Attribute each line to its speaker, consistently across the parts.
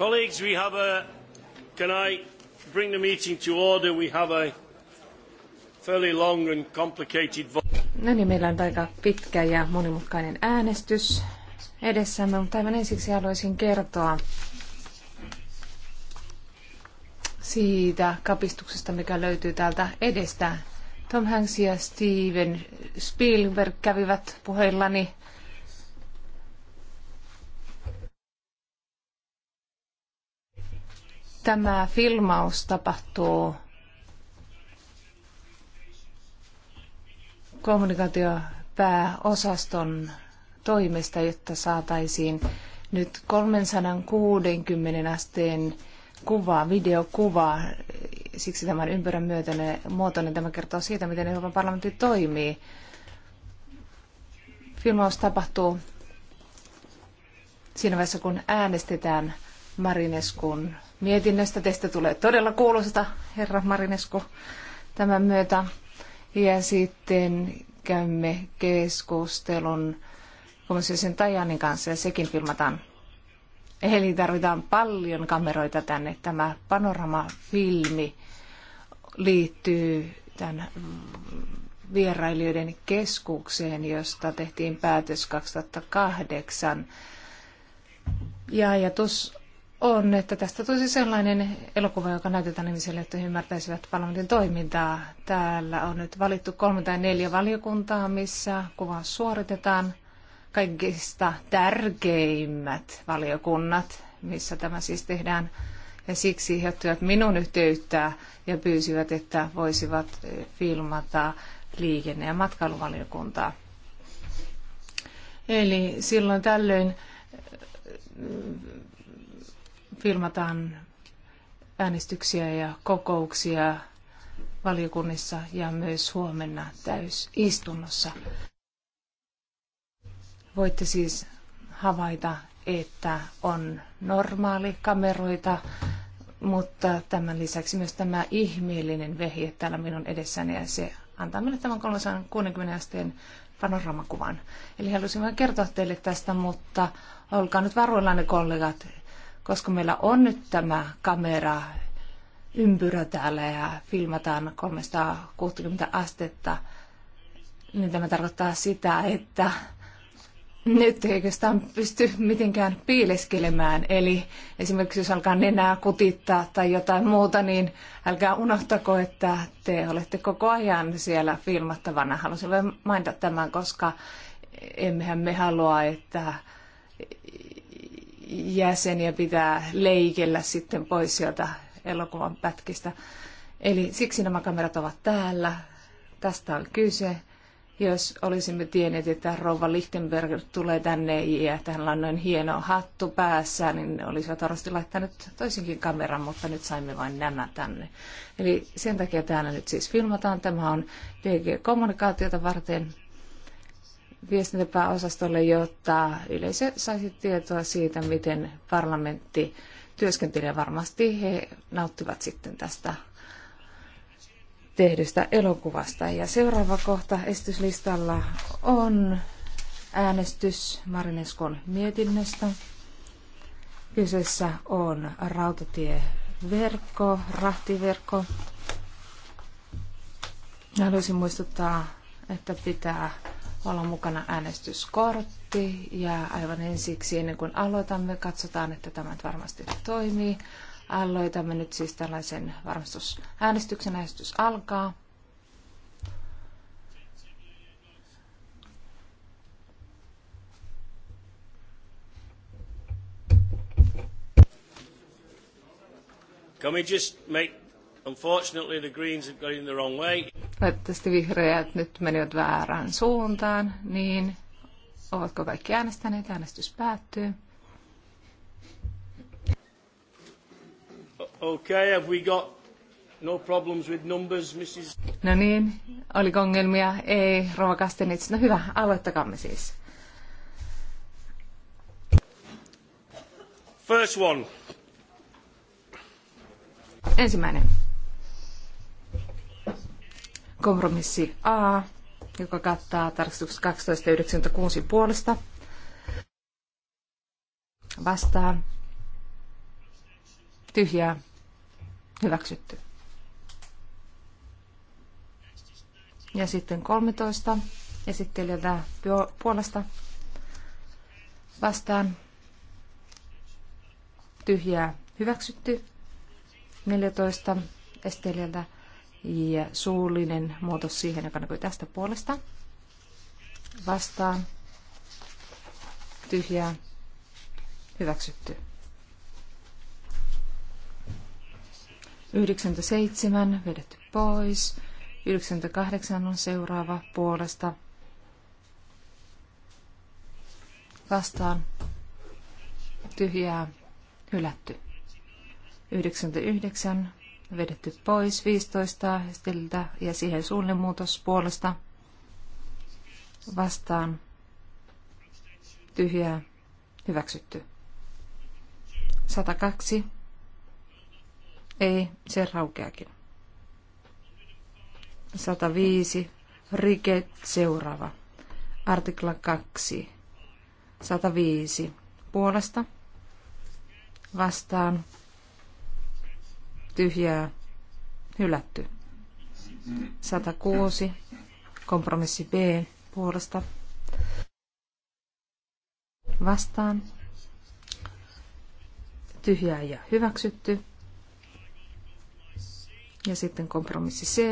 Speaker 1: Colleagues, we have a. Can I bring the meeting to order? We have a fairly long and complicated vote.
Speaker 2: No niin, meillä on aika pitkä ja monimutkainen äänestys edessämme, mutta aivan ensiksi haluaisin kertoa siitä kapistuksesta, mikä löytyy täältä edestä. Tom Hanks ja Steven Spielberg kävivät puheillani Tämä filmaus tapahtuu kommunikaatiopääosaston toimesta, jotta saataisiin nyt 360 asteen kuva, videokuva. Siksi on ympyrän myötäinen muotoinen tämä kertoo siitä, miten Euroopan parlamentti toimii. Filmaus tapahtuu siinä vaiheessa, kun äänestetään Marineskun mietinnöstä. Teistä tulee todella kuuluisata, herra Marinesko, tämän myötä. Ja sitten käymme keskustelun komissiosen Tajanin kanssa ja sekin filmataan. Eli tarvitaan paljon kameroita tänne. Tämä panoramafilmi liittyy tämän vierailijoiden keskukseen, josta tehtiin päätös 2008. Ja ajatus on, että tästä tulisi sellainen elokuva, joka näytetään ihmisille, että he ymmärtäisivät parlamentin toimintaa. Täällä on nyt valittu kolme tai neljä valiokuntaa, missä kuva suoritetaan. Kaikista tärkeimmät valiokunnat, missä tämä siis tehdään. Ja siksi he ottivat minun yhteyttä ja pyysivät, että voisivat filmata liikenne- ja matkailuvaliokuntaa. Eli silloin tällöin filmataan äänestyksiä ja kokouksia valiokunnissa ja myös huomenna täysistunnossa. Voitte siis havaita, että on normaali kameroita, mutta tämän lisäksi myös tämä ihmeellinen vehje täällä minun edessäni ja se antaa minulle tämän 360 asteen panoramakuvan. Eli halusin vain kertoa teille tästä, mutta olkaa nyt varuillanne kollegat, koska meillä on nyt tämä kamera ympyrä täällä ja filmataan 360 astetta, niin tämä tarkoittaa sitä, että nyt ei oikeastaan pysty mitenkään piileskelemään. Eli esimerkiksi jos alkaa nenää kutittaa tai jotain muuta, niin älkää unohtako, että te olette koko ajan siellä filmattavana. Halusin vain mainita tämän, koska emmehän me halua, että jäseniä pitää leikellä sitten pois sieltä elokuvan pätkistä. Eli siksi nämä kamerat ovat täällä. Tästä on kyse. Jos olisimme tienneet, että rova Lichtenberg tulee tänne ja tällä on noin hieno hattu päässä, niin olisivat varmasti laittaneet toisinkin kameran, mutta nyt saimme vain nämä tänne. Eli sen takia täällä nyt siis filmataan. Tämä on DG-kommunikaatiota varten viestintäpääosastolle, jotta yleisö saisi tietoa siitä, miten parlamentti työskentelee. Varmasti he nauttivat sitten tästä tehdystä elokuvasta. Ja seuraava kohta esityslistalla on äänestys Marineskon mietinnöstä. Kyseessä on rautatieverkko, rahtiverkko. Haluaisin muistuttaa, että pitää olla mukana äänestyskortti. Ja aivan ensiksi, ennen kuin aloitamme, katsotaan, että tämä varmasti toimii. Aloitamme nyt siis tällaisen varmistusäänestyksen. Äänestys alkaa.
Speaker 1: Can we just make Unfortunately, the Greens have gone in the wrong way.
Speaker 2: Toivottavasti vihreät nyt menivät väärään suuntaan, niin ovatko kaikki äänestäneet? Äänestys päättyy.
Speaker 1: Okay, have we got no problems with numbers, Mrs.
Speaker 2: No niin, oliko ongelmia? Ei, Rova Kastenits. No hyvä, aloittakamme siis. First one. Ensimmäinen. Kompromissi A, joka kattaa tarkistukset 12.96 puolesta. Vastaan. Tyhjää. Hyväksytty. Ja sitten 13 esittelijältä puolesta vastaan tyhjää hyväksytty. 14 esittelijältä ja suullinen muutos siihen, joka näkyy tästä puolesta. Vastaan. Tyhjää. Hyväksytty. 97 vedetty pois. 98 on seuraava puolesta. Vastaan. Tyhjää. Hylätty. 99 vedetty pois 15 stiltä ja siihen suullinen muutos puolesta vastaan tyhjää hyväksytty. 102. Ei, se raukeakin. 105. Rike seuraava. Artikla 2. 105. Puolesta vastaan tyhjää hylätty. 106 kompromissi B puolesta vastaan tyhjää ja hyväksytty. Ja sitten kompromissi C,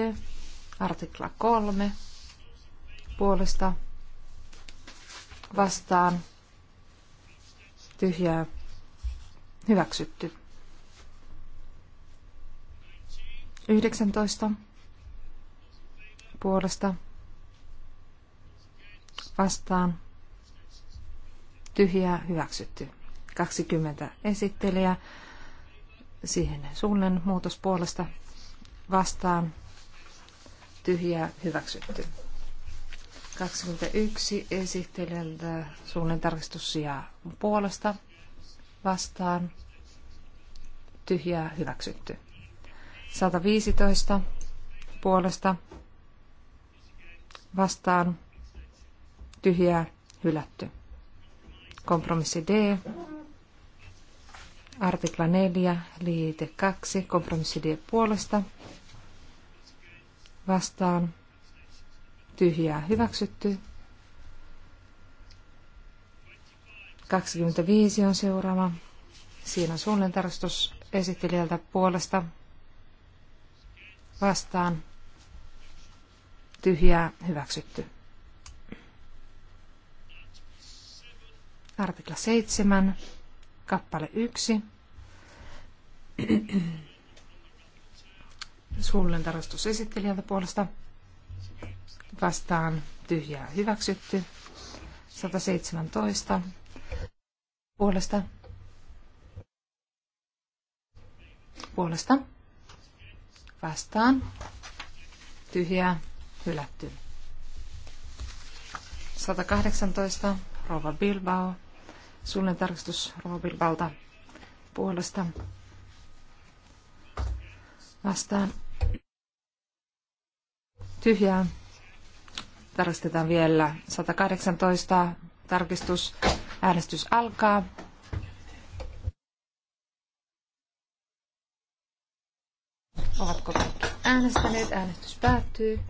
Speaker 2: artikla 3 puolesta vastaan tyhjää hyväksytty. 19 puolesta vastaan tyhjää hyväksytty. 20 esittelijä siihen suunnan muutos puolesta vastaan tyhjää hyväksytty. 21 esittelijältä suunnilleen tarkistussijaa puolesta vastaan tyhjää hyväksytty. 115 puolesta vastaan tyhjää hylätty. Kompromissi D. Artikla 4, liite 2, kompromissi D puolesta vastaan tyhjää hyväksytty. 25 on seuraava. Siinä on suunnilleen tarkastus esittelijältä puolesta vastaan tyhjää hyväksytty. Artikla 7, kappale 1. Suullinen tarkastus esittelijältä puolesta vastaan tyhjää hyväksytty. 117 puolesta puolesta vastaan, tyhjää, hylätty. 118, Rova Bilbao, suullinen tarkistus Rova Bilbalta puolesta vastaan. Tyhjää. Tarkistetaan vielä 118, tarkistus, äänestys alkaa. Ovatko kaikki äänestäneet? Äänestys päättyy.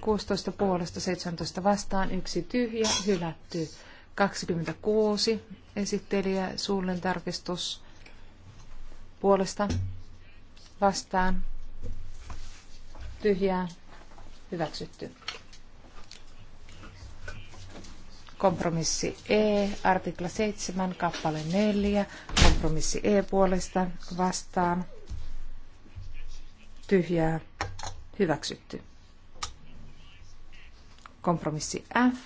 Speaker 2: 16 puolesta 17 vastaan, yksi tyhjä, hylätty. 26 esittelijä, suullinen tarkistus puolesta vastaan, tyhjää, hyväksytty kompromissi E, artikla 7, kappale 4, kompromissi E puolesta vastaan, tyhjää, hyväksytty. Kompromissi F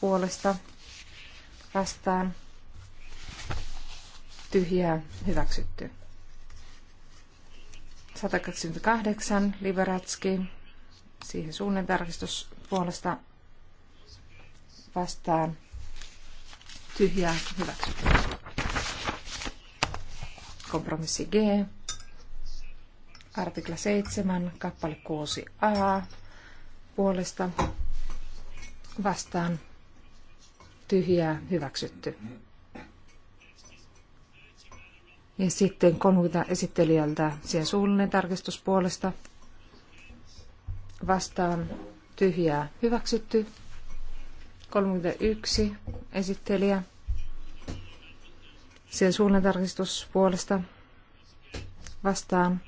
Speaker 2: puolesta vastaan, tyhjää, hyväksytty. 128, Liberatski, siihen suunnantarkistus puolesta vastaan tyhjää hyväksytty. Kompromissi G. Artikla 7, kappale 6a puolesta vastaan tyhjää hyväksytty. Ja sitten konuita esittelijältä siihen suullinen tarkistus puolesta vastaan tyhjää hyväksytty. 31 esittelijä. Sen suunnan tarkistus vastaan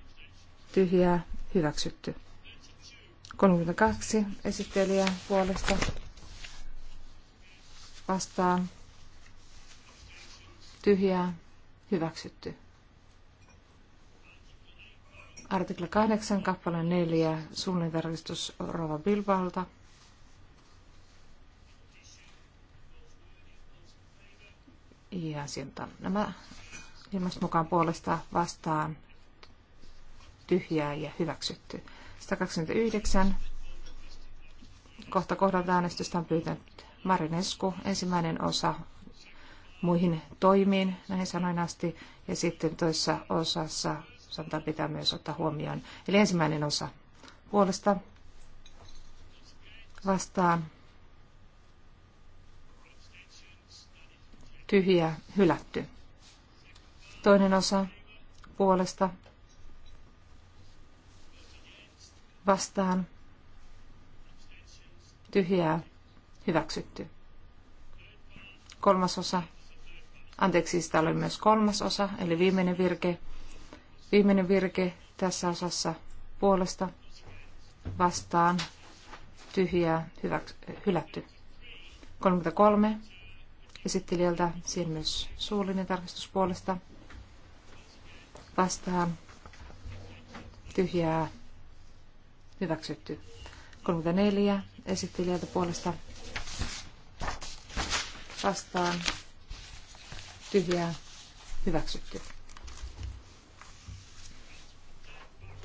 Speaker 2: tyhjää hyväksytty. 32 esittelijä puolesta vastaan tyhjää hyväksytty. Artikla 8, kappale 4, suunnitelmistus Rova Bilbalta ja sieltä nämä ilmaston mukaan puolesta vastaan tyhjää ja hyväksytty. 129. Kohta kohdalta äänestystä on pyytänyt Marinesku ensimmäinen osa muihin toimiin, näihin sanoin asti, ja sitten toisessa osassa sanotaan pitää myös ottaa huomioon. Eli ensimmäinen osa puolesta vastaan tyhjää hylätty. Toinen osa puolesta vastaan tyhjää hyväksytty. Kolmas osa, anteeksi, sitä oli myös kolmas osa, eli viimeinen virke. Viimeinen virke tässä osassa puolesta vastaan tyhjää hyväks- hylätty. 33 esittelijältä. Siinä myös suullinen tarkistus puolesta vastaan tyhjää hyväksytty. 34 esittelijältä puolesta vastaan tyhjää hyväksytty.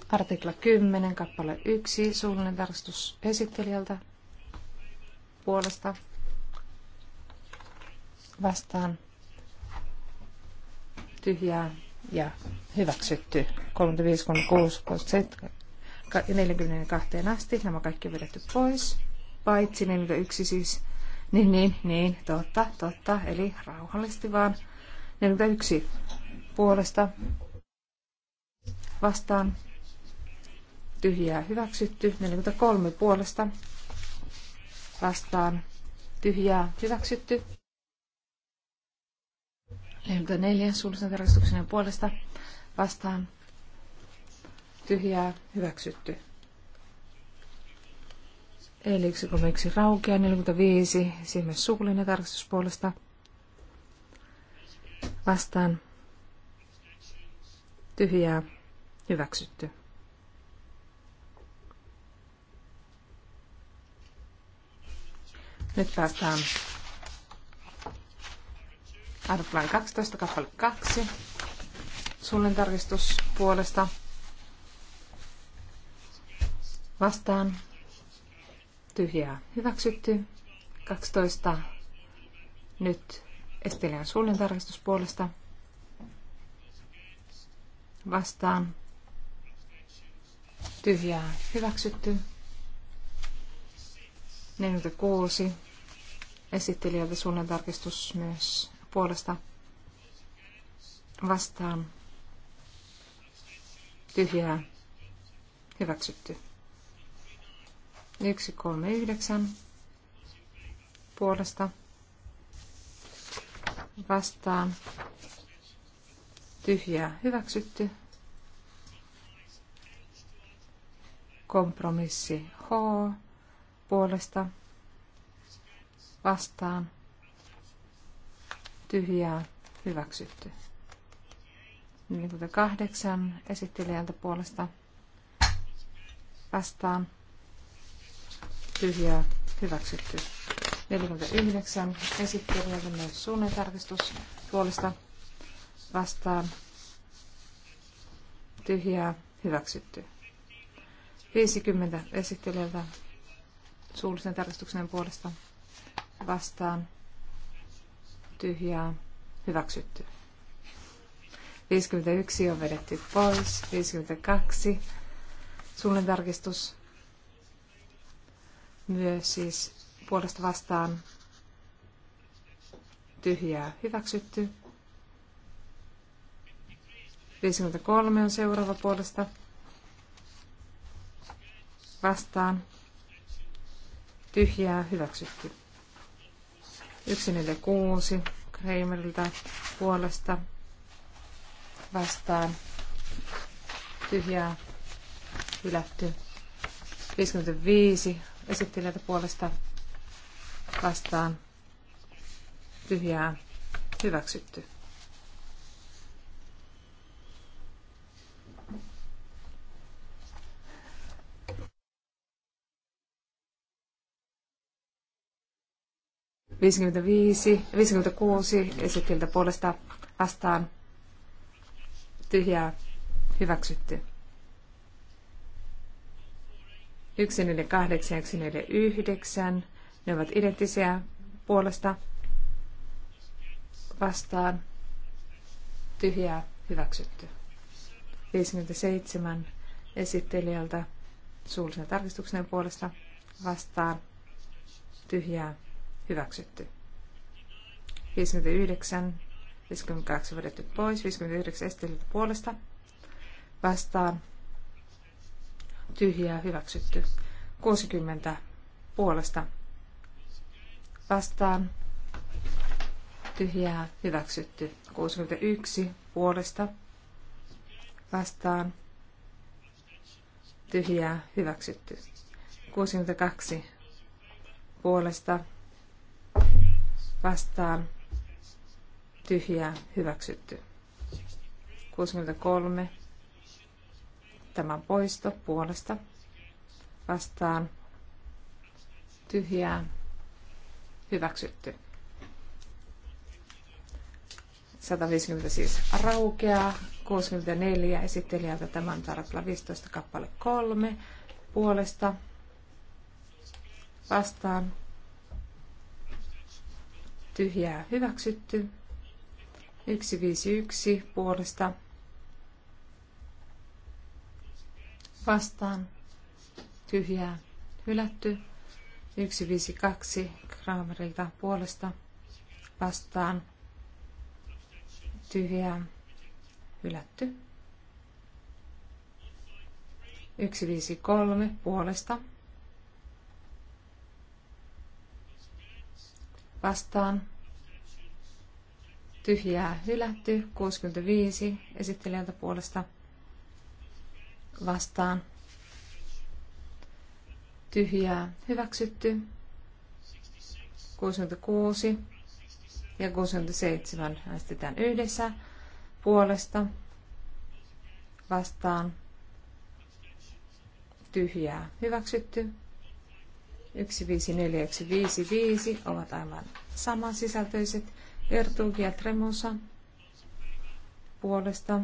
Speaker 2: Artikla 10, kappale 1, suullinen tarkastus esittelijältä puolesta vastaan tyhjää ja hyväksytty 35, 36, 42 asti. Nämä kaikki on vedetty pois, paitsi 41 siis. Niin, niin, niin, totta, totta, eli rauhallisesti vaan. 41 puolesta vastaan tyhjää hyväksytty. 43 puolesta vastaan tyhjää hyväksytty. 44 suullisen tarkastuksen puolesta vastaan tyhjää hyväksytty. Eli komeksi raukea, 45, siinä suullinen tarkastus puolesta vastaan tyhjää hyväksytty. Nyt päästään Artiklan 12, kappale 2. Suullinen tarkistus puolesta. Vastaan. Tyhjää. Hyväksytty. 12. Nyt Estilän suullinen tarkistus puolesta. Vastaan. Tyhjää. Hyväksytty. 46. Esittelijältä suullinen tarkistus myös puolesta vastaan tyhjää hyväksytty. 139 puolesta vastaan tyhjää hyväksytty. Kompromissi H puolesta vastaan tyhjää hyväksytty. 48 esittelijältä puolesta vastaan tyhjää hyväksytty. 49 esittelijältä myös tarkistus puolesta vastaan tyhjää hyväksytty. 50 esittelijältä suullisen tarkistuksen puolesta vastaan tyhjää, hyväksytty. 51 on vedetty pois, 52 suullinen tarkistus myös siis puolesta vastaan tyhjää hyväksytty. 53 on seuraava puolesta vastaan tyhjää hyväksytty. 146 Kramerilta puolesta vastaan tyhjää hylätty. 55 esittelijältä puolesta vastaan tyhjää hyväksytty. 55 ja 56 esitiltä puolesta vastaan tyhjää hyväksytty. 148 ja 149, ne ovat identtisiä puolesta vastaan tyhjää hyväksytty. 57 esittelijältä suullisen tarkistuksen puolesta vastaan tyhjää hyväksytty. 59, 52 vedetty pois, 59 esitelty puolesta, vastaan, tyhjää, hyväksytty. 60 puolesta, vastaan, tyhjää, hyväksytty. 61 puolesta, vastaan, tyhjää, hyväksytty. 62 puolesta, vastaan, vastaan tyhjää hyväksytty. 63. Tämän poisto puolesta vastaan tyhjää hyväksytty. 150 siis raukeaa, 64 esittelijältä tämän tarkoittaa 15 kappale 3 puolesta vastaan tyhjää hyväksytty. 151 puolesta vastaan tyhjää hylätty. 152 Kramerilta puolesta vastaan tyhjää hylätty. 153 puolesta vastaan. Tyhjää hylätty. 65 esittelijältä puolesta vastaan. Tyhjää hyväksytty. 66 ja 67 äänestetään yhdessä puolesta vastaan tyhjää hyväksytty. 154 ja ovat aivan samansisältöiset. Ertug ja Tremusa puolesta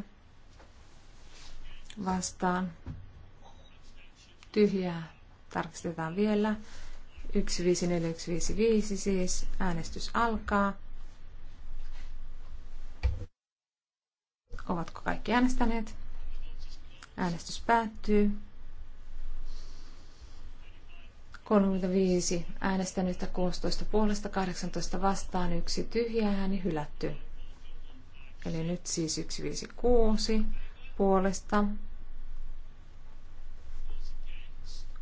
Speaker 2: vastaan. Tyhjää tarkistetaan vielä. 154155 siis. Äänestys alkaa. Ovatko kaikki äänestäneet? Äänestys päättyy. 35 äänestänyttä 16 puolesta 18 vastaan yksi tyhjä ääni hylätty. Eli nyt siis 156 puolesta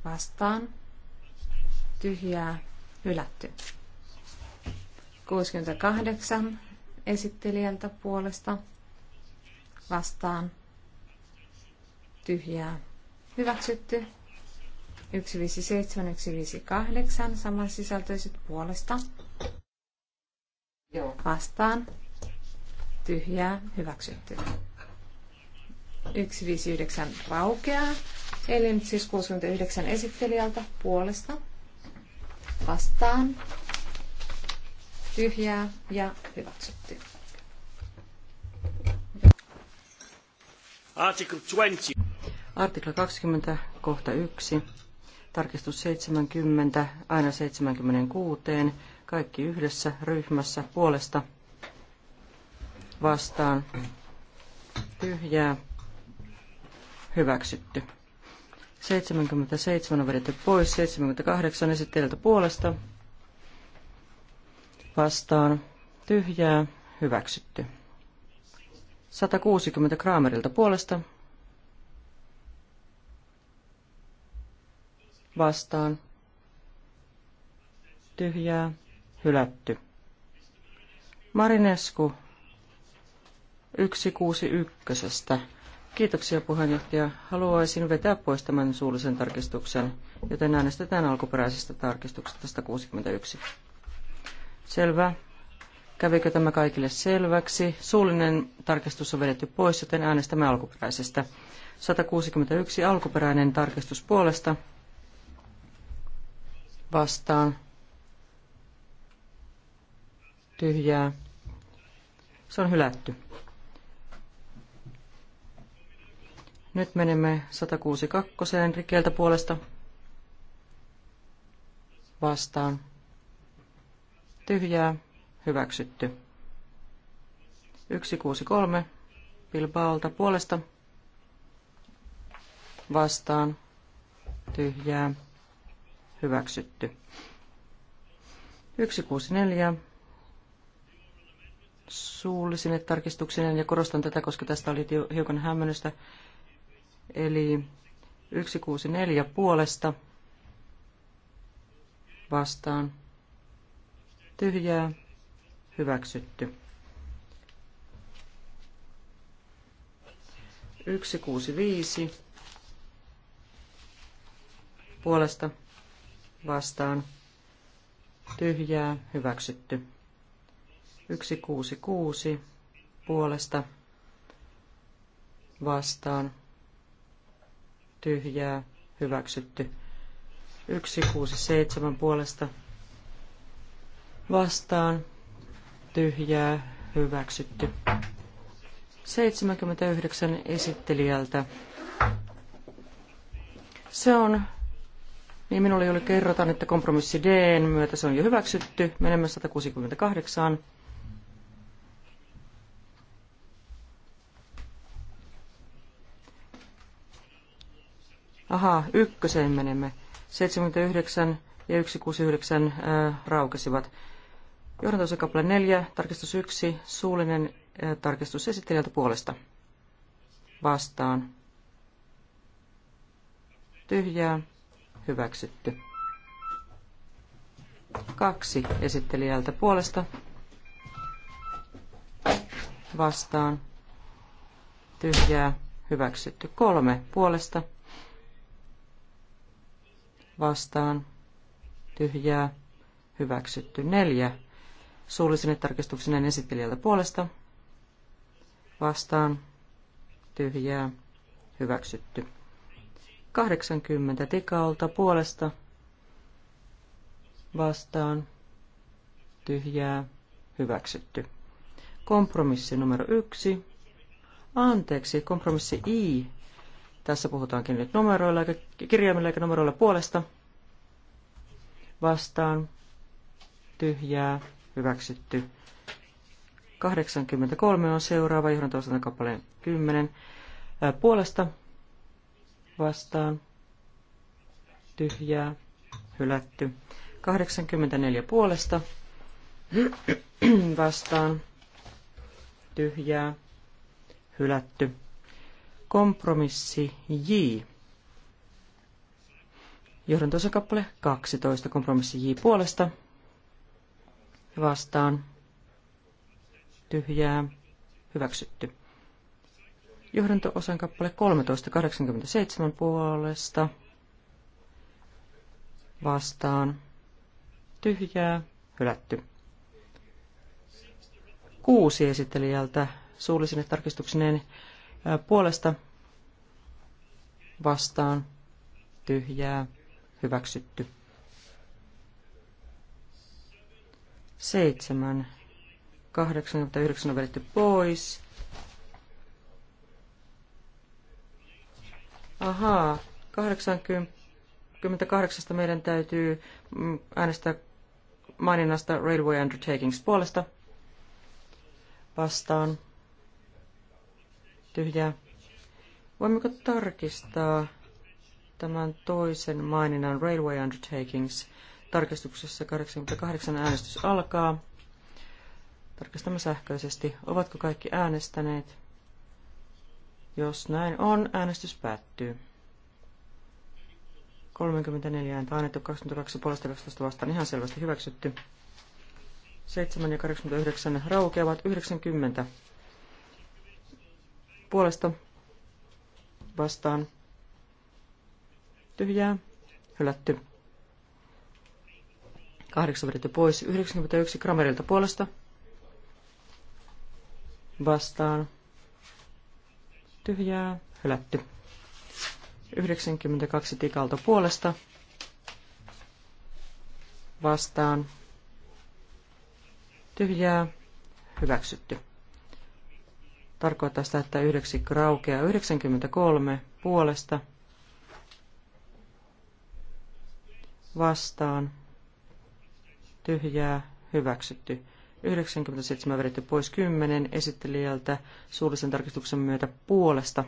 Speaker 2: vastaan tyhjää hylätty. 68 esittelijältä puolesta vastaan tyhjää hyväksytty. 157, 158, samansisältöiset puolesta. Joo. Vastaan. Tyhjää, hyväksytty. 159 raukeaa. Eli nyt siis 69 esittelijältä puolesta. Vastaan. Tyhjää ja hyväksytty.
Speaker 1: Artikla 20.
Speaker 3: Artikla 20, kohta 1. Tarkistus 70 aina 76. Kaikki yhdessä ryhmässä puolesta vastaan tyhjää hyväksytty. 77 on vedetty pois, 78 esittelijältä puolesta vastaan tyhjää hyväksytty. 160 Kraamerilta puolesta vastaan tyhjää hylätty. Marinesku 161. Kiitoksia puheenjohtaja. Haluaisin vetää pois tämän suullisen tarkistuksen, joten äänestetään alkuperäisestä tarkistuksesta 161. Selvä. Kävikö tämä kaikille selväksi? Suullinen tarkistus on vedetty pois, joten äänestämme alkuperäisestä. 161 alkuperäinen tarkistus puolesta vastaan tyhjää. Se on hylätty. Nyt menemme 162 Rikeltä puolesta vastaan. Tyhjää, hyväksytty. 163 Bilbaolta puolesta vastaan. Tyhjää, hyväksytty. 164 suullisine tarkistuksineen, ja korostan tätä, koska tästä oli hiukan hämmennystä, eli 164 puolesta vastaan tyhjää hyväksytty. 165 puolesta vastaan tyhjää hyväksytty. 166 puolesta vastaan tyhjää hyväksytty. 167 puolesta vastaan tyhjää hyväksytty. 79 esittelijältä. Se on niin minulle juuri kerrotaan, että kompromissi D myötä se on jo hyväksytty. Menemme 168. Aha, ykköseen menemme. 79 ja 169 äh, raukesivat. Johdantosekappale 4, tarkistus 1, suullinen äh, tarkistus esittelijältä puolesta. Vastaan. Tyhjää, hyväksytty. Kaksi esittelijältä puolesta vastaan tyhjää hyväksytty. Kolme puolesta vastaan tyhjää hyväksytty. Neljä suullisen tarkistuksen esittelijältä puolesta vastaan tyhjää hyväksytty. 80 dekalta puolesta vastaan tyhjää hyväksytty. Kompromissi numero yksi. Anteeksi, kompromissi I. Tässä puhutaankin nyt numeroilla, eikä kirjaimilla eikä numeroilla puolesta. Vastaan tyhjää hyväksytty. 83 on seuraava toisena kappaleen 10. Puolesta vastaan tyhjää hylätty. 84 puolesta vastaan tyhjää hylätty. Kompromissi J. Johdantosakappale 12. Kompromissi J puolesta vastaan tyhjää hyväksytty. Johdanto-osan kappale 1387 puolesta vastaan tyhjää hylätty. Kuusi esittelijältä suullisine tarkistuksineen puolesta vastaan tyhjää hyväksytty. Seitsemän. 89 vedetty pois. Ahaa, 88 meidän täytyy mm, äänestää maininnasta Railway Undertakings puolesta. Vastaan. Tyhjää. Voimmeko tarkistaa tämän toisen maininnan Railway Undertakings? Tarkistuksessa 88 äänestys alkaa. Tarkistamme sähköisesti. Ovatko kaikki äänestäneet? Jos näin on, äänestys päättyy. 34 ääntä annettu, 22 puolesta 12 vastaan ihan selvästi hyväksytty. 7 ja 89 raukeavat 90 puolesta vastaan tyhjää, hylätty. 8 vedetty pois, 91 grammerilta puolesta vastaan tyhjää, hylätty. 92 tikalta puolesta vastaan tyhjää, hyväksytty. Tarkoittaa sitä, että 9 raukeaa 93 puolesta vastaan tyhjää, hyväksytty. 97 vedetty pois 10 esittelijältä suullisen tarkistuksen myötä puolesta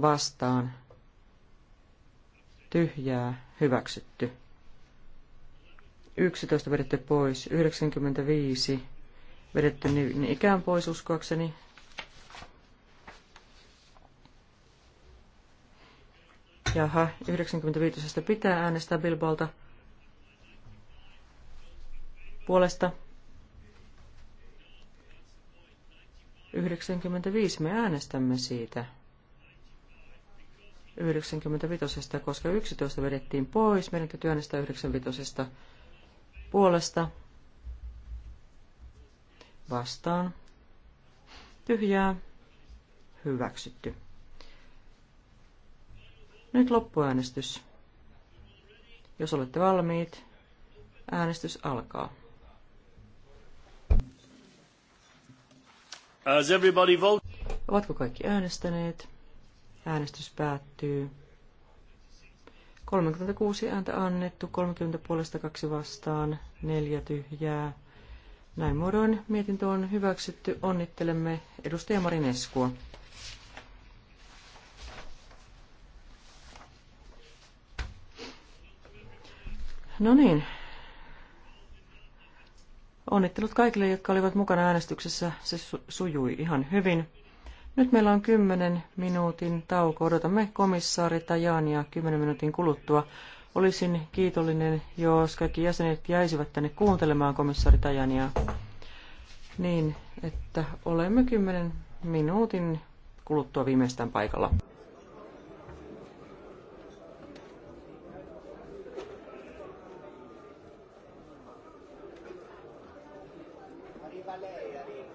Speaker 3: vastaan tyhjää hyväksytty. 11 vedetty pois, 95 vedetty niin ikään pois uskoakseni. Jaha, 95 pitää äänestää Bilbalta puolesta 95. Me äänestämme siitä 95, koska 11 vedettiin pois. Meidän täytyy äänestää 95 puolesta vastaan. Tyhjää. Hyväksytty. Nyt loppuäänestys. Jos olette valmiit, äänestys alkaa.
Speaker 1: Has everybody
Speaker 3: vote? Ovatko kaikki äänestäneet? Äänestys päättyy. 36 ääntä annettu, 30 puolesta kaksi vastaan, neljä tyhjää. Näin muodoin mietintö on hyväksytty. Onnittelemme edustaja Marineskua. No niin, Onnittelut kaikille, jotka olivat mukana äänestyksessä. Se sujui ihan hyvin. Nyt meillä on 10 minuutin tauko. Odotamme komissaari Tajania 10 minuutin kuluttua. Olisin kiitollinen, jos kaikki jäsenet jäisivät tänne kuuntelemaan komissaari Tajania niin, että olemme 10 minuutin kuluttua viimeistään paikalla. Valeri niin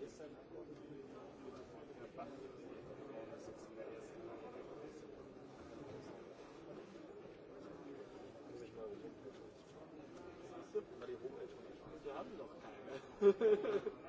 Speaker 4: Bei den Wir haben noch keine.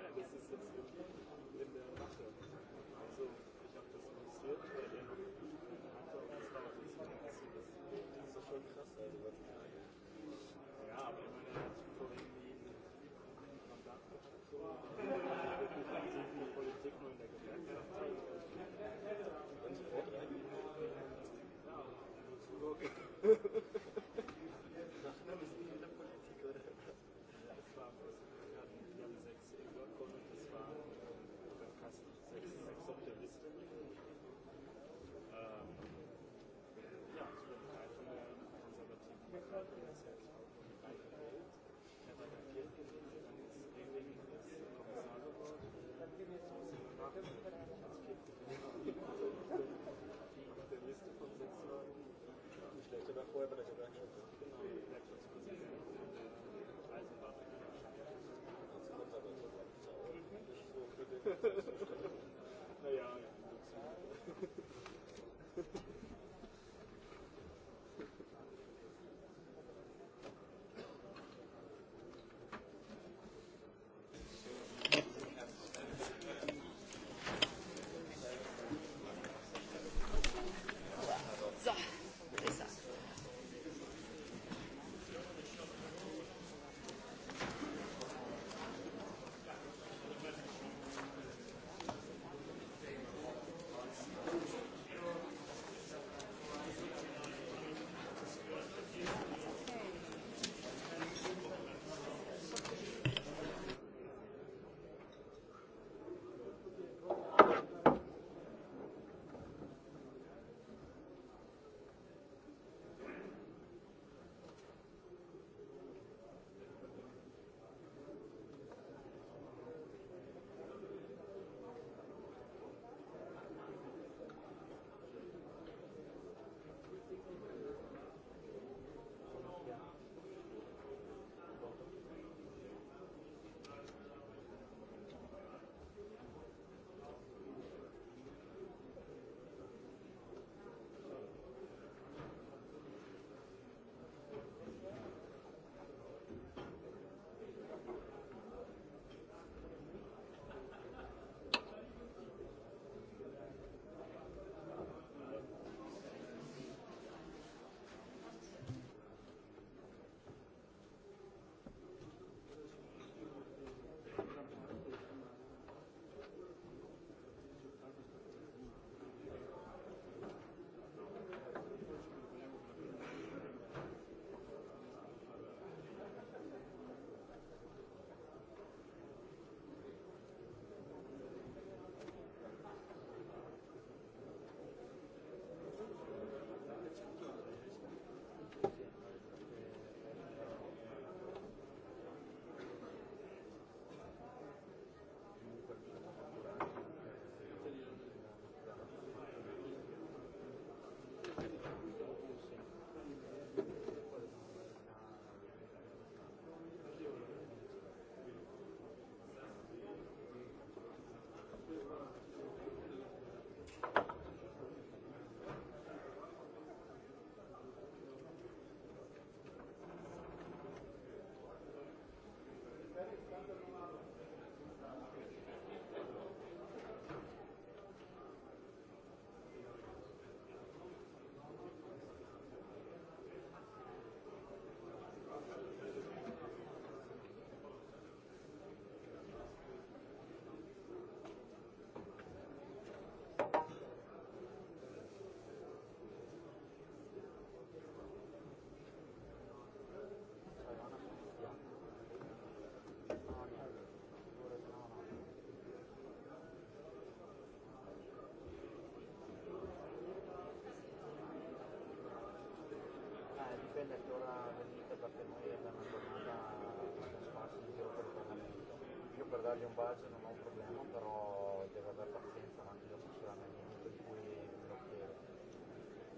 Speaker 4: spendete ora venite perché noi abbiamo tornata a spazio in giro per il Parlamento. Io per dargli un bacio non ho un problema, però deve avere pazienza, ma anche io sono momento cui lo chiedo.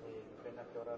Speaker 4: E dipende a che ora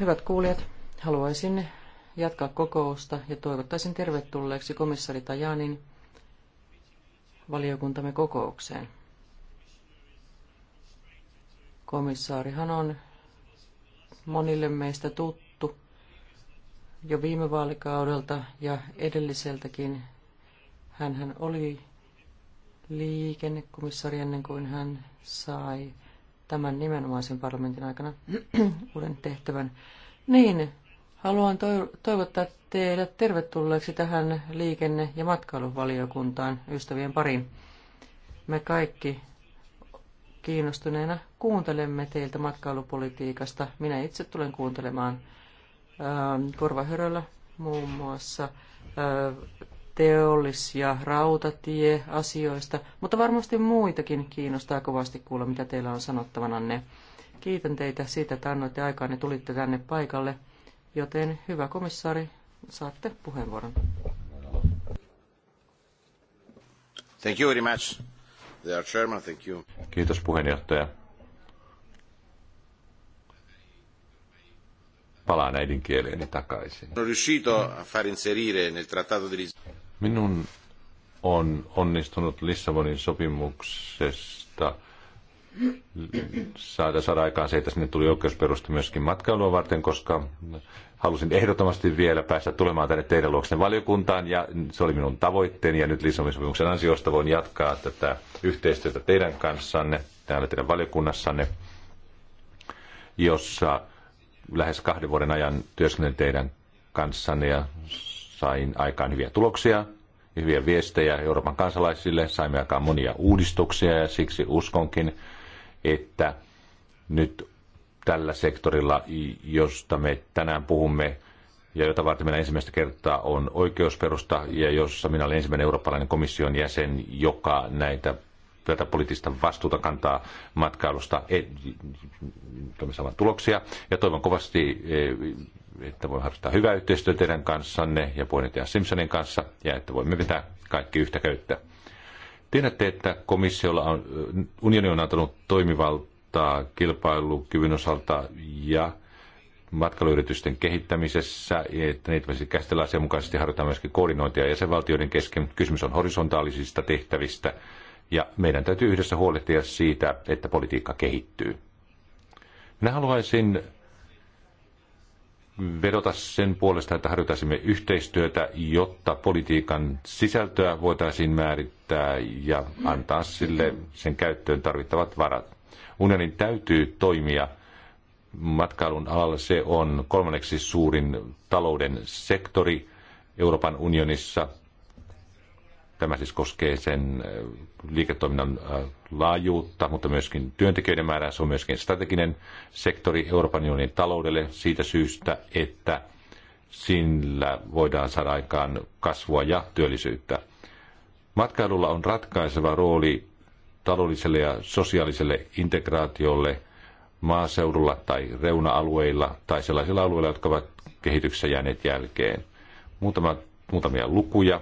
Speaker 3: Hyvät kuulijat, haluaisin jatkaa kokousta ja toivottaisin tervetulleeksi komissari Tajanin valiokuntamme kokoukseen. Komissaarihan on monille meistä tuttu jo viime vaalikaudelta ja edelliseltäkin. hän oli liikennekomissaari ennen kuin hän sai tämän nimenomaisen parlamentin aikana uuden tehtävän. Niin, haluan toivottaa teidät tervetulleeksi tähän liikenne- ja matkailuvaliokuntaan ystävien pariin. Me kaikki kiinnostuneena kuuntelemme teiltä matkailupolitiikasta. Minä itse tulen kuuntelemaan korvahyröllä muun muassa teollis- ja rautatieasioista, mutta varmasti muitakin kiinnostaa kovasti kuulla, mitä teillä on sanottavananne. Kiitän teitä siitä, että annoitte aikaa ja niin tulitte tänne paikalle, joten hyvä komissaari, saatte puheenvuoron.
Speaker 5: Thank you very much. The chairman, thank you. Kiitos puheenjohtaja. palaan äidinkieleeni takaisin. Minun on onnistunut Lissabonin sopimuksesta saada, saada aikaan se, että sinne tuli oikeusperusta myöskin matkailua varten, koska halusin ehdottomasti vielä päästä tulemaan tänne teidän luoksen valiokuntaan, ja se oli minun tavoitteeni, ja nyt Lissabonin sopimuksen ansiosta voin jatkaa tätä yhteistyötä teidän kanssanne, täällä teidän valiokunnassanne, jossa lähes kahden vuoden ajan työskennellen teidän kanssanne, ja sain aikaan hyviä tuloksia, hyviä viestejä Euroopan kansalaisille, saimme aikaan monia uudistuksia ja siksi uskonkin, että nyt tällä sektorilla, josta me tänään puhumme ja jota varten meillä ensimmäistä kertaa on oikeusperusta ja jossa minä olen ensimmäinen eurooppalainen komission jäsen, joka näitä tätä poliittista vastuuta kantaa matkailusta, saamaan tuloksia. Ja toivon kovasti eh, että voimme harrastaa hyvää yhteistyötä teidän kanssanne ja puheenjohtaja Simpsonin kanssa ja että voimme vetää kaikki yhtä köyttä. Tiedätte, että komissiolla on, unioni on antanut toimivaltaa kilpailukyvyn osalta ja matkailuyritysten kehittämisessä, että niitä voisi käsitellä asianmukaisesti harjoittaa myöskin koordinointia jäsenvaltioiden kesken. Kysymys on horisontaalisista tehtävistä ja meidän täytyy yhdessä huolehtia siitä, että politiikka kehittyy. Minä haluaisin vedota sen puolesta, että harjoitaisimme yhteistyötä, jotta politiikan sisältöä voitaisiin määrittää ja antaa sille sen käyttöön tarvittavat varat. Unionin täytyy toimia matkailun alalla. Se on kolmanneksi suurin talouden sektori Euroopan unionissa – Tämä siis koskee sen äh, liiketoiminnan äh, laajuutta, mutta myöskin työntekijöiden määrää. Se on myöskin strateginen sektori Euroopan unionin taloudelle siitä syystä, että sillä voidaan saada aikaan kasvua ja työllisyyttä. Matkailulla on ratkaiseva rooli taloudelliselle ja sosiaaliselle integraatiolle maaseudulla tai reuna-alueilla tai sellaisilla alueilla, jotka ovat kehityksessä jääneet jälkeen. Muutama, muutamia lukuja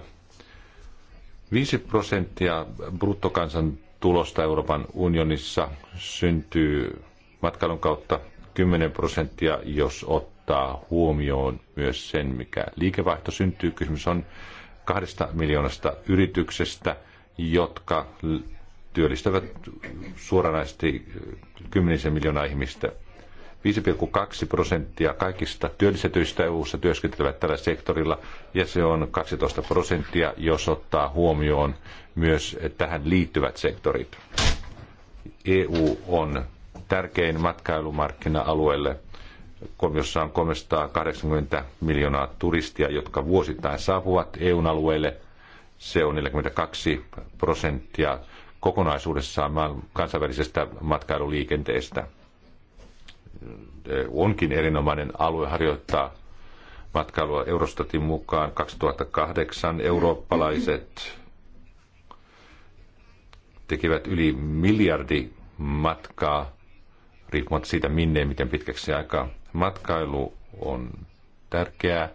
Speaker 5: 5 prosenttia bruttokansantulosta Euroopan unionissa syntyy matkailun kautta 10 prosenttia, jos ottaa huomioon myös sen, mikä liikevaihto syntyy. Kysymys on kahdesta miljoonasta yrityksestä, jotka työllistävät suoranaisesti kymmenisen miljoonaa ihmistä – 5,2 prosenttia kaikista työllistetyistä EU-ssa työskentelevät tällä sektorilla, ja se on 12 prosenttia, jos ottaa huomioon myös tähän liittyvät sektorit. EU on tärkein matkailumarkkina-alueelle, jossa on 380 miljoonaa turistia, jotka vuosittain saapuvat EUn alueelle. Se on 42 prosenttia kokonaisuudessaan kansainvälisestä matkailuliikenteestä onkin erinomainen alue harjoittaa matkailua Eurostatin mukaan 2008 eurooppalaiset tekivät yli miljardi matkaa, riippumatta siitä minne miten pitkäksi aikaa. Matkailu on tärkeää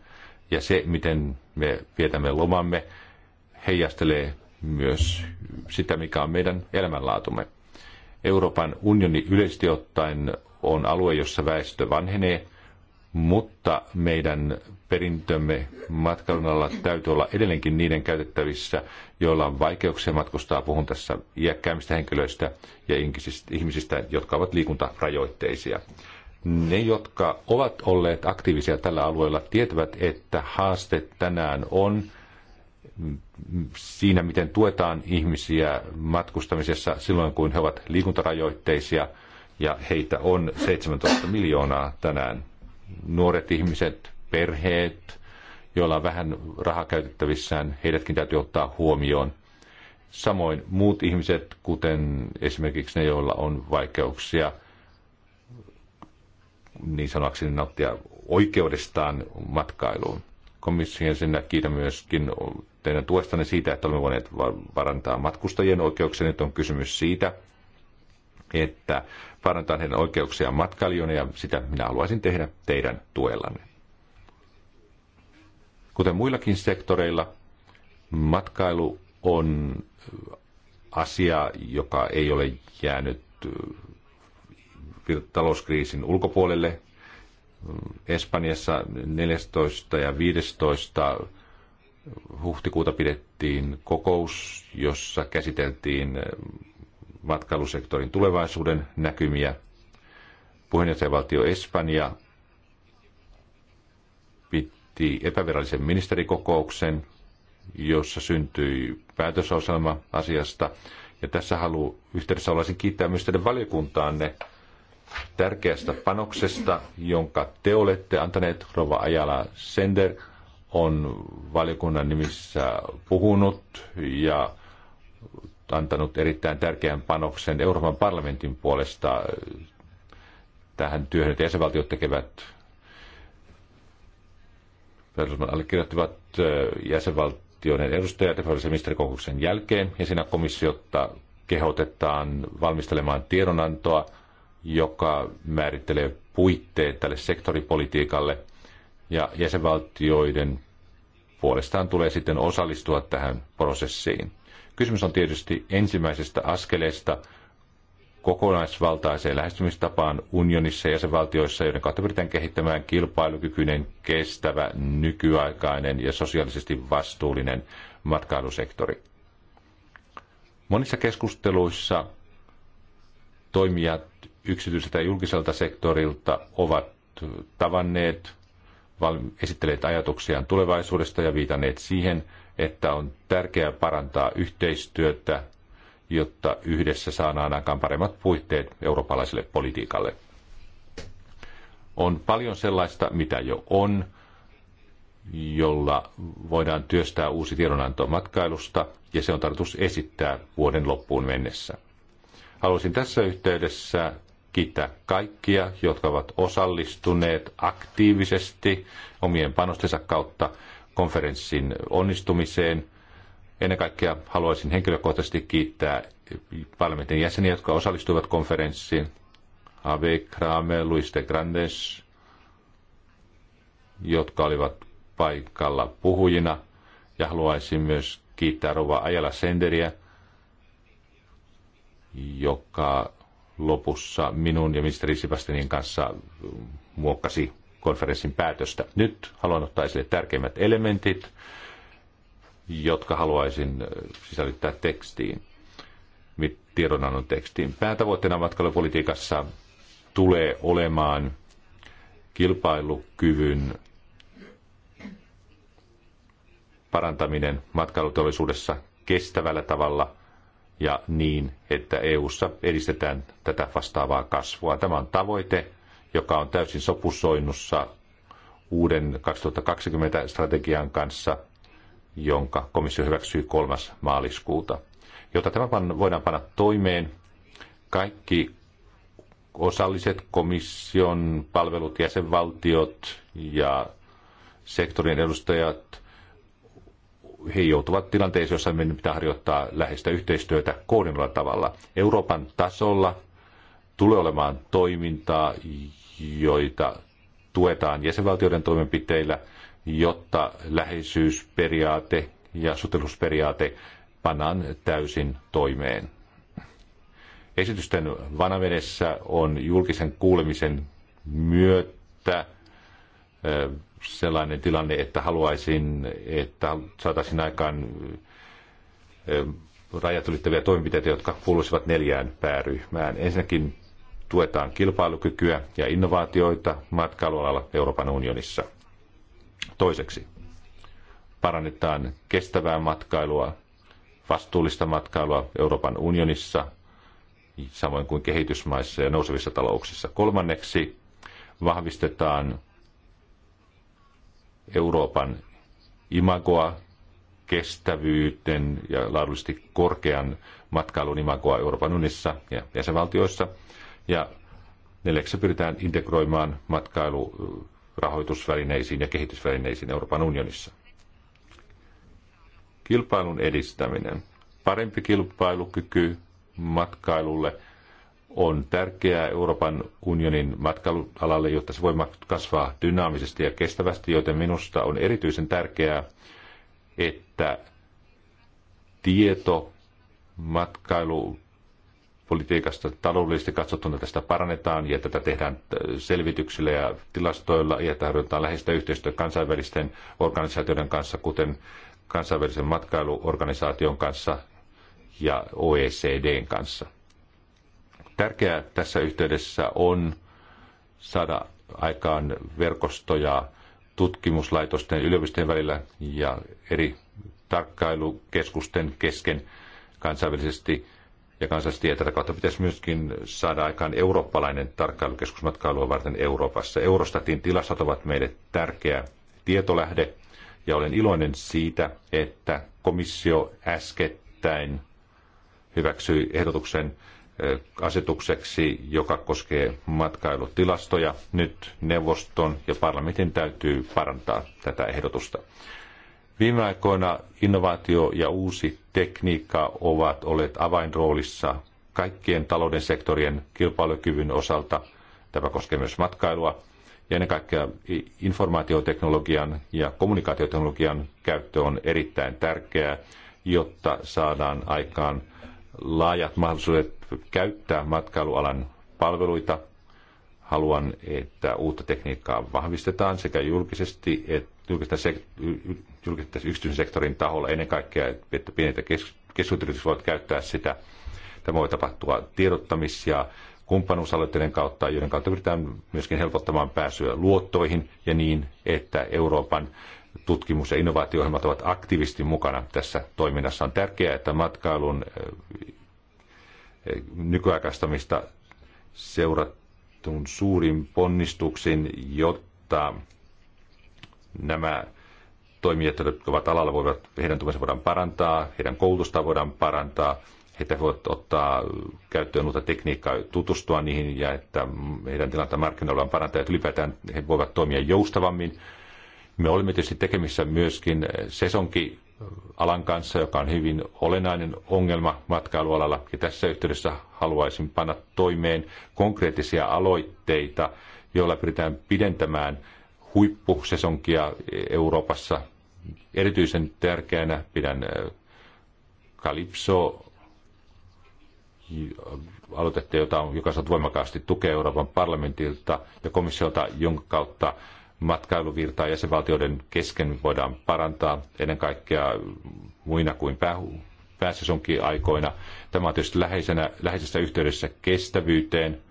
Speaker 5: ja se, miten me vietämme lomamme, heijastelee myös sitä, mikä on meidän elämänlaatumme. Euroopan unioni yleisesti ottaen on alue, jossa väestö vanhenee, mutta meidän perintömme matkailun alla täytyy olla edelleenkin niiden käytettävissä, joilla on vaikeuksia matkustaa. Puhun tässä iäkkäämmistä henkilöistä ja ihmisistä, jotka ovat liikuntarajoitteisia. Ne, jotka ovat olleet aktiivisia tällä alueella, tietävät, että haaste tänään on siinä, miten tuetaan ihmisiä matkustamisessa silloin, kun he ovat liikuntarajoitteisia – ja heitä on 17 miljoonaa tänään. Nuoret ihmiset, perheet, joilla on vähän rahaa käytettävissään, heidätkin täytyy ottaa huomioon. Samoin muut ihmiset, kuten esimerkiksi ne, joilla on vaikeuksia niin sanoakseni nauttia oikeudestaan matkailuun. Komission sinne kiitän myöskin teidän tuestanne siitä, että olemme voineet varantaa matkustajien oikeuksia. Nyt on kysymys siitä, että parantaa heidän oikeuksiaan matkailijoina ja sitä minä haluaisin tehdä teidän tuellanne. Kuten muillakin sektoreilla, matkailu on asia, joka ei ole jäänyt äh, talouskriisin ulkopuolelle. Espanjassa 14 ja 15 huhtikuuta pidettiin kokous, jossa käsiteltiin matkailusektorin tulevaisuuden näkymiä. Puheenjohtajavaltio Espanja piti epävirallisen ministerikokouksen, jossa syntyi päätösosalma asiasta. Ja tässä halu, yhteydessä haluaisin kiittää myös teidän valiokuntaanne tärkeästä panoksesta, jonka te olette antaneet. Rova Ajala Sender on valiokunnan nimissä puhunut ja antanut erittäin tärkeän panoksen Euroopan parlamentin puolesta äh, tähän työhön, että jäsenvaltiot tekevät allekirjoittivat äh, jäsenvaltioiden edustajat ja ministerikokouksen jälkeen, ja siinä komissiota kehotetaan valmistelemaan tiedonantoa, joka määrittelee puitteet tälle sektoripolitiikalle, ja jäsenvaltioiden puolestaan tulee sitten osallistua tähän prosessiin. Kysymys on tietysti ensimmäisestä askeleesta kokonaisvaltaiseen lähestymistapaan unionissa ja jäsenvaltioissa, joiden kautta pyritään kehittämään kilpailukykyinen, kestävä, nykyaikainen ja sosiaalisesti vastuullinen matkailusektori. Monissa keskusteluissa toimijat yksityiseltä ja julkiselta sektorilta ovat tavanneet, esitteleet ajatuksiaan tulevaisuudesta ja viitanneet siihen – että on tärkeää parantaa yhteistyötä, jotta yhdessä saadaan aikaan paremmat puitteet eurooppalaiselle politiikalle. On paljon sellaista, mitä jo on, jolla voidaan työstää uusi tiedonanto matkailusta, ja se on tarkoitus esittää vuoden loppuun mennessä. Haluaisin tässä yhteydessä kiittää kaikkia, jotka ovat osallistuneet aktiivisesti omien panostensa kautta konferenssin onnistumiseen. Ennen kaikkea haluaisin henkilökohtaisesti kiittää parlamentin jäseniä, jotka osallistuivat konferenssiin. Ave Krame, Luis de Grandes, jotka olivat paikalla puhujina. Ja haluaisin myös kiittää Rova Ajala Senderiä, joka lopussa minun ja ministeri Sivastenin kanssa muokkasi konferenssin päätöstä. Nyt haluan ottaa esille tärkeimmät elementit, jotka haluaisin sisällyttää tekstiin, tiedonannon tekstiin. Päätavoitteena matkailupolitiikassa tulee olemaan kilpailukyvyn parantaminen matkailuteollisuudessa kestävällä tavalla ja niin, että EU:ssa edistetään tätä vastaavaa kasvua. Tämä on tavoite, joka on täysin sopusoinnussa uuden 2020 strategian kanssa, jonka komissio hyväksyi 3. maaliskuuta. Jotta tämä voidaan panna toimeen, kaikki osalliset komission palvelut, jäsenvaltiot ja sektorin edustajat, he joutuvat tilanteeseen, jossa meidän pitää harjoittaa läheistä yhteistyötä koordinoilla tavalla. Euroopan tasolla tulee olemaan toimintaa, joita tuetaan jäsenvaltioiden toimenpiteillä, jotta läheisyysperiaate ja sotilusperiaate pannaan täysin toimeen. Esitysten vanavedessä on julkisen kuulemisen myötä sellainen tilanne, että haluaisin, että saataisiin aikaan rajat ylittäviä toimenpiteitä, jotka kuuluisivat neljään pääryhmään. Ensinnäkin tuetaan kilpailukykyä ja innovaatioita matkailualalla Euroopan unionissa. Toiseksi, parannetaan kestävää matkailua, vastuullista matkailua Euroopan unionissa, samoin kuin kehitysmaissa ja nousevissa talouksissa. Kolmanneksi, vahvistetaan Euroopan imagoa, kestävyyden ja laadullisesti korkean matkailun imagoa Euroopan unionissa ja jäsenvaltioissa – ja neljäksi pyritään integroimaan matkailu rahoitusvälineisiin ja kehitysvälineisiin Euroopan unionissa. Kilpailun edistäminen. Parempi kilpailukyky matkailulle on tärkeää Euroopan unionin matkailualalle, jotta se voi kasvaa dynaamisesti ja kestävästi, joten minusta on erityisen tärkeää, että tieto matkailu politiikasta taloudellisesti katsottuna tästä parannetaan ja tätä tehdään äh, selvityksillä ja tilastoilla ja tarjotaan läheistä yhteistyötä kansainvälisten organisaatioiden kanssa, kuten kansainvälisen matkailuorganisaation kanssa ja OECDn kanssa. Tärkeää tässä yhteydessä on saada aikaan verkostoja tutkimuslaitosten ja yliopistojen välillä ja eri tarkkailukeskusten kesken kansainvälisesti – ja kansallisesti. Tätä kautta pitäisi myöskin saada aikaan eurooppalainen tarkkailukeskus matkailua varten Euroopassa. Eurostatin tilastot ovat meille tärkeä tietolähde ja olen iloinen siitä, että komissio äskettäin hyväksyi ehdotuksen asetukseksi, joka koskee matkailutilastoja. Nyt neuvoston ja parlamentin täytyy parantaa tätä ehdotusta. Viime aikoina innovaatio ja uusi tekniikka ovat olleet avainroolissa kaikkien talouden sektorien kilpailukyvyn osalta. Tämä koskee myös matkailua ja ennen kaikkea informaatioteknologian ja kommunikaatioteknologian käyttö on erittäin tärkeää, jotta saadaan aikaan laajat mahdollisuudet käyttää matkailualan palveluita. Haluan, että uutta tekniikkaa vahvistetaan sekä julkisesti että julkista yksityisen sektorin taholla ennen kaikkea, että pienet ja voivat käyttää sitä. Tämä voi tapahtua tiedottamis- ja kumppanuusaloitteiden kautta, joiden kautta pyritään myöskin helpottamaan pääsyä luottoihin ja niin, että Euroopan tutkimus- ja innovaatio ovat aktiivisesti mukana tässä toiminnassa. On tärkeää, että matkailun nykyaikaistamista seurattuun suurin ponnistuksin, jotta nämä toimijat, jotka ovat alalla, voivat, heidän tuomisen voidaan parantaa, heidän koulutusta voidaan parantaa, heitä voivat ottaa käyttöön uutta tekniikkaa, tutustua niihin ja että heidän tilanteen markkinoilla voidaan parantaa, että ylipäätään he voivat toimia joustavammin. Me olemme tietysti tekemissä myöskin sesonki alan kanssa, joka on hyvin olennainen ongelma matkailualalla. Ja tässä yhteydessä haluaisin panna toimeen konkreettisia aloitteita, joilla pyritään pidentämään – huippusesonkia Euroopassa. Erityisen tärkeänä pidän Calypso aloitetta, jota on, joka saa voimakkaasti tukea Euroopan parlamentilta ja komissiolta, jonka kautta matkailuvirtaa jäsenvaltioiden kesken voidaan parantaa ennen kaikkea muina kuin pää, aikoina. Tämä on tietysti läheisenä, läheisessä yhteydessä kestävyyteen –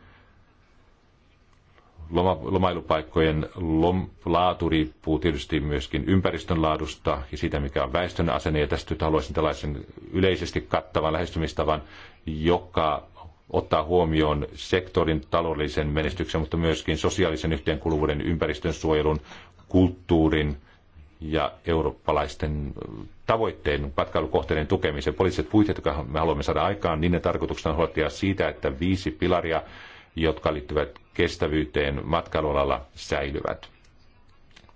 Speaker 5: loma, lomailupaikkojen lom, laatu riippuu tietysti myöskin ympäristön laadusta ja siitä, mikä on väestön asenne. Ja tästä nyt haluaisin tällaisen yleisesti kattavan lähestymistavan, joka ottaa huomioon sektorin taloudellisen menestyksen, mutta myöskin sosiaalisen yhteenkuuluvuuden, ympäristön suojelun, kulttuurin ja eurooppalaisten tavoitteen matkailukohteiden tukemisen. Poliittiset puitteet, jotka me haluamme saada aikaan, niin ne tarkoituksena on huolehtia siitä, että viisi pilaria – jotka liittyvät kestävyyteen matkailualalla säilyvät.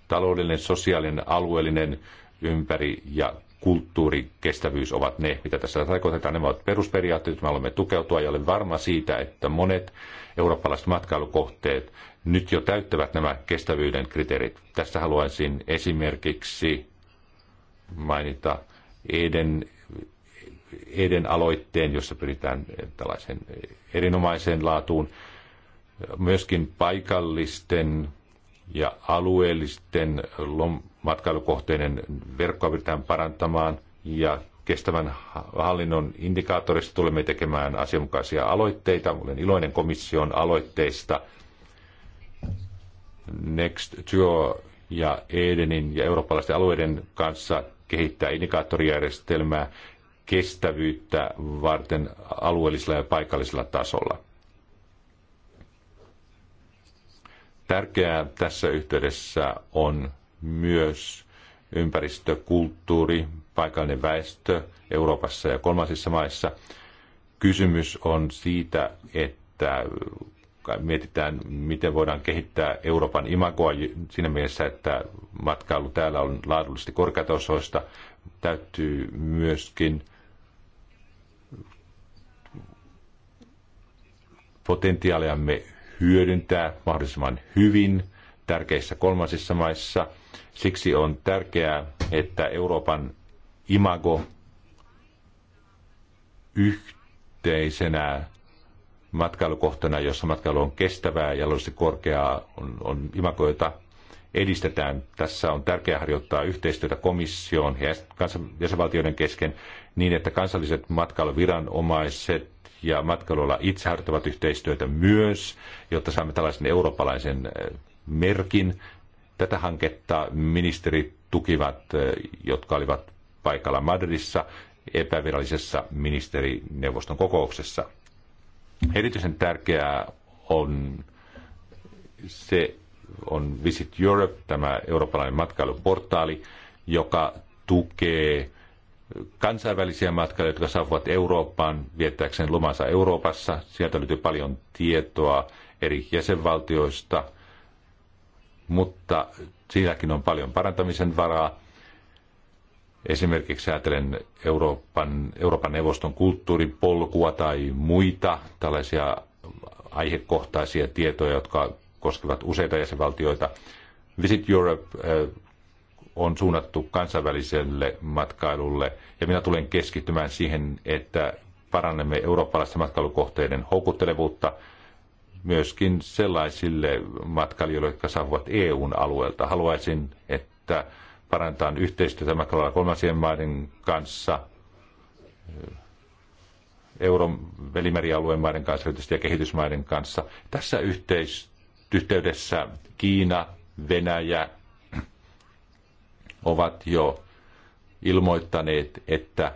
Speaker 5: Taloudellinen, sosiaalinen, alueellinen, ympäri- ja kulttuurikestävyys ovat ne, mitä tässä tarkoitetaan. Nämä ovat perusperiaatteet, me olemme tukeutua ja olen varma siitä, että monet eurooppalaiset matkailukohteet nyt jo täyttävät nämä kestävyyden kriteerit. Tässä haluaisin esimerkiksi mainita Eden, Eden aloitteen, jossa pyritään tällaisen erinomaiseen laatuun myöskin paikallisten ja alueellisten matkailukohteiden verkkoa pyritään parantamaan ja kestävän hallinnon indikaattorista tulemme tekemään asianmukaisia aloitteita. Olen iloinen komission aloitteista. Next Tour ja Edenin ja eurooppalaisten alueiden kanssa kehittää indikaattorijärjestelmää kestävyyttä varten alueellisella ja paikallisella tasolla. Tärkeää tässä yhteydessä on myös ympäristö, kulttuuri, paikallinen väestö Euroopassa ja kolmansissa maissa. Kysymys on siitä, että mietitään, miten voidaan kehittää Euroopan imagoa siinä mielessä, että matkailu täällä on laadullisesti korkeatasoista. Täytyy myöskin potentiaaliamme hyödyntää mahdollisimman hyvin tärkeissä kolmansissa maissa. Siksi on tärkeää, että Euroopan imago yhteisenä matkailukohtana, jossa matkailu on kestävää ja luonnollisesti korkeaa, on, on imagoita edistetään. Tässä on tärkeää harjoittaa yhteistyötä komission ja jäsenvaltioiden kesken niin, että kansalliset matkailuviranomaiset ja matkailuala itse harjoittavat yhteistyötä myös, jotta saamme tällaisen eurooppalaisen äh, merkin. Tätä hanketta ministerit tukivat, äh, jotka olivat paikalla Madridissa epävirallisessa ministerineuvoston kokouksessa. Erityisen tärkeää on se on Visit Europe, tämä eurooppalainen matkailuportaali, joka tukee kansainvälisiä matkailijoita, jotka saapuvat Eurooppaan viettääkseen lomansa Euroopassa. Sieltä löytyy paljon tietoa eri jäsenvaltioista, mutta siinäkin on paljon parantamisen varaa. Esimerkiksi ajatellen Euroopan, Euroopan neuvoston kulttuuripolkua tai muita tällaisia aihekohtaisia tietoja, jotka koskevat useita jäsenvaltioita. Visit Europe eh, on suunnattu kansainväliselle matkailulle, ja minä tulen keskittymään siihen, että parannamme eurooppalaisten matkailukohteiden houkuttelevuutta myöskin sellaisille matkailijoille, jotka saavuvat EUn alueelta. Haluaisin, että parantaa yhteistyötä matkailulla kolmansien maiden kanssa, euron välimerialueen maiden kanssa ja kehitysmaiden kanssa. Tässä yhteistyössä Kiina, Venäjä, ovat jo ilmoittaneet, että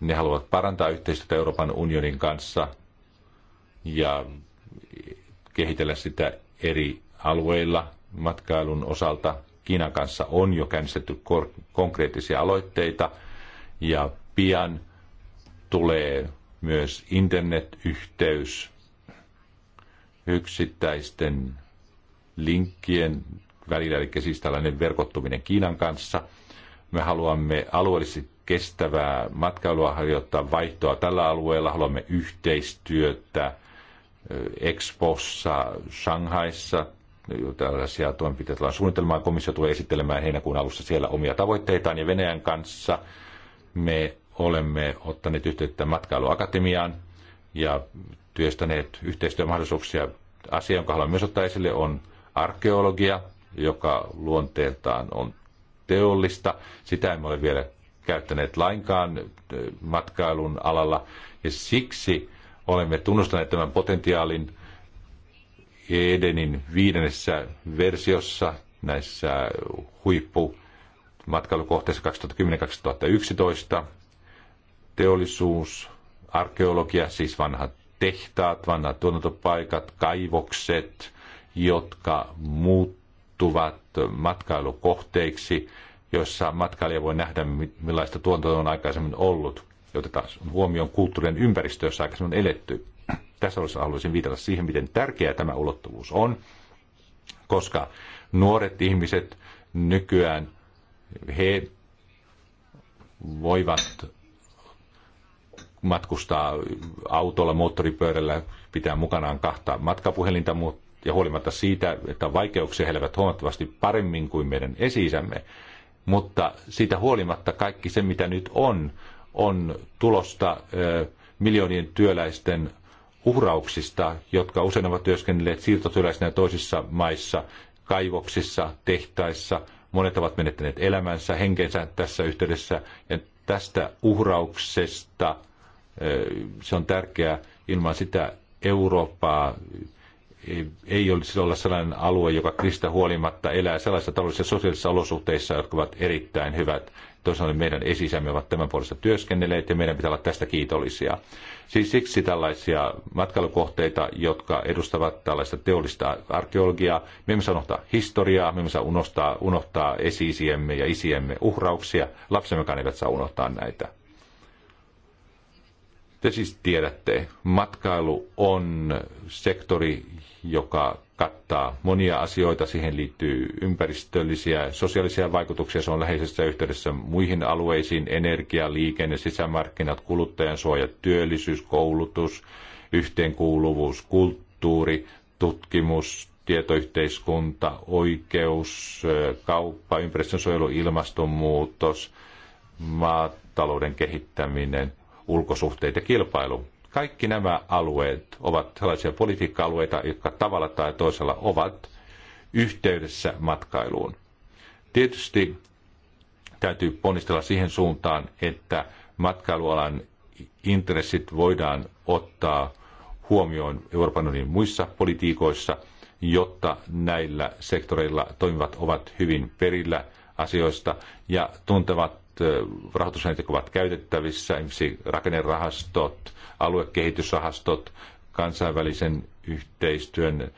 Speaker 5: ne haluavat parantaa yhteistyötä Euroopan unionin kanssa ja kehitellä sitä eri alueilla matkailun osalta. Kiinan kanssa on jo käynnistetty konkreettisia aloitteita ja pian tulee myös internetyhteys yksittäisten linkkien välillä, eli siis tällainen verkottuminen Kiinan kanssa. Me haluamme alueellisesti kestävää matkailua harjoittaa, vaihtoa tällä alueella, haluamme yhteistyötä Expossa, Shanghaissa, tällaisia toimenpiteitä on suunnitelmaa. Komissio tulee esittelemään heinäkuun alussa siellä omia tavoitteitaan ja Venäjän kanssa me olemme ottaneet yhteyttä matkailuakatemiaan ja työstäneet yhteistyömahdollisuuksia. Asia, jonka haluan myös ottaa esille, on arkeologia joka luonteeltaan on teollista. Sitä emme ole vielä käyttäneet lainkaan matkailun alalla, ja siksi olemme tunnustaneet tämän potentiaalin Edenin viidennessä versiossa näissä huippu matkailukohteissa 2010-2011. Teollisuus, arkeologia, siis vanhat tehtaat, vanhat tuotantopaikat, kaivokset, jotka muut muuttuvat matkailukohteiksi, joissa matkailija voi nähdä, millaista tuotantoa on aikaisemmin ollut. Otetaan huomioon kulttuurien ympäristö, jossa aikaisemmin on eletty. Tässä haluaisin viitata siihen, miten tärkeää tämä ulottuvuus on, koska nuoret ihmiset nykyään, he voivat matkustaa autolla, moottoripyörällä, pitää mukanaan kahta matkapuhelinta, ja huolimatta siitä, että vaikeuksia, he elävät huomattavasti paremmin kuin meidän esi-isämme, Mutta siitä huolimatta kaikki se, mitä nyt on, on tulosta miljoonien työläisten uhrauksista, jotka usein ovat työskennelleet siirtotyöläisinä toisissa maissa, kaivoksissa, tehtaissa. Monet ovat menettäneet elämänsä, henkensä tässä yhteydessä. Ja tästä uhrauksesta, se on tärkeää, ilman sitä Eurooppaa ei olisi olla sellainen alue, joka kristä huolimatta elää sellaisissa taloudellisissa ja sosiaalisissa olosuhteissa, jotka ovat erittäin hyvät. Toisaalta meidän esisämme ovat tämän puolesta työskennelleet ja meidän pitää olla tästä kiitollisia. Siis siksi tällaisia matkailukohteita, jotka edustavat tällaista teollista arkeologiaa, me emme saa unohtaa historiaa, me emme saa unohtaa, unohtaa esiisiemme ja isiemme uhrauksia, lapsemmekaan eivät saa unohtaa näitä. Te siis tiedätte, matkailu on sektori, joka kattaa monia asioita. Siihen liittyy ympäristöllisiä, sosiaalisia vaikutuksia. Se on läheisessä yhteydessä muihin alueisiin, energia, liikenne, sisämarkkinat, kuluttajansuoja, työllisyys, koulutus, yhteenkuuluvuus, kulttuuri, tutkimus, tietoyhteiskunta, oikeus, kauppa, ympäristönsuojelu, ilmastonmuutos, maatalouden kehittäminen – ulkosuhteet ja kilpailu. Kaikki nämä alueet ovat sellaisia politiikka-alueita, jotka tavalla tai toisella ovat yhteydessä matkailuun. Tietysti täytyy ponnistella siihen suuntaan, että matkailualan intressit voidaan ottaa huomioon Euroopan unionin muissa politiikoissa, jotta näillä sektoreilla toimivat ovat hyvin perillä asioista ja tuntevat rahoitusaineet, jotka ovat käytettävissä, esimerkiksi rakennerahastot, aluekehitysrahastot, kansainvälisen yhteistyön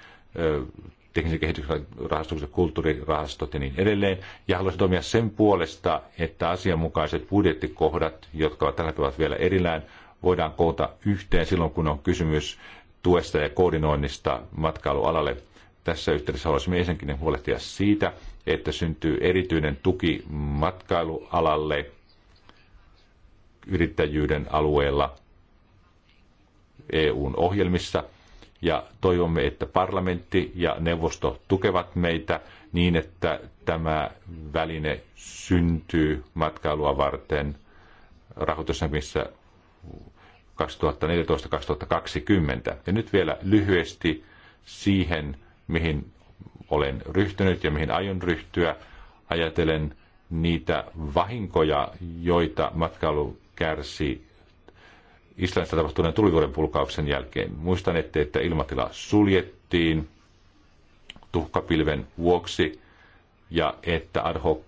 Speaker 5: teknisen kehityksen rahastukset, kulttuurirahastot ja niin edelleen. Ja haluaisin toimia sen puolesta, että asianmukaiset budjettikohdat, jotka ovat tällä hetkellä vielä erillään, voidaan koota yhteen silloin, kun on kysymys tuesta ja koordinoinnista matkailualalle. Tässä yhteydessä haluaisimme ensinnäkin huolehtia siitä, että syntyy erityinen tuki matkailualalle yrittäjyyden alueella EUn ohjelmissa. Ja toivomme, että parlamentti ja neuvosto tukevat meitä niin, että tämä väline syntyy matkailua varten missä 2014-2020. Ja nyt vielä lyhyesti siihen, mihin olen ryhtynyt ja mihin aion ryhtyä, ajatelen niitä vahinkoja, joita matkailu kärsi Islannista tapahtuneen tulivuoden pulkauksen jälkeen. Muistan, ette, että ilmatila suljettiin tuhkapilven vuoksi ja että ad hoc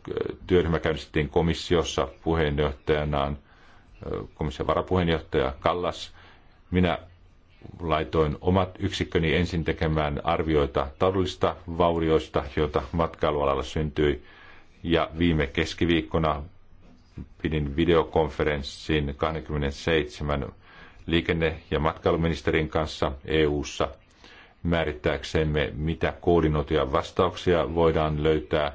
Speaker 5: työryhmä käynnistettiin komissiossa puheenjohtajanaan komission varapuheenjohtaja Kallas. Minä laitoin omat yksikköni ensin tekemään arvioita taloudellisista vaurioista, joita matkailualalla syntyi. Ja viime keskiviikkona pidin videokonferenssin 27 liikenne- ja matkailuministerin kanssa EU:ssa määrittääksemme, mitä koordinoituja vastauksia voidaan löytää.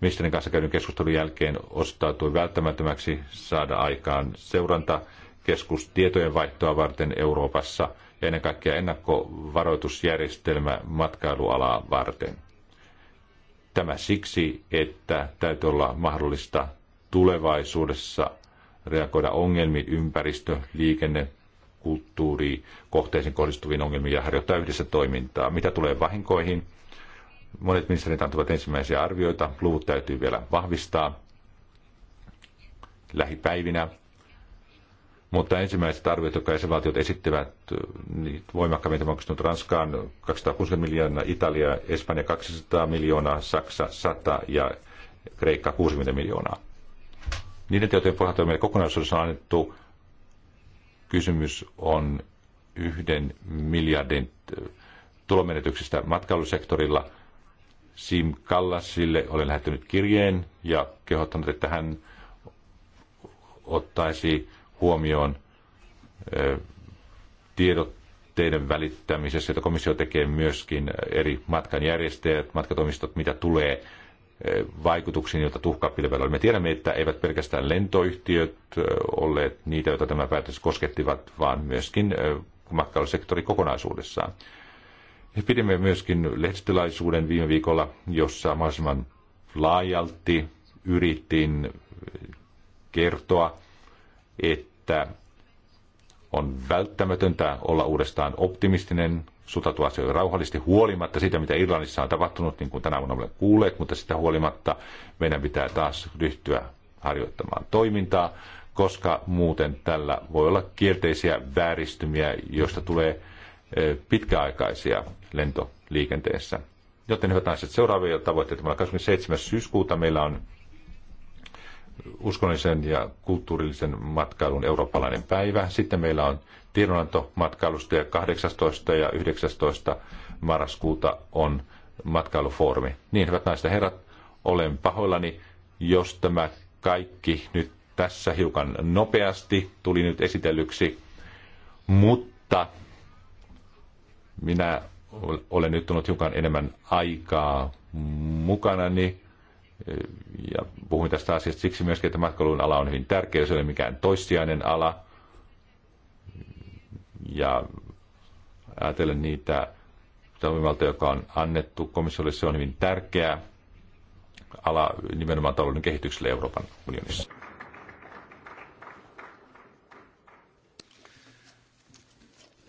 Speaker 5: Ministerin kanssa käydyn keskustelun jälkeen ostautui välttämättömäksi saada aikaan seurantakeskus vaihtoa varten Euroopassa – ja ennen kaikkea ennakkovaroitusjärjestelmä matkailualaa varten. Tämä siksi, että täytyy olla mahdollista tulevaisuudessa reagoida ongelmiin ympäristö, liikenne, kulttuuri, kohteisiin kohdistuviin ongelmiin ja harjoittaa yhdessä toimintaa. Mitä tulee vahinkoihin? Monet ministerit antavat ensimmäisiä arvioita. Luvut täytyy vielä vahvistaa lähipäivinä mutta ensimmäiset arviot, jotka jäsenvaltiot esittivät niin voimakkaammin, on Ranskaan 260 miljoonaa, Italia, Espanja 200 miljoonaa, Saksa 100 ja Kreikka 60 miljoonaa. Niiden tietojen pohjalta meille kokonaisuudessaan annettu kysymys on yhden miljardin tulomenetyksistä matkailusektorilla. Sim Kallasille olen lähettänyt kirjeen ja kehottanut, että hän ottaisi huomioon tiedotteiden välittämisessä, jota komissio tekee myöskin eri matkanjärjestäjät, matkatoimistot, mitä tulee vaikutuksiin, joita tuhkapilvellä oli. Me tiedämme, että eivät pelkästään lentoyhtiöt olleet niitä, joita tämä päätös koskettivat, vaan myöskin matkailusektori kokonaisuudessaan. Pidimme myöskin lehtilaisuuden viime viikolla, jossa mahdollisimman laajalti yritin kertoa että on välttämätöntä olla uudestaan optimistinen, suhtautua asioihin rauhallisesti huolimatta siitä, mitä Irlannissa on tapahtunut, niin kuin tänä vuonna olemme kuulleet, mutta sitä huolimatta meidän pitää taas ryhtyä harjoittamaan toimintaa, koska muuten tällä voi olla kielteisiä vääristymiä, joista tulee eh, pitkäaikaisia lentoliikenteessä. Joten hyvät naiset, seuraavia tavoitteita 27. syyskuuta meillä on uskonnollisen ja kulttuurillisen matkailun eurooppalainen päivä. Sitten meillä on tiedonanto matkailusta ja 18 ja 19 marraskuuta on matkailufoorumi. Niin, hyvät naiset ja herrat, olen pahoillani, jos tämä kaikki nyt tässä hiukan nopeasti tuli nyt esitellyksi, mutta minä olen nyt tullut hiukan enemmän aikaa mukana niin ja puhuin tästä asiasta siksi myöskin, että matkailun ala on hyvin tärkeä, se ei ole mikään toissijainen ala. Ja ajatellen niitä toimivalta, joka on annettu komissiolle, se on hyvin tärkeä ala nimenomaan talouden kehitykselle Euroopan unionissa.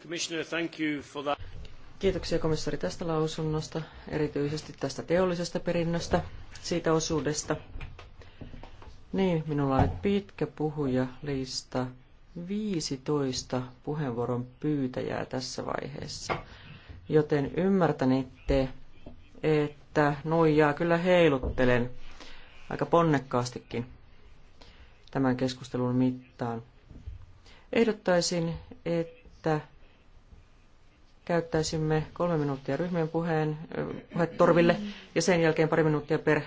Speaker 1: Commissioner, thank you for that.
Speaker 3: Kiitoksia komissari tästä lausunnosta, erityisesti tästä teollisesta perinnöstä, siitä osuudesta. Niin, minulla on nyt pitkä puhujalista, 15 puheenvuoron pyytäjää tässä vaiheessa, joten ymmärtänette, että nuijaa kyllä heiluttelen aika ponnekkaastikin tämän keskustelun mittaan. Ehdottaisin, että käyttäisimme kolme minuuttia ryhmien puheen, puhetorville ja sen jälkeen pari minuuttia per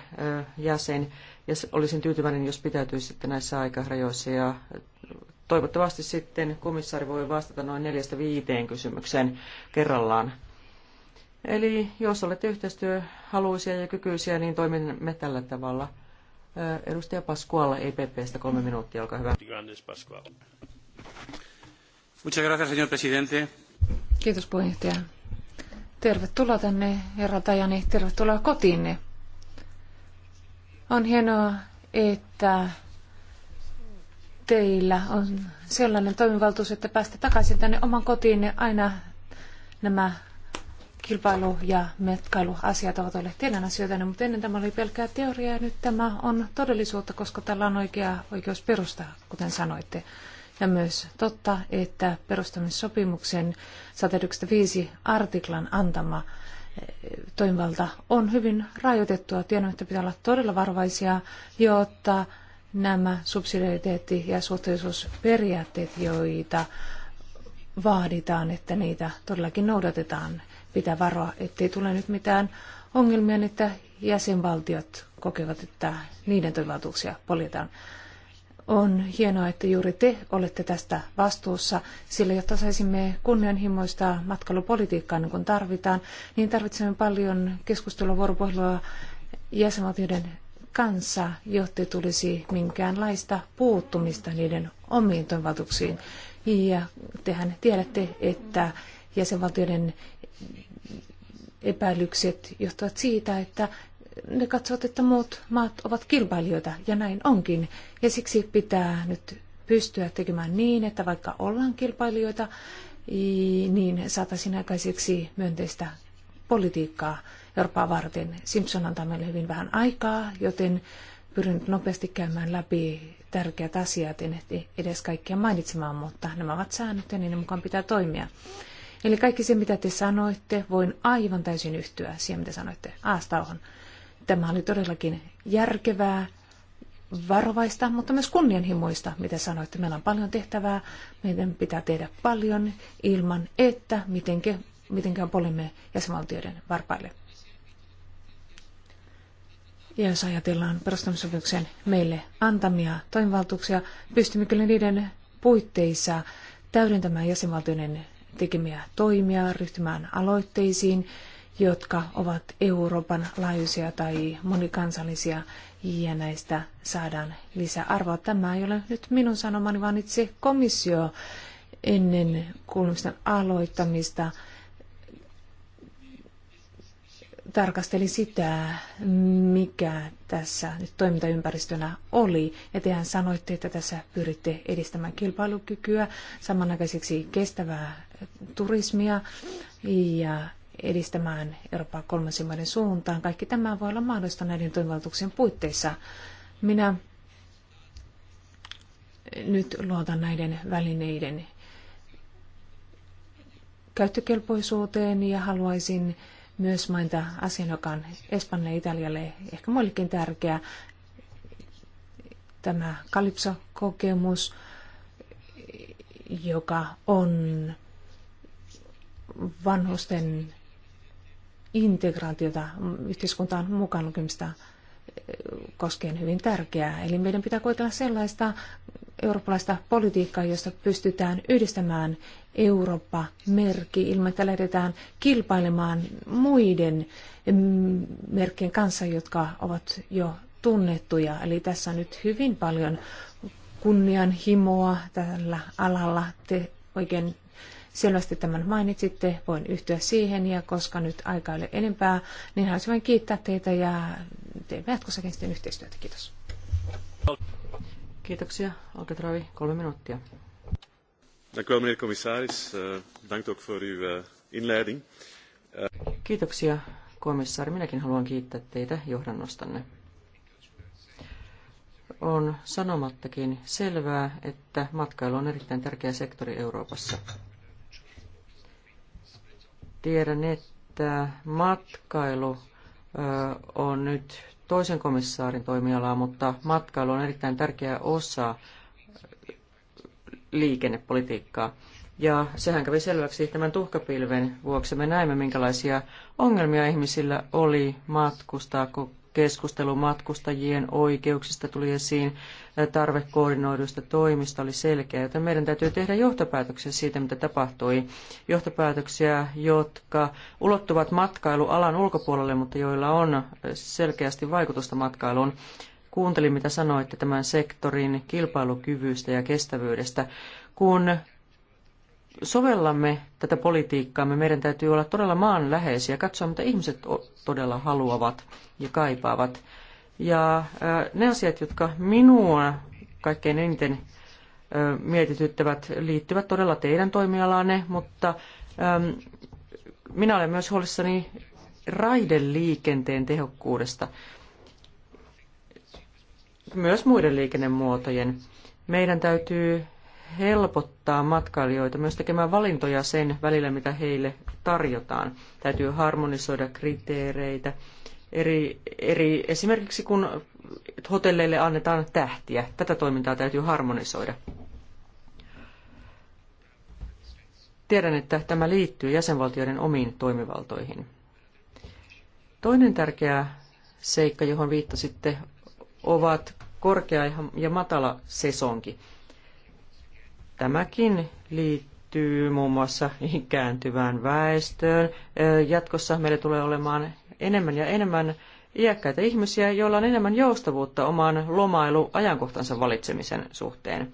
Speaker 3: jäsen. Ja olisin tyytyväinen, jos pitäytyisitte näissä aikarajoissa ja toivottavasti sitten komissaari voi vastata noin neljästä viiteen kysymykseen kerrallaan. Eli jos olette yhteistyöhaluisia ja kykyisiä, niin toimimme tällä tavalla. Edustaja Pascuala EPPstä kolme minuuttia, olkaa hyvä.
Speaker 1: Muchas gracias, señor presidente.
Speaker 3: Kiitos puheenjohtaja.
Speaker 2: Tervetuloa tänne, herra Tajani. Tervetuloa kotiinne. On hienoa, että teillä on sellainen toimivaltuus, että päästä takaisin tänne oman kotiinne. Aina nämä kilpailu- ja matkailuasiat ovat olleet teidän asioitanne, mutta ennen tämä oli pelkkää teoriaa ja nyt tämä on todellisuutta, koska tällä on oikea oikeus perustaa, kuten sanoitte. Ja myös totta, että perustamissopimuksen 195 artiklan antama eh, toimivalta on hyvin rajoitettua. Tiedämme, että pitää olla todella varovaisia, jotta nämä subsidiariteetti- ja suhteellisuusperiaatteet, joita vaaditaan, että niitä todellakin noudatetaan, pitää varoa, ettei tule nyt mitään ongelmia, että jäsenvaltiot kokevat, että niiden toimivaltuuksia poljetaan. On hienoa, että juuri te olette tästä vastuussa, sillä jotta saisimme kunnianhimoista matkailupolitiikkaa niin kuin tarvitaan, niin tarvitsemme paljon keskustelua vuoropuhelua jäsenvaltioiden kanssa, jotta tulisi minkäänlaista puuttumista niiden omiin toimivaltuuksiin. Ja tehän tiedätte, että jäsenvaltioiden epäilykset johtuvat siitä, että ne katsovat, että muut maat ovat kilpailijoita, ja näin onkin. Ja siksi pitää nyt pystyä tekemään niin, että vaikka ollaan kilpailijoita, niin saataisiin aikaiseksi myönteistä politiikkaa Eurooppaa varten. Simpson antaa meille hyvin vähän aikaa, joten pyrin nopeasti käymään läpi tärkeät asiat, en ehti edes kaikkia mainitsemaan, mutta nämä ovat säännöt ja niiden mukaan pitää toimia. Eli kaikki se, mitä te sanoitte, voin aivan täysin yhtyä siihen, mitä sanoitte. Aastauhon. Tämä oli todellakin järkevää, varovaista, mutta myös kunnianhimoista, mitä sanoitte. Meillä on paljon tehtävää, meidän pitää tehdä paljon ilman, että mitenkä, mitenkään polimme jäsenvaltioiden varpaille. Ja jos ajatellaan perustamisopimuksen meille antamia toimivaltuuksia, pystymme kyllä niiden puitteissa täydentämään jäsenvaltioiden tekemiä toimia, ryhtymään aloitteisiin jotka ovat Euroopan laajuisia tai monikansallisia ja näistä saadaan lisäarvoa. Tämä ei ole nyt minun sanomani, vaan itse komissio ennen kuulumisten aloittamista tarkasteli sitä, mikä tässä nyt toimintaympäristönä oli. Ja tehän sanoitte, että tässä pyritte edistämään kilpailukykyä, samanaikaiseksi kestävää turismia ja edistämään Euroopan kolmansien maiden suuntaan. Kaikki tämä voi olla mahdollista näiden toimivaltuuksien puitteissa. Minä nyt luotan näiden välineiden käyttökelpoisuuteen ja haluaisin myös mainita asian, joka on Espanjalle, Italialle ehkä muillekin tärkeä, tämä Kalypso-kokemus, joka on vanhusten integraatiota mm, yhteiskuntaan mukaan lukemista eh, koskien hyvin tärkeää. Eli meidän pitää koitella sellaista eurooppalaista politiikkaa, jossa pystytään yhdistämään Eurooppa-merkki ilman, että lähdetään kilpailemaan muiden mm, merkkien kanssa, jotka ovat jo tunnettuja. Eli tässä on nyt hyvin paljon kunnianhimoa tällä alalla. Te oikein Selvästi tämän mainitsitte, voin yhtyä siihen ja koska nyt aika ei ole enempää, niin haluaisin vain kiittää teitä ja teemme jatkossakin sitten yhteistyötä.
Speaker 3: Kiitos. Kiitoksia. Olkaa ravi. kolme minuuttia.
Speaker 4: Dank u wel, meneer commissaris. Eh, dank ook voor uw eh, inleiding. Eh,
Speaker 3: Kiitoksia, komissaari. Minäkin haluan kiittää teitä johdannostanne. On sanomattakin selvää, että matkailu on erittäin tärkeä sektori Euroopassa. Tiedän, että matkailu on nyt toisen komissaarin toimialaa, mutta matkailu on erittäin tärkeä osa liikennepolitiikkaa. Ja sehän kävi selväksi tämän tuhkapilven vuoksi. Me näimme, minkälaisia ongelmia ihmisillä oli matkustaa, kun Keskustelu matkustajien oikeuksista tuli esiin, tarve koordinoiduista toimista oli selkeä, joten meidän täytyy tehdä johtopäätöksiä siitä, mitä tapahtui. Johtopäätöksiä, jotka ulottuvat matkailualan ulkopuolelle, mutta joilla on selkeästi vaikutusta matkailuun. Kuuntelin, mitä sanoitte tämän sektorin kilpailukyvystä ja kestävyydestä. Kun sovellamme tätä politiikkaamme, meidän täytyy olla todella maanläheisiä, katsoa mitä ihmiset todella haluavat ja kaipaavat. Ja ne asiat, jotka minua kaikkein eniten mietityttävät, liittyvät todella teidän toimialaanne, mutta minä olen myös huolissani raideliikenteen tehokkuudesta, myös muiden liikennemuotojen. Meidän täytyy helpottaa matkailijoita myös tekemään valintoja sen välillä, mitä heille tarjotaan. Täytyy harmonisoida kriteereitä. Eri, eri, esimerkiksi kun hotelleille annetaan tähtiä, tätä toimintaa täytyy harmonisoida. Tiedän, että tämä liittyy jäsenvaltioiden omiin toimivaltoihin. Toinen tärkeä seikka, johon viittasitte, ovat korkea ja matala sesonki. Tämäkin liittyy muun muassa ikääntyvään väestöön. Jatkossa meillä tulee olemaan enemmän ja enemmän iäkkäitä ihmisiä, joilla on enemmän joustavuutta oman lomailuajankohtansa valitsemisen suhteen.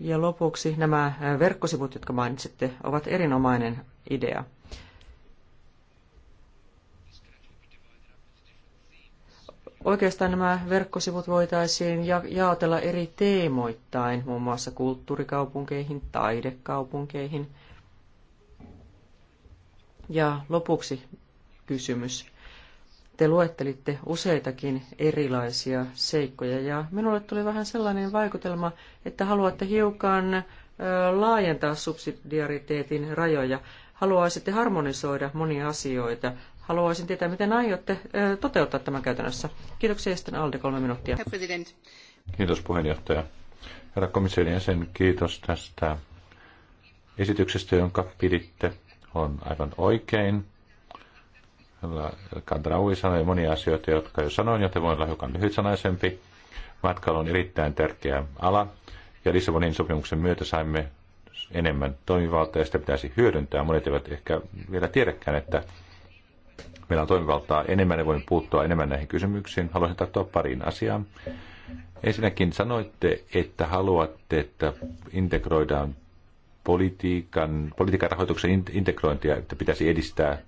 Speaker 3: Ja lopuksi nämä verkkosivut, jotka mainitsitte, ovat erinomainen idea. Oikeastaan nämä verkkosivut voitaisiin ja- jaotella eri teemoittain, muun muassa kulttuurikaupunkeihin, taidekaupunkeihin. Ja lopuksi kysymys. Te luettelitte useitakin erilaisia seikkoja ja minulle tuli vähän sellainen vaikutelma, että haluatte hiukan laajentaa subsidiariteetin rajoja. Haluaisitte harmonisoida monia asioita, Haluaisin tietää, miten aiotte toteuttaa tämän käytännössä. Kiitoksia sitten Alde kolme minuuttia.
Speaker 5: Kiitos puheenjohtaja. Herra komission jäsen, kiitos tästä esityksestä, jonka piditte. On aivan oikein. Kandraui sanoi monia asioita, jotka jo sanoin, joten voin olla hiukan lyhytsanaisempi. Matkailu on erittäin tärkeä ala, ja Lissabonin sopimuksen myötä saimme enemmän toimivaltaa, ja sitä pitäisi hyödyntää. Monet eivät ehkä vielä tiedäkään, että Meillä on toimivaltaa enemmän ja voin puuttua enemmän näihin kysymyksiin. Haluaisin tarttua pariin asiaan. Ensinnäkin sanoitte, että haluatte, että integroidaan politiikan, politiikan rahoituksen integrointia, että pitäisi edistää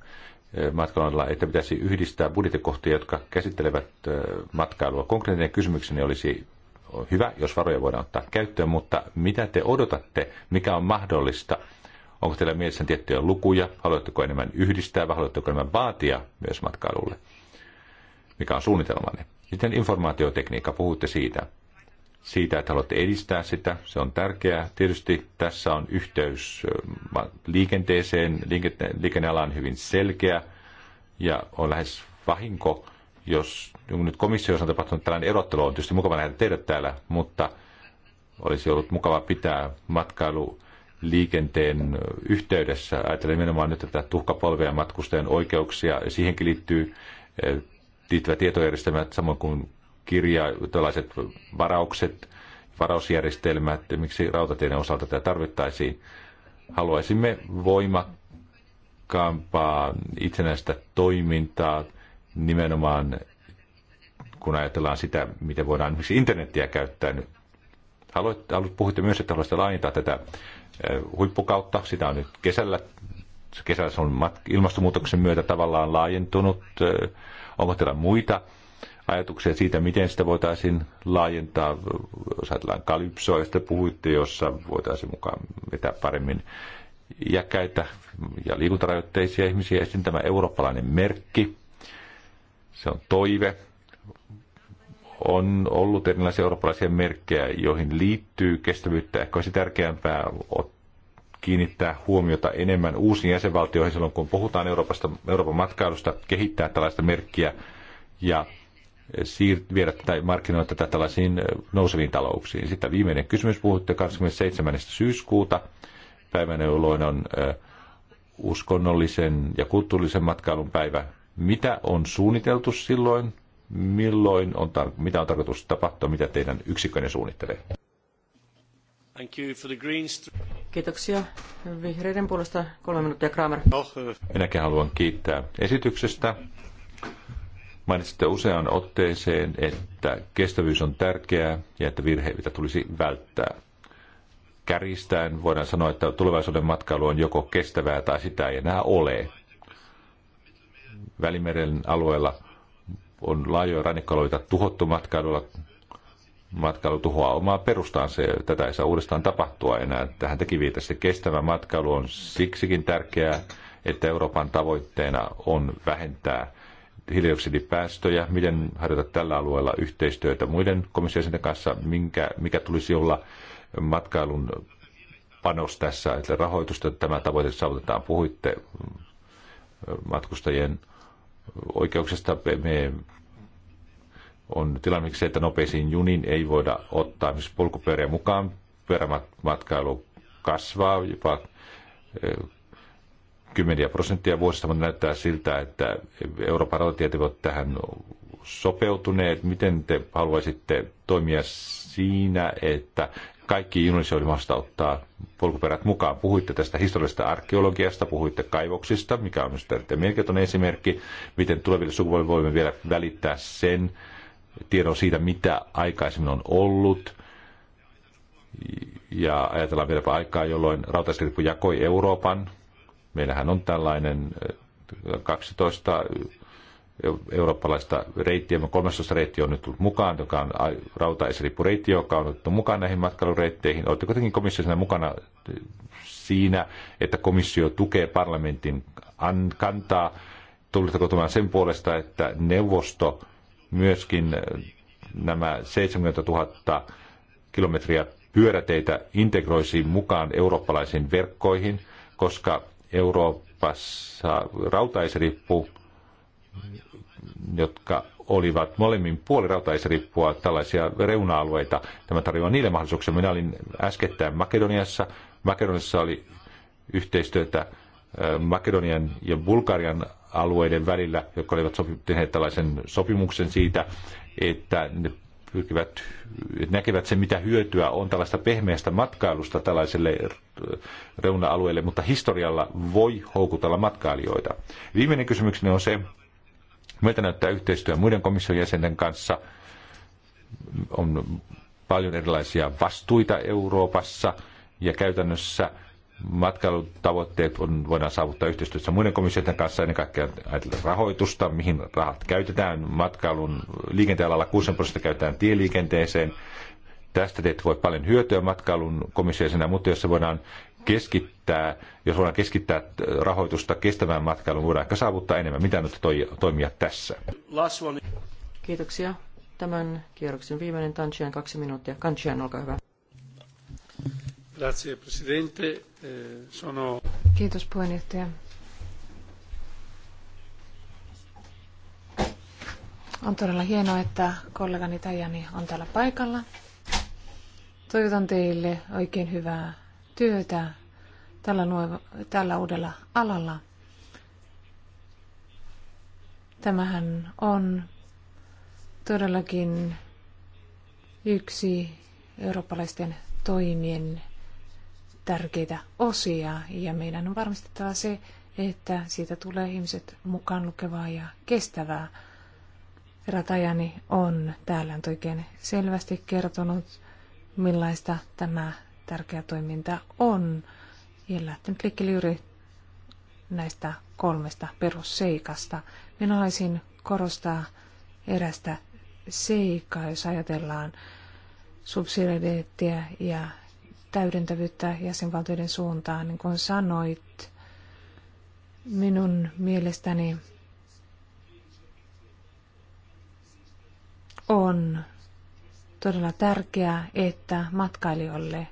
Speaker 5: matkailua, että pitäisi yhdistää budjettikohtia, jotka käsittelevät matkailua. Konkreettinen kysymykseni olisi hyvä, jos varoja voidaan ottaa käyttöön, mutta mitä te odotatte, mikä on mahdollista Onko teillä mielessä tiettyjä lukuja? Haluatteko enemmän yhdistää vai haluatteko enemmän vaatia myös matkailulle? Mikä on suunnitelmanne? Sitten informaatiotekniikka, puhutte siitä. Siitä, että haluatte edistää sitä, se on tärkeää. Tietysti tässä on yhteys liikenteeseen, liikennealan hyvin selkeä ja on lähes vahinko, jos niin nyt komissiossa on tapahtunut tällainen erottelu, on tietysti mukava nähdä teidät täällä, mutta olisi ollut mukava pitää matkailu liikenteen yhteydessä. Ajattelen nimenomaan nyt tätä tuhkapolvea matkustajan oikeuksia. Siihenkin liittyy eh, liittyvät tietojärjestelmät, samoin kuin kirja, tällaiset varaukset, varausjärjestelmät, miksi rautateiden osalta tätä tarvittaisiin. Haluaisimme voimakkaampaa itsenäistä toimintaa nimenomaan kun ajatellaan sitä, miten voidaan esimerkiksi internettiä käyttää Haluat, Haluat, puhuitte myös, että haluaisitte laajentaa tätä huippukautta. Sitä on nyt kesällä, kesällä se on ilmastonmuutoksen myötä tavallaan laajentunut. Onko teillä muita ajatuksia siitä, miten sitä voitaisiin laajentaa? Jos ajatellaan kalypsoa, josta puhuitte, jossa voitaisiin mukaan vetää paremmin jäkäitä ja liikuntarajoitteisia ihmisiä. Ja sitten tämä eurooppalainen merkki, se on toive, on ollut erilaisia eurooppalaisia merkkejä, joihin liittyy kestävyyttä. Ehkä olisi tärkeämpää kiinnittää huomiota enemmän uusiin jäsenvaltioihin silloin, kun puhutaan Euroopasta, Euroopan matkailusta, kehittää tällaista merkkiä ja siirt, viedä tai markkinoita tätä tällaisiin nouseviin talouksiin. Sitten viimeinen kysymys, puhutte 27. syyskuuta, päivänä jolloin on uskonnollisen ja kulttuurisen matkailun päivä. Mitä on suunniteltu silloin? milloin on tar- mitä on tarkoitus tapahtua, mitä teidän yksikkönne suunnittelee?
Speaker 1: Thank you for the
Speaker 3: greens. Kiitoksia. Vihreiden puolesta kolme minuuttia Kramer.
Speaker 5: Minäkin haluan kiittää esityksestä. Mainitsitte useaan otteeseen, että kestävyys on tärkeää ja että virheitä tulisi välttää. Kärjistään voidaan sanoa, että tulevaisuuden matkailu on joko kestävää tai sitä ei enää ole. Välimeren alueella on laajoja rannikkoloita tuhottu matkailulla. Matkailu tuhoaa omaa perustaan, se, tätä ei saa uudestaan tapahtua enää. Tähän teki viitasi. Kestävä matkailu on siksikin tärkeää, että Euroopan tavoitteena on vähentää hiilidioksidipäästöjä, miten harjoita tällä alueella yhteistyötä muiden komission kanssa, minkä, mikä tulisi olla matkailun panos tässä, että rahoitusta tämä tavoite saavutetaan. Puhuitte matkustajien oikeuksista me on tilanne se, että nopeisiin junin ei voida ottaa esimerkiksi polkupyöriä mukaan. Pyörämatkailu kasvaa jopa e, kymmeniä prosenttia vuosista, mutta näyttää siltä, että Euroopan rautatiet ovat tähän sopeutuneet. Miten te haluaisitte toimia siinä, että kaikki Indonesia oli mahdollista ottaa polkuperät mukaan. Puhuitte tästä historiallisesta arkeologiasta, puhuitte kaivoksista, mikä on myös tärkeä mielenkiintoinen esimerkki, miten tuleville sukupolville voimme vielä välittää sen tiedon siitä, mitä aikaisemmin on ollut. Ja ajatellaan vieläpä aikaa, jolloin rautaiskirppu jakoi Euroopan. Meillähän on tällainen 12 eh, eurooppalaista reittiä. 13 reitti on nyt tullut mukaan, joka on rautaislippureitti, joka on otettu mukaan näihin matkailureitteihin. Olette kuitenkin komissiossa mukana siinä, että komissio tukee parlamentin kantaa? Tulitteko tämän sen puolesta, että neuvosto myöskin äh, nämä 70 000 kilometriä pyöräteitä integroisi mukaan eurooppalaisiin verkkoihin, koska Euroopassa rautaisrippu jotka olivat molemmin puolirautaisrippua tällaisia reuna-alueita. Tämä tarjoaa niille mahdollisuuksia. Minä olin äskettäin Makedoniassa. Makedoniassa oli yhteistyötä Makedonian ja Bulgarian alueiden välillä, jotka olivat tehneet tällaisen sopimuksen siitä, että ne pyrkivät, näkevät sen, mitä hyötyä on tällaista pehmeästä matkailusta tällaiselle reuna-alueelle, mutta historialla voi houkutella matkailijoita. Viimeinen kysymykseni on se, Miltä näyttää yhteistyö muiden komission jäsenten kanssa? On paljon erilaisia vastuita Euroopassa ja käytännössä matkailutavoitteet on, voidaan saavuttaa yhteistyössä muiden komissioiden kanssa, ennen kaikkea ajatellen rahoitusta, mihin rahat käytetään. Matkailun liikenteen alalla 6 prosenttia käytetään tieliikenteeseen. Tästä teet voi paljon hyötyä matkailun komissioisena, mutta jos se voidaan keskittää, jos voidaan keskittää rahoitusta kestävään matkailuun, voidaan ehkä saavuttaa enemmän. Mitä nyt toi, toimia tässä?
Speaker 3: Kiitoksia. Tämän kierroksen viimeinen Tanchian kaksi minuuttia. Kanchian, olkaa hyvä.
Speaker 1: Grazie, Presidente. Eh, sono...
Speaker 3: Kiitos puheenjohtaja.
Speaker 2: On todella hienoa, että kollegani Tajani on täällä paikalla. Toivotan teille oikein hyvää työtä tällä, nuo, tällä uudella alalla. Tämähän on todellakin yksi eurooppalaisten toimien tärkeitä osia ja meidän on varmistettava se, että siitä tulee ihmiset mukaan lukevaa ja kestävää. Ratajani on täällä oikein selvästi kertonut, millaista tämä tärkeä toiminta on ja lähtenyt liikkeelle juuri näistä kolmesta perusseikasta. Minä haluaisin korostaa erästä seikkaa, jos ajatellaan subsidiariteettia ja täydentävyyttä jäsenvaltioiden suuntaan, niin kuin sanoit, minun mielestäni on todella tärkeää, että matkailijoille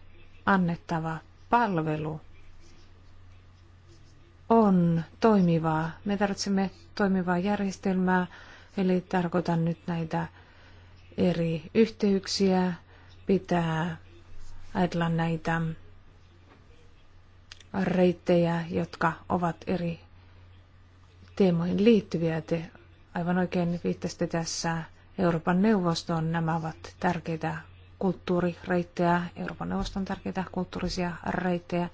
Speaker 2: annettava palvelu on toimivaa. Me tarvitsemme toimivaa järjestelmää, eli tarkoitan nyt näitä eri yhteyksiä, pitää ajatella näitä reittejä, jotka ovat eri teemoihin liittyviä. Te aivan oikein viittasitte tässä Euroopan neuvostoon. Nämä ovat tärkeitä kulttuurireittejä, Euroopan neuvoston tärkeitä kulttuurisia reittejä.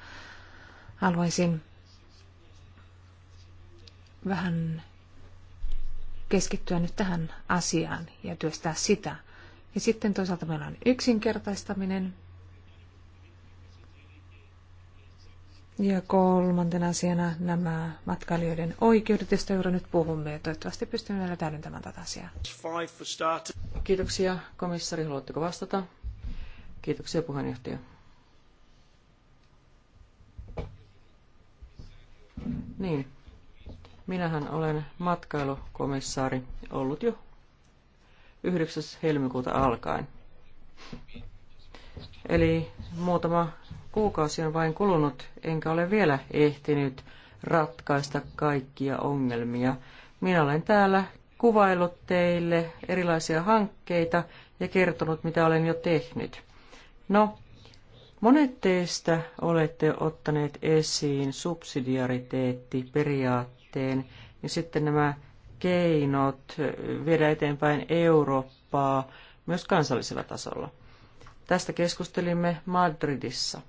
Speaker 2: Haluaisin vähän keskittyä nyt tähän asiaan ja työstää sitä. Ja sitten toisaalta meillä on yksinkertaistaminen. Ja kolmantena asiana nämä matkailijoiden oikeudet,
Speaker 3: joista juuri nyt puhumme. Ja toivottavasti pystymme vielä täydentämään tätä asiaa. Kiitoksia. Komissari, haluatteko vastata? Kiitoksia puheenjohtaja. Niin. Minähän olen matkailukomissaari ollut jo 9. helmikuuta alkaen. Eli muutama kuukausi on vain kulunut, enkä ole vielä ehtinyt ratkaista kaikkia ongelmia. Minä olen täällä kuvaillut teille erilaisia hankkeita ja kertonut, mitä olen jo tehnyt. No, monet teistä olette ottaneet esiin subsidiariteettiperiaatteen ja sitten nämä keinot viedä eteenpäin Eurooppaa myös kansallisella tasolla. Tästä keskustelimme Madridissa.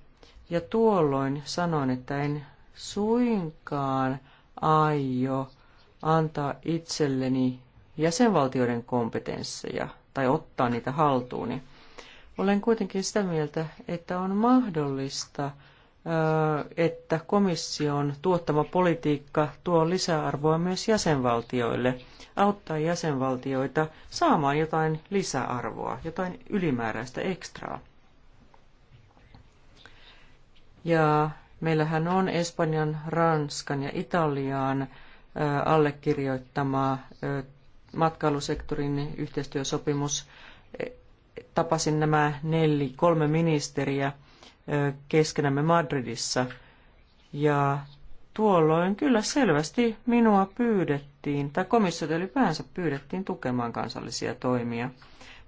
Speaker 3: Ja tuolloin sanoin, että en suinkaan aio antaa itselleni jäsenvaltioiden kompetensseja tai ottaa niitä haltuuni. Olen kuitenkin sitä mieltä, että on mahdollista, että komission tuottama politiikka tuo lisäarvoa myös jäsenvaltioille, auttaa jäsenvaltioita saamaan jotain lisäarvoa, jotain ylimääräistä ekstraa. Ja meillähän on Espanjan, Ranskan ja Italian allekirjoittama matkailusektorin yhteistyösopimus tapasin nämä neljä, kolme ministeriä keskenämme Madridissa ja tuolloin kyllä selvästi minua pyydettiin, tai komissiota ylipäänsä pyydettiin tukemaan kansallisia toimia.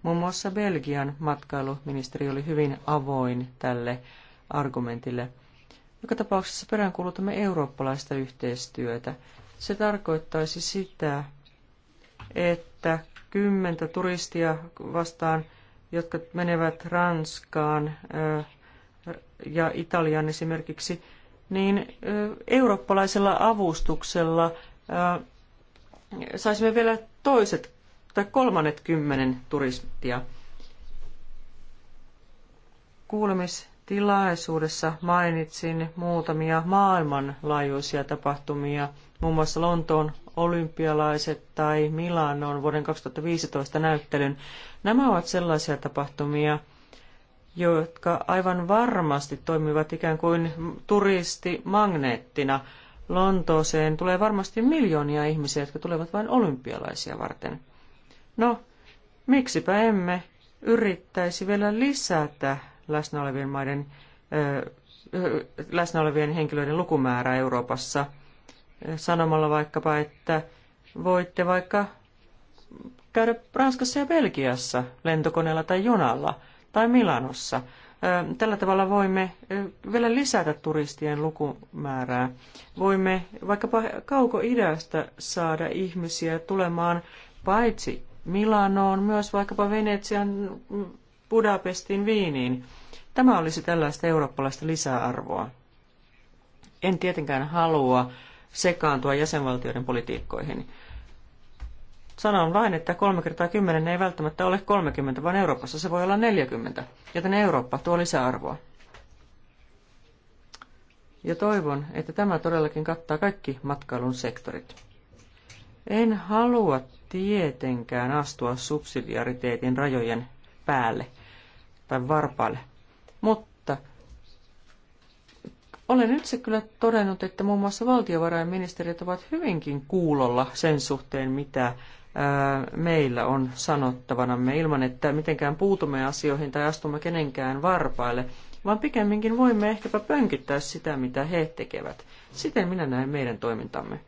Speaker 3: Muun muassa Belgian matkailuministeri oli hyvin avoin tälle argumentille. Joka tapauksessa peräänkuulutamme eurooppalaista yhteistyötä. Se tarkoittaisi sitä, että kymmentä turistia vastaan – jotka menevät Ranskaan ja Italiaan esimerkiksi, niin eurooppalaisella avustuksella saisimme vielä toiset tai kolmannet kymmenen turistia. Kuulemis tilaisuudessa mainitsin muutamia maailmanlaajuisia tapahtumia, muun muassa Lontoon olympialaiset tai Milanon vuoden 2015 näyttelyn. Nämä ovat sellaisia tapahtumia, jotka aivan varmasti toimivat ikään kuin turistimagneettina. Lontooseen tulee varmasti miljoonia ihmisiä, jotka tulevat vain olympialaisia varten. No, miksipä emme yrittäisi vielä lisätä läsnä olevien maiden läsnä olevien henkilöiden lukumäärä Euroopassa sanomalla vaikkapa, että voitte vaikka käydä Ranskassa ja Belgiassa lentokoneella tai junalla tai Milanossa. Tällä tavalla voimme vielä lisätä turistien lukumäärää. Voimme vaikkapa kauko-idästä saada ihmisiä tulemaan paitsi Milanoon, myös vaikkapa Venetsian Budapestin Viiniin. Tämä olisi tällaista eurooppalaista lisäarvoa. En tietenkään halua sekaantua jäsenvaltioiden politiikkoihin. Sanon vain, että 3 kertaa 10 ei välttämättä ole 30, vaan Euroopassa se voi olla 40, joten Eurooppa tuo lisäarvoa. Ja toivon, että tämä todellakin kattaa kaikki matkailun sektorit. En halua tietenkään astua subsidiariteetin rajojen päälle tai varpaalle. Mutta olen itse kyllä todennut, että muun muassa valtiovarainministerit ovat hyvinkin kuulolla sen suhteen, mitä meillä on sanottavanamme ilman, että mitenkään puutumme asioihin tai astumme kenenkään varpaille, vaan pikemminkin voimme ehkäpä pönkittää sitä, mitä he tekevät. Siten minä näen meidän toimintamme.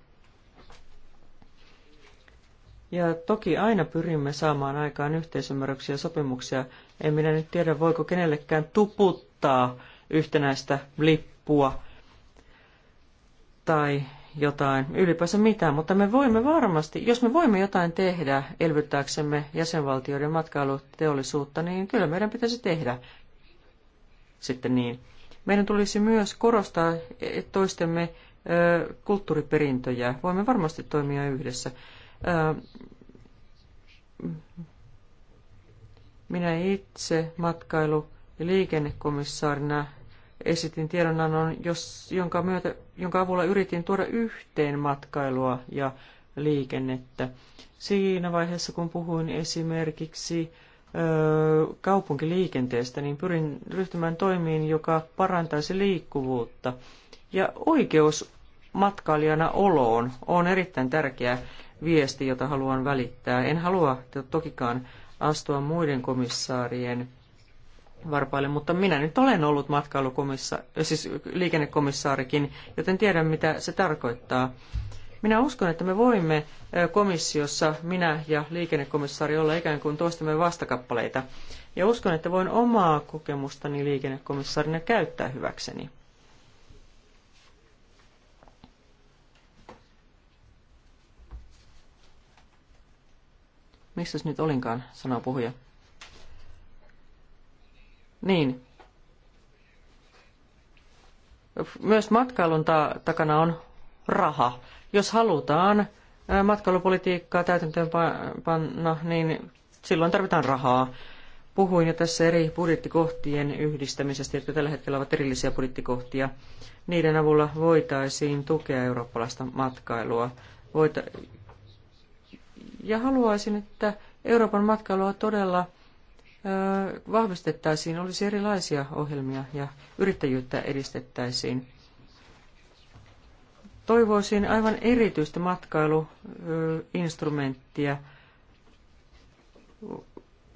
Speaker 3: Ja toki aina pyrimme saamaan aikaan yhteisymmärryksiä ja sopimuksia en minä nyt tiedä, voiko kenellekään tuputtaa yhtenäistä lippua tai jotain, ylipäänsä mitään, mutta me voimme varmasti, jos me voimme jotain tehdä elvyttääksemme jäsenvaltioiden matkailuteollisuutta, niin kyllä meidän pitäisi tehdä sitten niin. Meidän tulisi myös korostaa eh, toistemme kulttuuriperintöjä. Voimme varmasti toimia yhdessä. Minä itse matkailu- ja liikennekomissaarina esitin tiedonannon, jos, jonka, myötä, jonka avulla yritin tuoda yhteen matkailua ja liikennettä. Siinä vaiheessa, kun puhuin esimerkiksi ö, kaupunkiliikenteestä, niin pyrin ryhtymään toimiin, joka parantaisi liikkuvuutta. Ja oikeus matkailijana oloon on erittäin tärkeä viesti, jota haluan välittää. En halua tokikaan astua muiden komissaarien varpaille, mutta minä nyt olen ollut matkailukomissa, siis liikennekomissaarikin, joten tiedän mitä se tarkoittaa. Minä uskon, että me voimme komissiossa, minä ja liikennekomissaari, olla ikään kuin toistemme vastakappaleita. Ja uskon, että voin omaa kokemustani liikennekomissaarina käyttää hyväkseni. Missäs nyt olinkaan, sanoo puhuja. Niin. Myös matkailun ta- takana on raha. Jos halutaan matkailupolitiikkaa täytäntöön panna, niin silloin tarvitaan rahaa. Puhuin jo tässä eri budjettikohtien yhdistämisestä, jotka tällä hetkellä ovat erillisiä budjettikohtia. Niiden avulla voitaisiin tukea eurooppalaista matkailua. Voita- ja haluaisin, että Euroopan matkailua todella vahvistettaisiin, olisi erilaisia ohjelmia ja yrittäjyyttä edistettäisiin. Toivoisin aivan erityistä matkailuinstrumenttia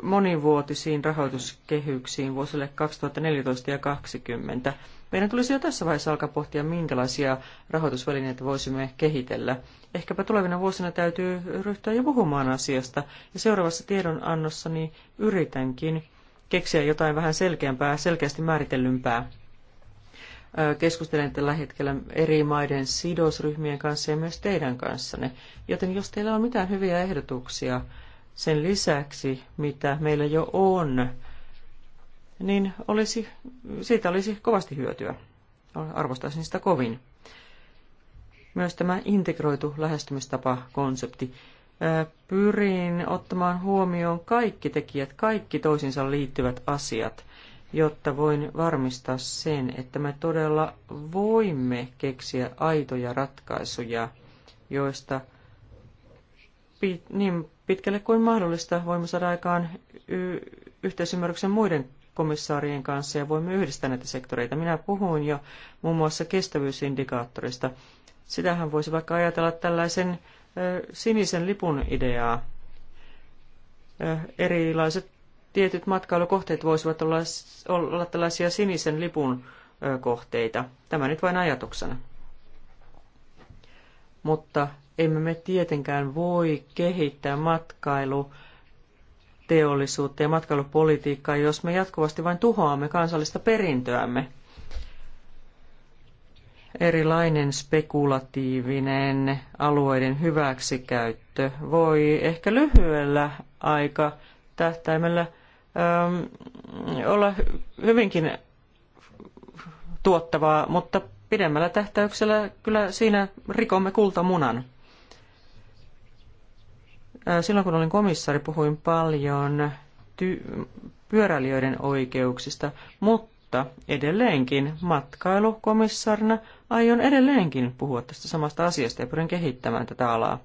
Speaker 3: monivuotisiin rahoituskehyksiin vuosille 2014 ja 2020. Meidän tulisi jo tässä vaiheessa alkaa pohtia, minkälaisia rahoitusvälineitä voisimme kehitellä. Ehkäpä tulevina vuosina täytyy ryhtyä jo puhumaan asiasta, ja seuraavassa tiedonannossani niin yritänkin keksiä jotain vähän selkeämpää, selkeästi määritellympää. Keskustelen tällä hetkellä eri maiden sidosryhmien kanssa ja myös teidän kanssanne, joten jos teillä on mitään hyviä ehdotuksia sen lisäksi, mitä meillä jo on, niin olisi, siitä olisi kovasti hyötyä. Arvostaisin sitä kovin. Myös tämä integroitu lähestymistapa-konsepti. Pyrin ottamaan huomioon kaikki tekijät, kaikki toisinsa liittyvät asiat, jotta voin varmistaa sen, että me todella voimme keksiä aitoja ratkaisuja, joista niin pitkälle kuin mahdollista voimme saada aikaan yhteisymmärryksen muiden komissaarien kanssa ja voimme yhdistää näitä sektoreita. Minä puhuin jo muun muassa kestävyysindikaattorista. Sitähän voisi vaikka ajatella tällaisen sinisen lipun ideaa. Erilaiset tietyt matkailukohteet voisivat olla, olla tällaisia sinisen lipun kohteita. Tämä nyt vain ajatuksena. Mutta emme me tietenkään voi kehittää matkailu teollisuutta ja matkailupolitiikkaa, jos me jatkuvasti vain tuhoamme kansallista perintöämme. Erilainen spekulatiivinen alueiden hyväksikäyttö voi ehkä lyhyellä aika tähtäimellä ähm, olla hyvinkin tuottavaa, mutta pidemmällä tähtäyksellä kyllä siinä rikomme kultamunan. Silloin kun olin komissaari, puhuin paljon ty- pyöräilijöiden oikeuksista, mutta edelleenkin matkailukomissarina aion edelleenkin puhua tästä samasta asiasta ja pyrin kehittämään tätä alaa.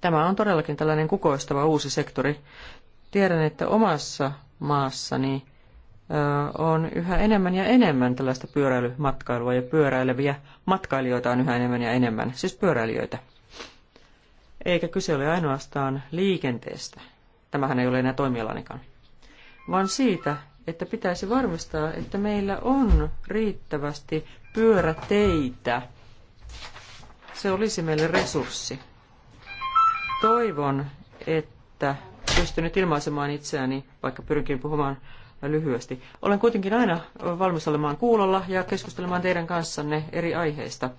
Speaker 3: Tämä on todellakin tällainen kukoistava uusi sektori. Tiedän, että omassa maassani on yhä enemmän ja enemmän tällaista pyöräilymatkailua ja pyöräileviä matkailijoita on yhä enemmän ja enemmän, siis pyöräilijöitä. Eikä kyse ole ainoastaan liikenteestä. Tämähän ei ole enää toimialanikaan. Vaan siitä, että pitäisi varmistaa, että meillä on riittävästi pyöräteitä. Se olisi meille resurssi. Toivon, että pystyn nyt ilmaisemaan itseäni, vaikka pyrinkin puhumaan lyhyesti. Olen kuitenkin aina valmis olemaan kuulolla ja keskustelemaan teidän kanssanne eri aiheista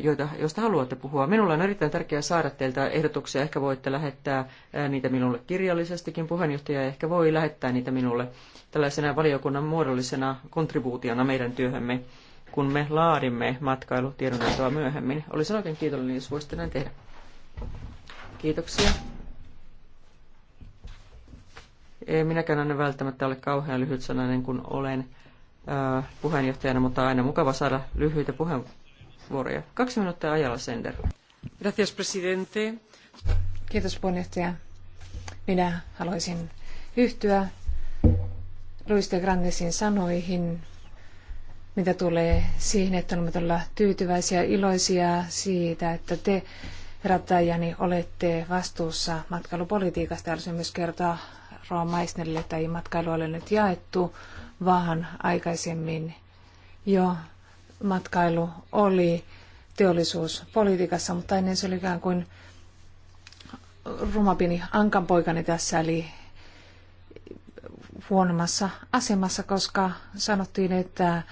Speaker 3: joita, joista haluatte puhua. Minulla on erittäin tärkeää saada teiltä ehdotuksia. Ehkä voitte lähettää niitä minulle kirjallisestikin. Puheenjohtaja ehkä voi lähettää niitä minulle tällaisena valiokunnan muodollisena kontribuutiona meidän työhömme, kun me laadimme matkailutiedonantoa myöhemmin. Olisin oikein kiitollinen, jos voisitte näin tehdä. Kiitoksia. Ei minäkään aina välttämättä ole kauhean lyhyt sananen, kun olen puheenjohtajana, mutta aina mukava saada lyhyitä puheenvuoroja puheenvuoroja. Kaksi minuuttia ajalla Sender. Gracias, presidente. Kiitos puheenjohtaja.
Speaker 2: Minä haluaisin yhtyä Luis de Grandesin sanoihin, mitä tulee siihen, että olemme todella tyytyväisiä ja iloisia siitä, että te Rattajani olette vastuussa matkailupolitiikasta. Haluaisin myös kertoa Roa Maisnerille, että ei matkailu ole nyt jaettu, vaan aikaisemmin jo matkailu oli teollisuuspolitiikassa, mutta ennen se oli ikään kuin rumapini ankanpoikani tässä, eli huonommassa asemassa, koska sanottiin, että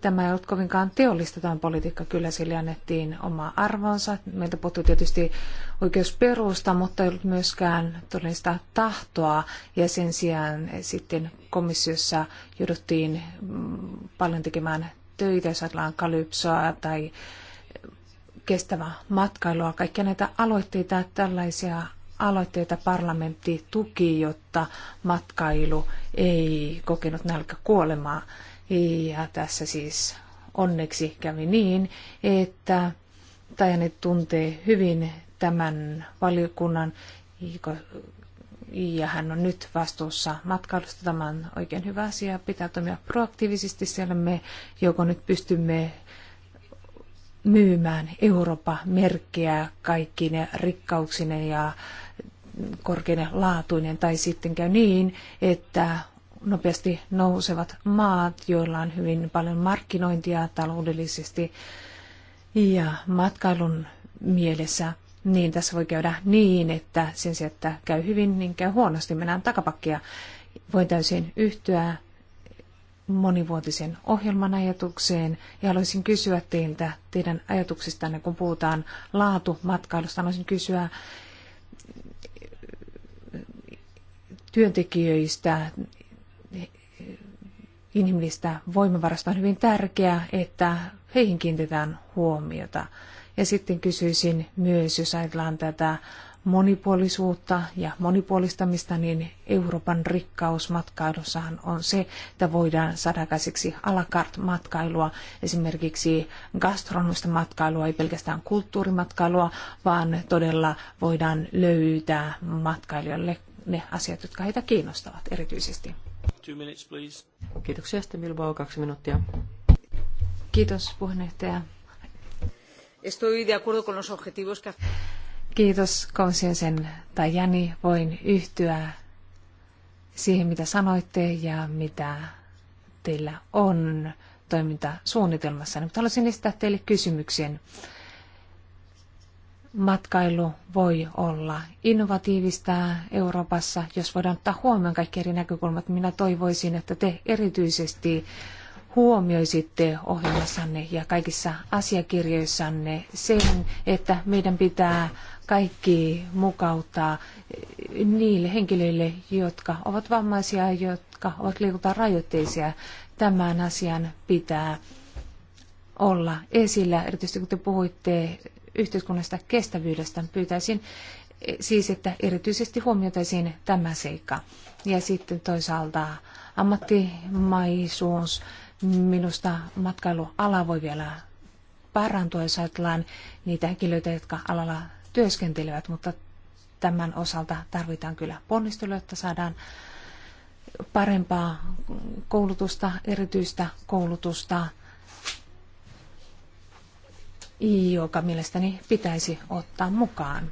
Speaker 2: tämä ei ollut kovinkaan teollista tämä politiikka. Kyllä sille annettiin oma arvonsa. Meiltä puuttui tietysti oikeusperusta, mutta ei ollut myöskään todellista tahtoa. Ja sen sijaan sitten komissiossa jouduttiin mm, paljon tekemään töitä, jos ajatellaan kalypsoa tai kestävää matkailua, kaikkia näitä aloitteita, tällaisia aloitteita parlamentti tuki, jotta matkailu ei kokenut kuolemaa. Ja tässä siis onneksi kävi niin, että Tajani tuntee hyvin tämän valiokunnan, ja hän on nyt vastuussa matkailusta. Tämä on oikein hyvä asia. Pitää toimia proaktiivisesti siellä me joko nyt pystymme myymään Eurooppa-merkkiä kaikkine rikkauksine ja korkeine laatuinen, tai sitten käy niin, että nopeasti nousevat maat, joilla on hyvin paljon markkinointia taloudellisesti ja matkailun mielessä niin tässä voi käydä niin, että sen sijaan, että käy hyvin, niin käy huonosti, mennään takapakkia. Voin täysin yhtyä monivuotisen ohjelman ajatukseen ja haluaisin kysyä teiltä teidän ajatuksistanne, kun puhutaan laatumatkailusta. Haluaisin kysyä työntekijöistä, inhimillistä voimavarasta on hyvin tärkeää, että heihin kiinnitetään huomiota. Ja sitten kysyisin myös, jos ajatellaan tätä monipuolisuutta ja monipuolistamista, niin Euroopan rikkaus matkailussahan on se, että voidaan saada käsiksi alakart matkailua, esimerkiksi gastronomista matkailua, ei pelkästään kulttuurimatkailua, vaan todella voidaan löytää matkailijoille ne asiat, jotka heitä kiinnostavat erityisesti. Two minutes, please. Kiitoksia. Stemilbao, kaksi minuuttia. Kiitos puheenjohtaja. Estoy de acuerdo con los objetivos que... Kiitos Konsiensen tai Jani. Voin yhtyä siihen, mitä sanoitte ja mitä teillä on toimintasuunnitelmassa. Mutta haluaisin esittää teille kysymyksen. Matkailu voi olla innovatiivista Euroopassa, jos voidaan ottaa huomioon kaikki eri näkökulmat. Minä toivoisin, että te erityisesti huomioisitte ohjelmassanne ja kaikissa asiakirjoissanne sen, että meidän pitää kaikki mukauttaa niille henkilöille, jotka ovat vammaisia, jotka ovat liikuntarajoitteisia. Tämän asian pitää olla esillä, erityisesti kun te puhuitte yhteiskunnasta kestävyydestä, pyytäisin siis, että erityisesti huomioitaisiin tämä seikka. Ja sitten toisaalta ammattimaisuus, Minusta matkailuala voi vielä parantua, jos ajatellaan niitä henkilöitä, jotka alalla työskentelevät, mutta tämän osalta tarvitaan kyllä ponnisteluja, että saadaan parempaa koulutusta, erityistä koulutusta, joka mielestäni pitäisi ottaa mukaan.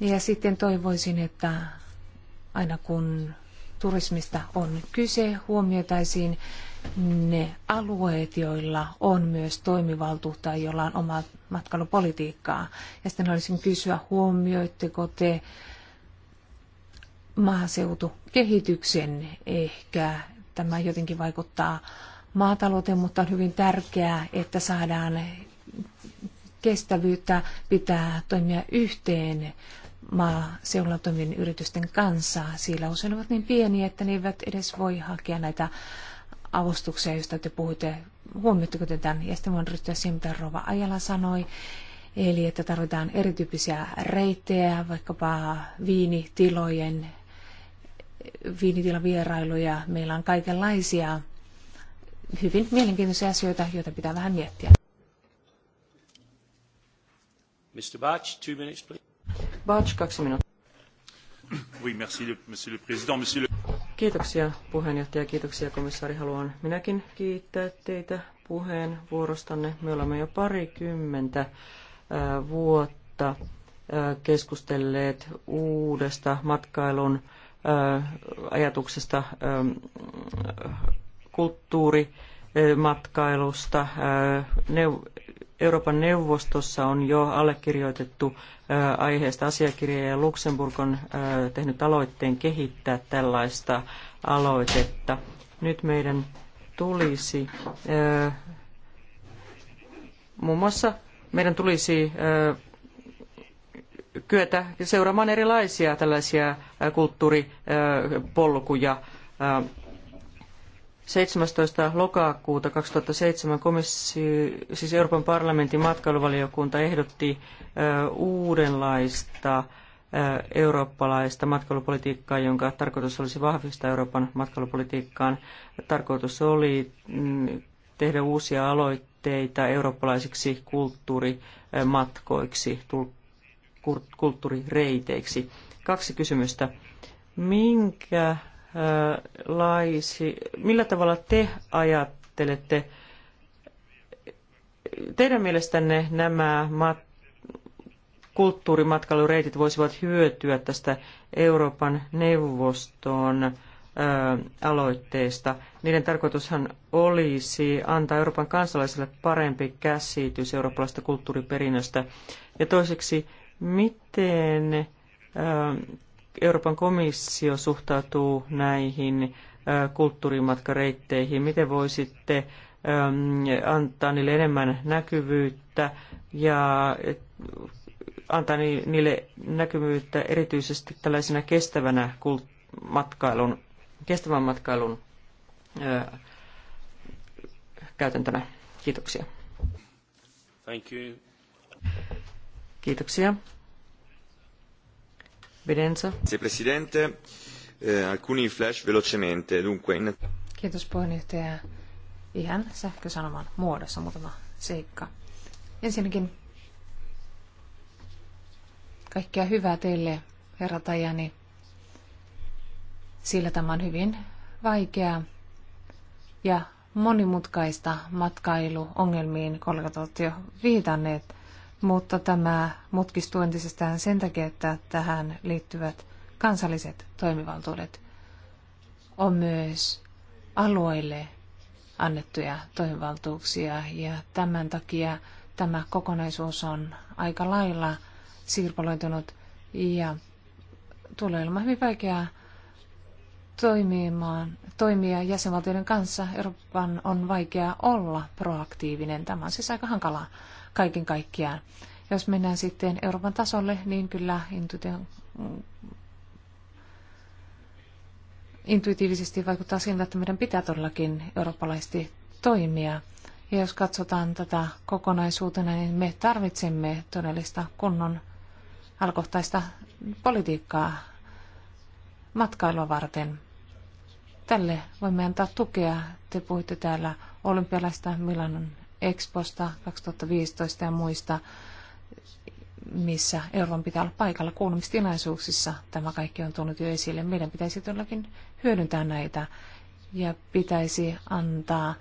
Speaker 2: Ja sitten toivoisin, että aina kun turismista on kyse, huomioitaisiin ne alueet, joilla on myös toimivaltuutta ja joilla on omaa matkailupolitiikkaa. Ja sitten haluaisin kysyä, huomioitteko te maaseutukehityksen ehkä? Tämä jotenkin vaikuttaa maatalouteen, mutta on hyvin tärkeää, että saadaan kestävyyttä, pitää toimia yhteen maaseudulla toimivien yritysten kanssa, sillä usein ovat niin pieniä, että ne eivät edes voi hakea näitä avustuksia, joista te puhuitte. Huomioitteko te tämän? Ja sitten voin ryhtyä siihen, mitä Rova Ajala sanoi, eli että tarvitaan erityyppisiä reittejä, vaikkapa viinitilojen, viinitilavierailuja. Meillä on kaikenlaisia hyvin mielenkiintoisia asioita, joita pitää vähän miettiä.
Speaker 1: Mr. Bach, two minutes, please.
Speaker 3: Batch, kaksi Kiitoksia puheenjohtaja, kiitoksia komissaari. Haluan minäkin kiittää teitä puheenvuorostanne. Me olemme jo parikymmentä äh, vuotta äh, keskustelleet uudesta matkailun äh, ajatuksesta ähm, kulttuurimatkailusta, Euroopan neuvostossa on jo allekirjoitettu aiheesta asiakirja ja Luxemburg on tehnyt aloitteen kehittää tällaista aloitetta. Nyt meidän tulisi muun muassa meidän tulisi kyetä seuraamaan erilaisia tällaisia kulttuuripolkuja 17. lokakuuta 2007 komissio, siis Euroopan parlamentin matkailuvaliokunta ehdotti uudenlaista eurooppalaista matkailupolitiikkaa, jonka tarkoitus olisi vahvistaa Euroopan matkailupolitiikkaan. Tarkoitus oli mm, tehdä uusia aloitteita eurooppalaisiksi kulttuurimatkoiksi, kulttuurireiteiksi. Kaksi kysymystä. Minkä laisi, millä tavalla te ajattelette, teidän mielestänne nämä mat, kulttuurimatkailureitit voisivat hyötyä tästä Euroopan neuvoston ö, aloitteesta. Niiden tarkoitushan olisi antaa Euroopan kansalaisille parempi käsitys eurooppalaisesta kulttuuriperinnöstä. Ja toiseksi, miten Euroopan komissio suhtautuu näihin kulttuurimatkareitteihin? Miten voisitte antaa niille enemmän näkyvyyttä ja antaa niille näkyvyyttä erityisesti tällaisena kestävänä matkailun, kestävän matkailun käytäntönä? Kiitoksia. Thank you. Kiitoksia. Fidenza.
Speaker 5: Grazie Presidente. Eh, alcuni flash velocemente. Dunque, in...
Speaker 2: Kiitos puheenjohtaja. Ihan sähkösanoman muodossa muutama seikka. Ensinnäkin kaikkea hyvää teille, herra Tajani, sillä tämä on hyvin vaikea ja monimutkaista matkailuongelmiin kollegat ovat jo viitanneet mutta tämä mutkistuu entisestään sen takia, että tähän liittyvät kansalliset toimivaltuudet on myös alueille annettuja toimivaltuuksia ja tämän takia tämä kokonaisuus on aika lailla sirpaloitunut ja tulee olemaan hyvin vaikeaa toimimaan, toimia jäsenvaltioiden kanssa. Euroopan on vaikea olla proaktiivinen. Tämä on siis aika hankalaa kaiken kaikkiaan. Jos mennään sitten Euroopan tasolle, niin kyllä intuitiivisesti vaikuttaa siltä, että meidän pitää todellakin eurooppalaisesti toimia. Ja jos katsotaan tätä kokonaisuutena, niin me tarvitsemme todellista kunnon alkohtaista politiikkaa matkailua varten. Tälle voimme antaa tukea. Te puhuitte täällä olympialaista Milanon Exposta 2015 ja muista, missä Euroopan pitää olla paikalla kuulumistilaisuuksissa. Tämä kaikki on tullut jo esille. Meidän pitäisi todellakin hyödyntää näitä ja pitäisi antaa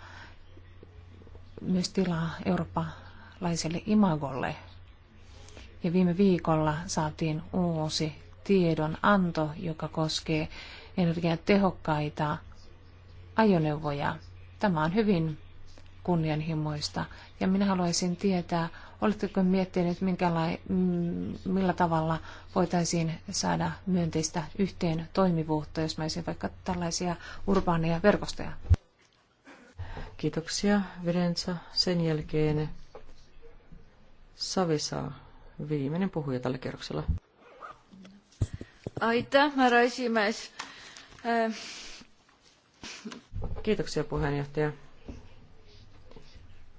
Speaker 2: myös tilaa eurooppalaiselle imagolle. Ja viime viikolla saatiin uusi tiedonanto, joka koskee energiatehokkaita ajoneuvoja. Tämä on hyvin kunnianhimoista. Ja minä haluaisin tietää, oletteko miettineet, minkälai mm, millä tavalla voitaisiin saada myönteistä yhteen toimivuutta, jos mä olisin vaikka tällaisia urbaaneja verkostoja?
Speaker 3: Kiitoksia, Virenza. Sen jälkeen Savisa, viimeinen puhuja tällä kerroksella. Aitäh, herra äh. Kiitoksia puheenjohtaja.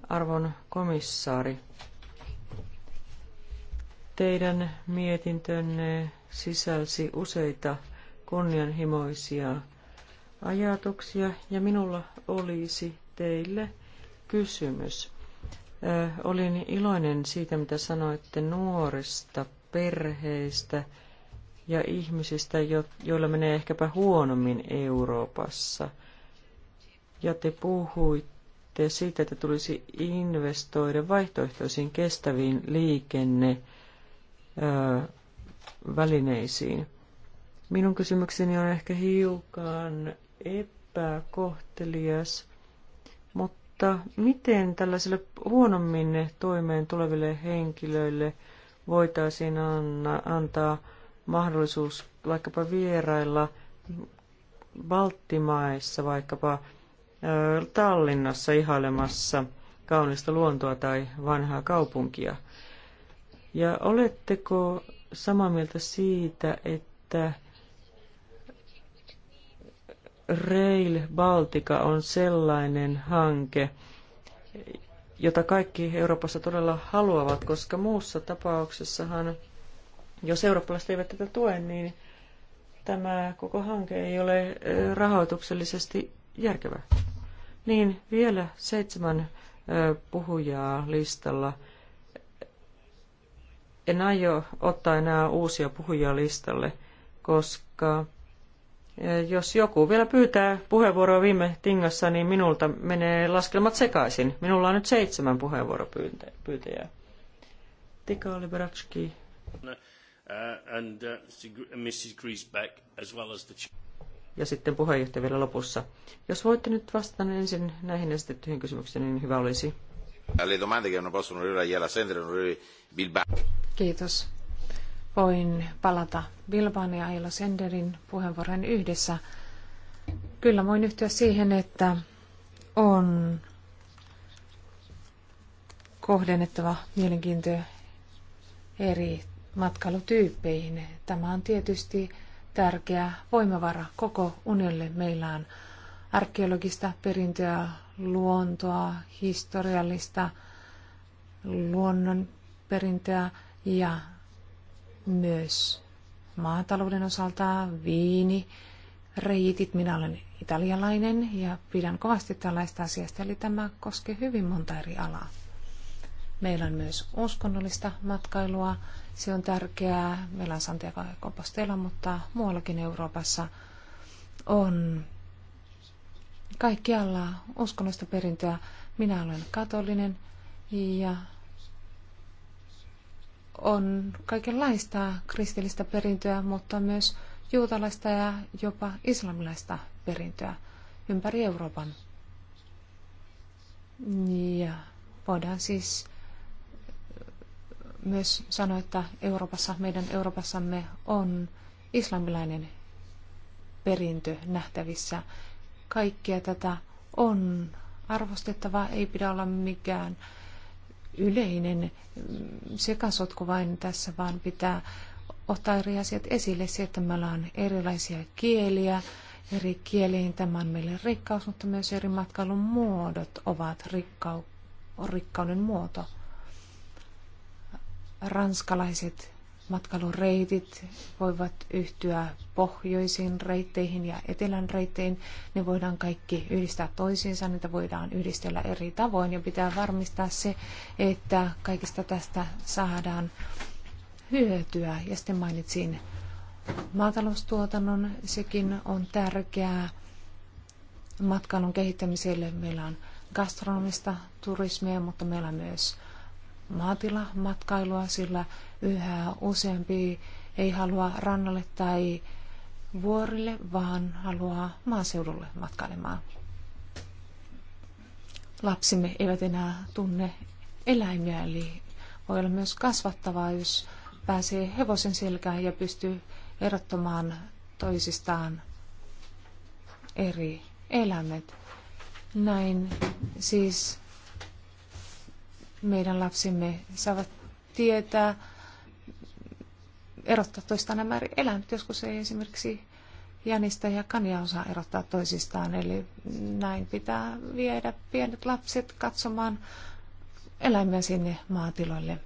Speaker 3: Arvon komissaari, teidän mietintönne sisälsi useita kunnianhimoisia ajatuksia ja minulla olisi teille kysymys. Ö, olin iloinen siitä, mitä sanoitte nuorista perheistä ja ihmisistä, jo, joilla menee ehkäpä huonommin Euroopassa. Ja te puhuitte lähtee siitä, että tulisi investoida vaihtoehtoisiin kestäviin liikennevälineisiin. Minun kysymykseni on ehkä hiukan epäkohtelias, mutta miten tällaisille huonommin toimeen tuleville henkilöille voitaisiin anna, antaa mahdollisuus vaikkapa vierailla Baltimaissa, vaikkapa Tallinnassa ihailemassa kaunista luontoa tai vanhaa kaupunkia. Ja oletteko samaa mieltä siitä, että Rail Baltica on sellainen hanke, jota kaikki Euroopassa todella haluavat, koska muussa tapauksessahan, jos eurooppalaiset eivät tätä tue, niin tämä koko hanke ei ole rahoituksellisesti järkevä. Niin, vielä seitsemän puhujaa listalla. En aio ottaa enää uusia puhujia listalle, koska jos joku vielä pyytää puheenvuoroa viime tingassa, niin minulta menee laskelmat sekaisin. Minulla on nyt seitsemän puheenvuoropyytäjää. Tika Oliveratski.
Speaker 1: Uh, and uh, Mrs. Griesbeck, as well as
Speaker 3: the ja sitten puheenjohtaja vielä lopussa. Jos voitte nyt vastata niin ensin näihin esitettyihin kysymyksiin, niin hyvä olisi.
Speaker 2: Kiitos. Voin palata Bilbaan ja Aila Senderin puheenvuoron yhdessä. Kyllä voin yhtyä siihen, että on kohdennettava mielenkiintoa eri matkailutyyppeihin. Tämä on tietysti tärkeä voimavara koko unionille. Meillä on arkeologista perintöä, luontoa, historiallista luonnon perintöä ja myös maatalouden osalta viini, reitit. Minä olen italialainen ja pidän kovasti tällaista asiasta, eli tämä koskee hyvin monta eri alaa. Meillä on myös uskonnollista matkailua. Se on tärkeää. Meillä on Santiago ja Compostela, mutta muuallakin Euroopassa on kaikkialla uskonnollista perintöä. Minä olen katolinen ja on kaikenlaista kristillistä perintöä, mutta myös juutalaista ja jopa islamilaista perintöä ympäri Euroopan. Ja voidaan siis myös sanoa, että Euroopassa, meidän Euroopassamme on islamilainen perintö nähtävissä. Kaikkea tätä on arvostettava, ei pidä olla mikään yleinen sekasotku vain tässä, vaan pitää ottaa eri asiat esille. Se, että meillä on erilaisia kieliä, eri kieliin tämä on meille rikkaus, mutta myös eri matkailun muodot ovat rikkau, rikkauden muoto ranskalaiset matkailureitit voivat yhtyä pohjoisiin reitteihin ja etelän reitteihin. Ne voidaan kaikki yhdistää toisiinsa, niitä voidaan yhdistellä eri tavoin ja pitää varmistaa se, että kaikista tästä saadaan hyötyä. Ja sitten mainitsin maataloustuotannon, sekin on tärkeää matkailun kehittämiselle. Meillä on gastronomista turismia, mutta meillä on myös maatilamatkailua, sillä yhä useampi ei halua rannalle tai vuorille, vaan haluaa maaseudulle matkailemaan. Lapsimme eivät enää tunne eläimiä, eli voi olla myös kasvattavaa, jos pääsee hevosen selkään ja pystyy erottamaan toisistaan eri eläimet. Näin siis meidän lapsimme saavat tietää, erottaa toistaan nämä eläimet. Joskus ei esimerkiksi jänistä ja kania osaa erottaa toisistaan, eli näin pitää viedä pienet lapset katsomaan eläimiä sinne maatiloille.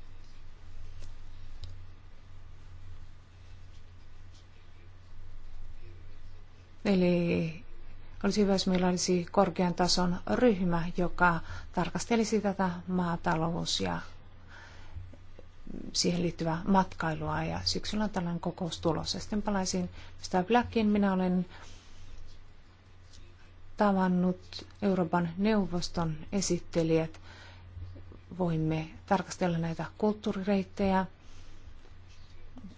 Speaker 2: Eli olisi hyvä, jos meillä olisi korkean tason ryhmä, joka tarkastelisi tätä maatalous- ja siihen liittyvää matkailua. Ja syksyllä on tällainen kokous tulossa. Sitten palaisin Mr. Blackin. Minä olen tavannut Euroopan neuvoston esittelijät. Voimme tarkastella näitä kulttuurireittejä.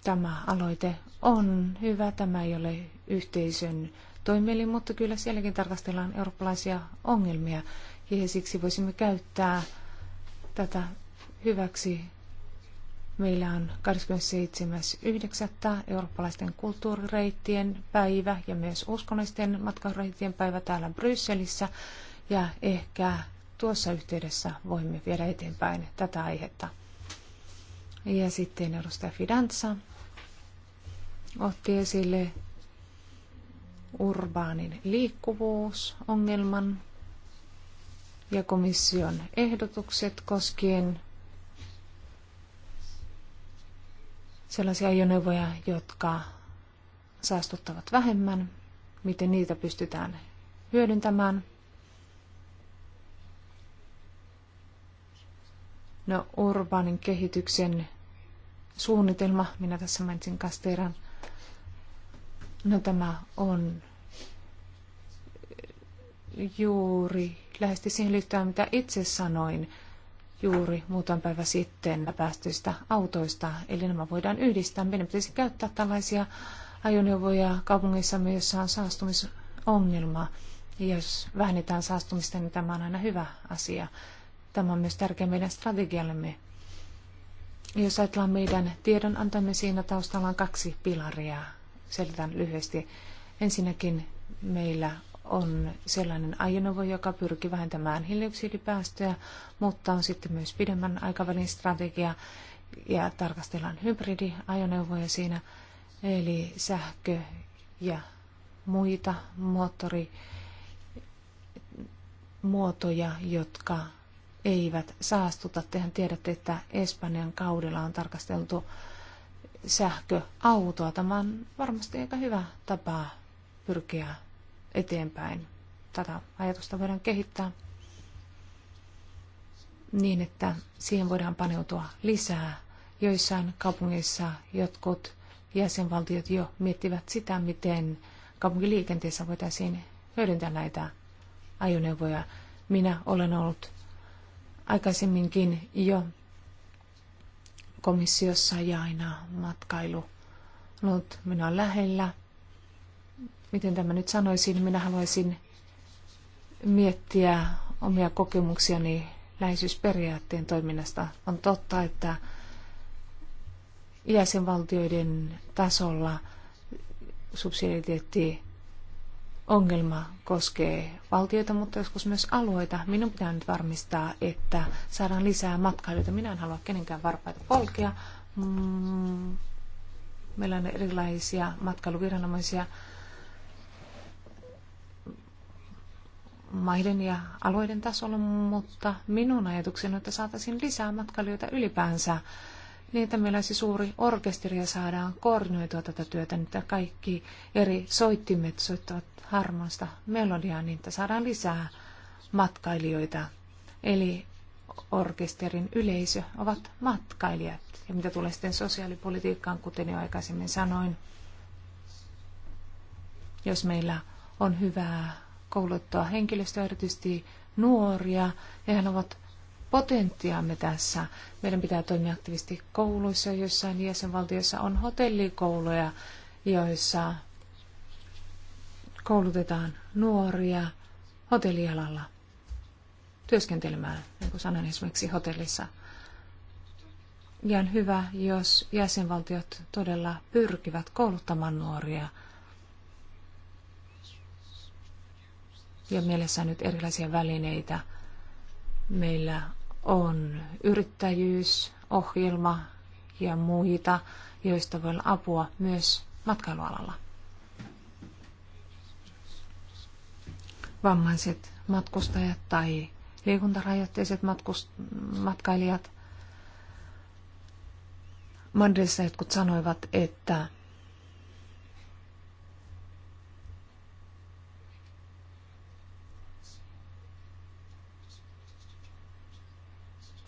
Speaker 2: Tämä aloite on hyvä. Tämä ei ole yhteisön toimielin, mutta kyllä sielläkin tarkastellaan eurooppalaisia ongelmia. Ja siksi voisimme käyttää tätä hyväksi. Meillä on 27.9. eurooppalaisten kulttuurireittien päivä ja myös uskonnollisten matkareittien päivä täällä Brysselissä. Ja ehkä tuossa yhteydessä voimme viedä eteenpäin tätä aihetta. Ja sitten edustaja Fidanza otti esille urbaanin liikkuvuusongelman ja komission ehdotukset koskien sellaisia ajoneuvoja, jotka saastuttavat vähemmän, miten niitä pystytään hyödyntämään. No, urbaanin kehityksen suunnitelma, minä tässä mainitsin Kasteran No tämä on juuri lähesti siihen liittyen, mitä itse sanoin juuri muutaman päivä sitten päästöistä autoista. Eli nämä voidaan yhdistää. Meidän pitäisi käyttää tällaisia ajoneuvoja kaupungissa, jossa on saastumisongelma. Ja jos vähennetään saastumista, niin tämä on aina hyvä asia. Tämä on myös tärkeä meidän strategiallemme. Jos ajatellaan meidän tiedon antamme, siinä taustalla on kaksi pilaria selitän lyhyesti. Ensinnäkin meillä on sellainen ajoneuvo, joka pyrkii vähentämään hiilidioksidipäästöjä, mutta on sitten myös pidemmän aikavälin strategia ja tarkastellaan hybridiajoneuvoja siinä, eli sähkö ja muita moottorimuotoja, jotka eivät saastuta. Tehän tiedätte, että Espanjan kaudella on tarkasteltu sähköautoa. Tämä on varmasti aika hyvä tapa pyrkiä eteenpäin. Tätä ajatusta voidaan kehittää niin, että siihen voidaan paneutua lisää. Joissain kaupungeissa jotkut jäsenvaltiot jo miettivät sitä, miten kaupunkiliikenteessä voitaisiin hyödyntää näitä ajoneuvoja. Minä olen ollut aikaisemminkin jo komissiossa ja aina matkailu ollut minua lähellä. Miten tämä nyt sanoisin? Minä haluaisin miettiä omia kokemuksiani läheisyysperiaatteen toiminnasta. On totta, että jäsenvaltioiden tasolla subsidiariteetti ongelma koskee valtioita, mutta joskus myös alueita. Minun pitää nyt varmistaa, että saadaan lisää matkailijoita. Minä en halua kenenkään varpaita polkea. Mm, meillä on erilaisia matkailuviranomaisia maiden ja alueiden tasolla, mutta minun ajatukseni on, että saataisiin lisää matkailijoita ylipäänsä. Niin, että meillä olisi suuri orkesteri ja saadaan koordinoitua tätä työtä, niin että kaikki eri soittimet soittavat harmaasta melodiaa, niin että saadaan lisää matkailijoita. Eli orkesterin yleisö ovat matkailijat. Ja mitä tulee sitten sosiaalipolitiikkaan, kuten jo aikaisemmin sanoin, jos meillä on hyvää kouluttua henkilöstöä, erityisesti nuoria, ja he ovat potentiaamme tässä. Meidän pitää toimia aktiivisesti kouluissa, joissain jäsenvaltioissa on hotellikouluja, joissa koulutetaan nuoria hotellialalla työskentelemään, niin kuin sanoin esimerkiksi hotellissa. Ja on hyvä, jos jäsenvaltiot todella pyrkivät kouluttamaan nuoria ja mielessä nyt erilaisia välineitä. Meillä on yrittäjyysohjelma ja muita, joista voi olla apua myös matkailualalla. vammaiset matkustajat tai liikuntarajoitteiset matkust- matkailijat. Madridissa jotkut sanoivat, että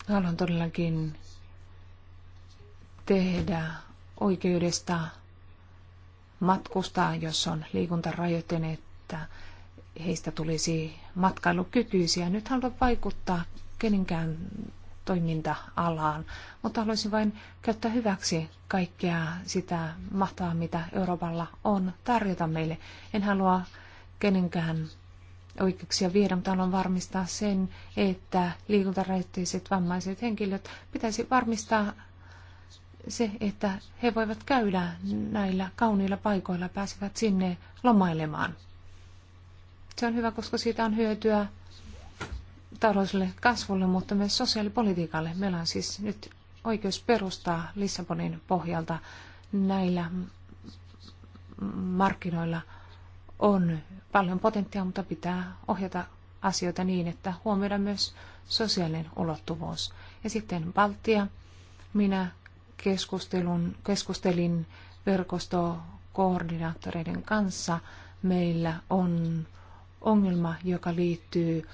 Speaker 2: haluan todellakin tehdä oikeudesta matkustaa, jos on liikuntarajoitteinen, että heistä tulisi matkailukykyisiä. Nyt haluan vaikuttaa kenenkään toiminta-alaan, mutta haluaisin vain käyttää hyväksi kaikkea sitä mahtaa, mitä Euroopalla on tarjota meille. En halua kenenkään oikeuksia viedä, mutta haluan varmistaa sen, että liikuntarajoitteiset vammaiset henkilöt pitäisi varmistaa se, että he voivat käydä näillä kauniilla paikoilla, pääsevät sinne lomailemaan. Se on hyvä, koska siitä on hyötyä taloudelliselle kasvulle, mutta myös sosiaalipolitiikalle. Meillä on siis nyt oikeus perustaa Lissabonin pohjalta näillä markkinoilla on paljon potentiaa, mutta pitää ohjata asioita niin, että huomioidaan myös sosiaalinen ulottuvuus. Ja sitten Baltia. Minä keskustelun, keskustelin verkostokoordinaattoreiden kanssa. Meillä on ongelma, joka liittyy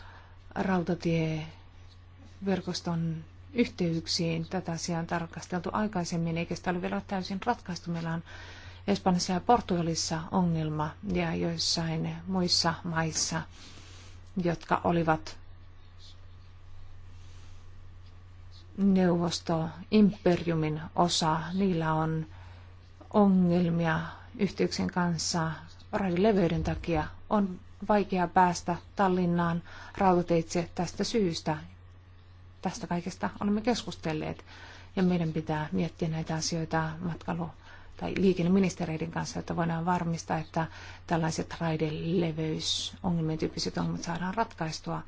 Speaker 2: rautatieverkoston yhteyksiin. Tätä asiaa on tarkasteltu aikaisemmin, eikä sitä ole vielä täysin ratkaistu. Meillä on Espanjassa ja Portugalissa ongelma ja joissain muissa maissa, jotka olivat neuvostoimperiumin osa. Niillä on ongelmia yhteyksien kanssa raidileveyden takia. On vaikea päästä Tallinnaan rautateitse tästä syystä. Tästä kaikesta olemme keskustelleet ja meidän pitää miettiä näitä asioita matkailu- tai liikenneministereiden kanssa, jotta voidaan varmistaa, että tällaiset raideleveysongelmien tyyppiset ongelmat saadaan ratkaistua.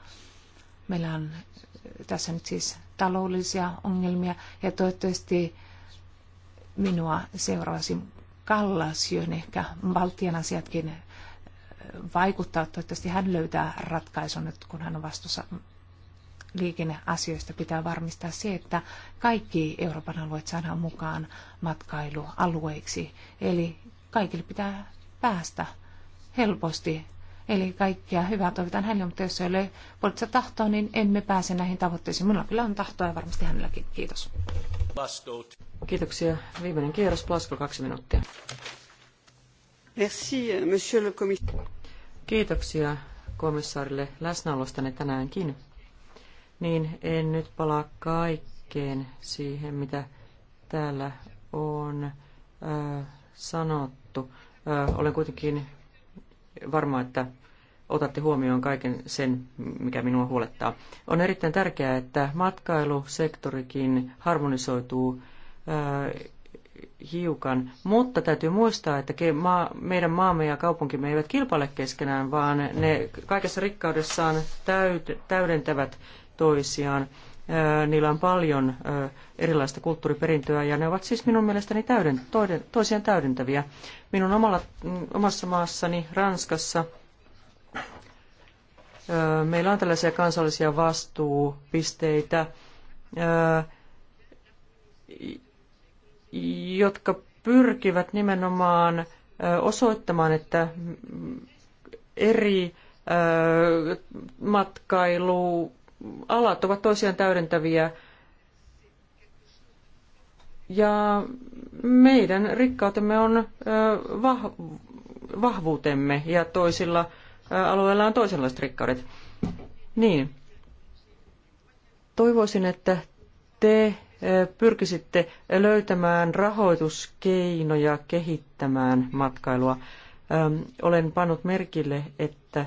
Speaker 2: Meillä on eh, tässä nyt siis taloudellisia ongelmia ja toivottavasti minua seurasi Kallas, johon ehkä valtion asiatkin vaikuttaa. Toivottavasti hän löytää ratkaisun, että kun hän on vastuussa liikenneasioista. Pitää varmistaa se, että kaikki Euroopan alueet saadaan mukaan matkailualueiksi. Eli kaikille pitää päästä helposti. Eli kaikkia hyvää toivotan hänelle, mutta jos ei ole poliittista tahtoa, niin emme pääse näihin tavoitteisiin. Minulla kyllä on tahtoa ja varmasti hänelläkin. Kiitos. Kiitoksia.
Speaker 3: Viimeinen kierros, Plasko, kaksi minuuttia. Merci, monsieur le commissaire. Kiitoksia komissaarille läsnäolostanne tänäänkin. Niin en nyt palaa kaikkeen siihen, mitä täällä on äh, sanottu. Äh, olen kuitenkin varma, että otatte huomioon kaiken sen, mikä minua huolettaa. On erittäin tärkeää, että matkailusektorikin harmonisoituu äh, hiukan, mutta täytyy muistaa, että meidän maamme ja kaupunkimme eivät kilpaile keskenään, vaan ne kaikessa rikkaudessaan täydentävät toisiaan. Niillä on paljon erilaista kulttuuriperintöä ja ne ovat siis minun mielestäni täyden, toisiaan täydentäviä. Minun omalla, mm, omassa maassani Ranskassa meillä on tällaisia kansallisia vastuupisteitä jotka pyrkivät nimenomaan osoittamaan, että eri matkailualat ovat toisiaan täydentäviä. Ja meidän rikkautemme on vahvuutemme ja toisilla alueilla on toisenlaiset rikkaudet. Niin. Toivoisin, että te pyrkisitte löytämään rahoituskeinoja kehittämään matkailua. Olen pannut merkille, että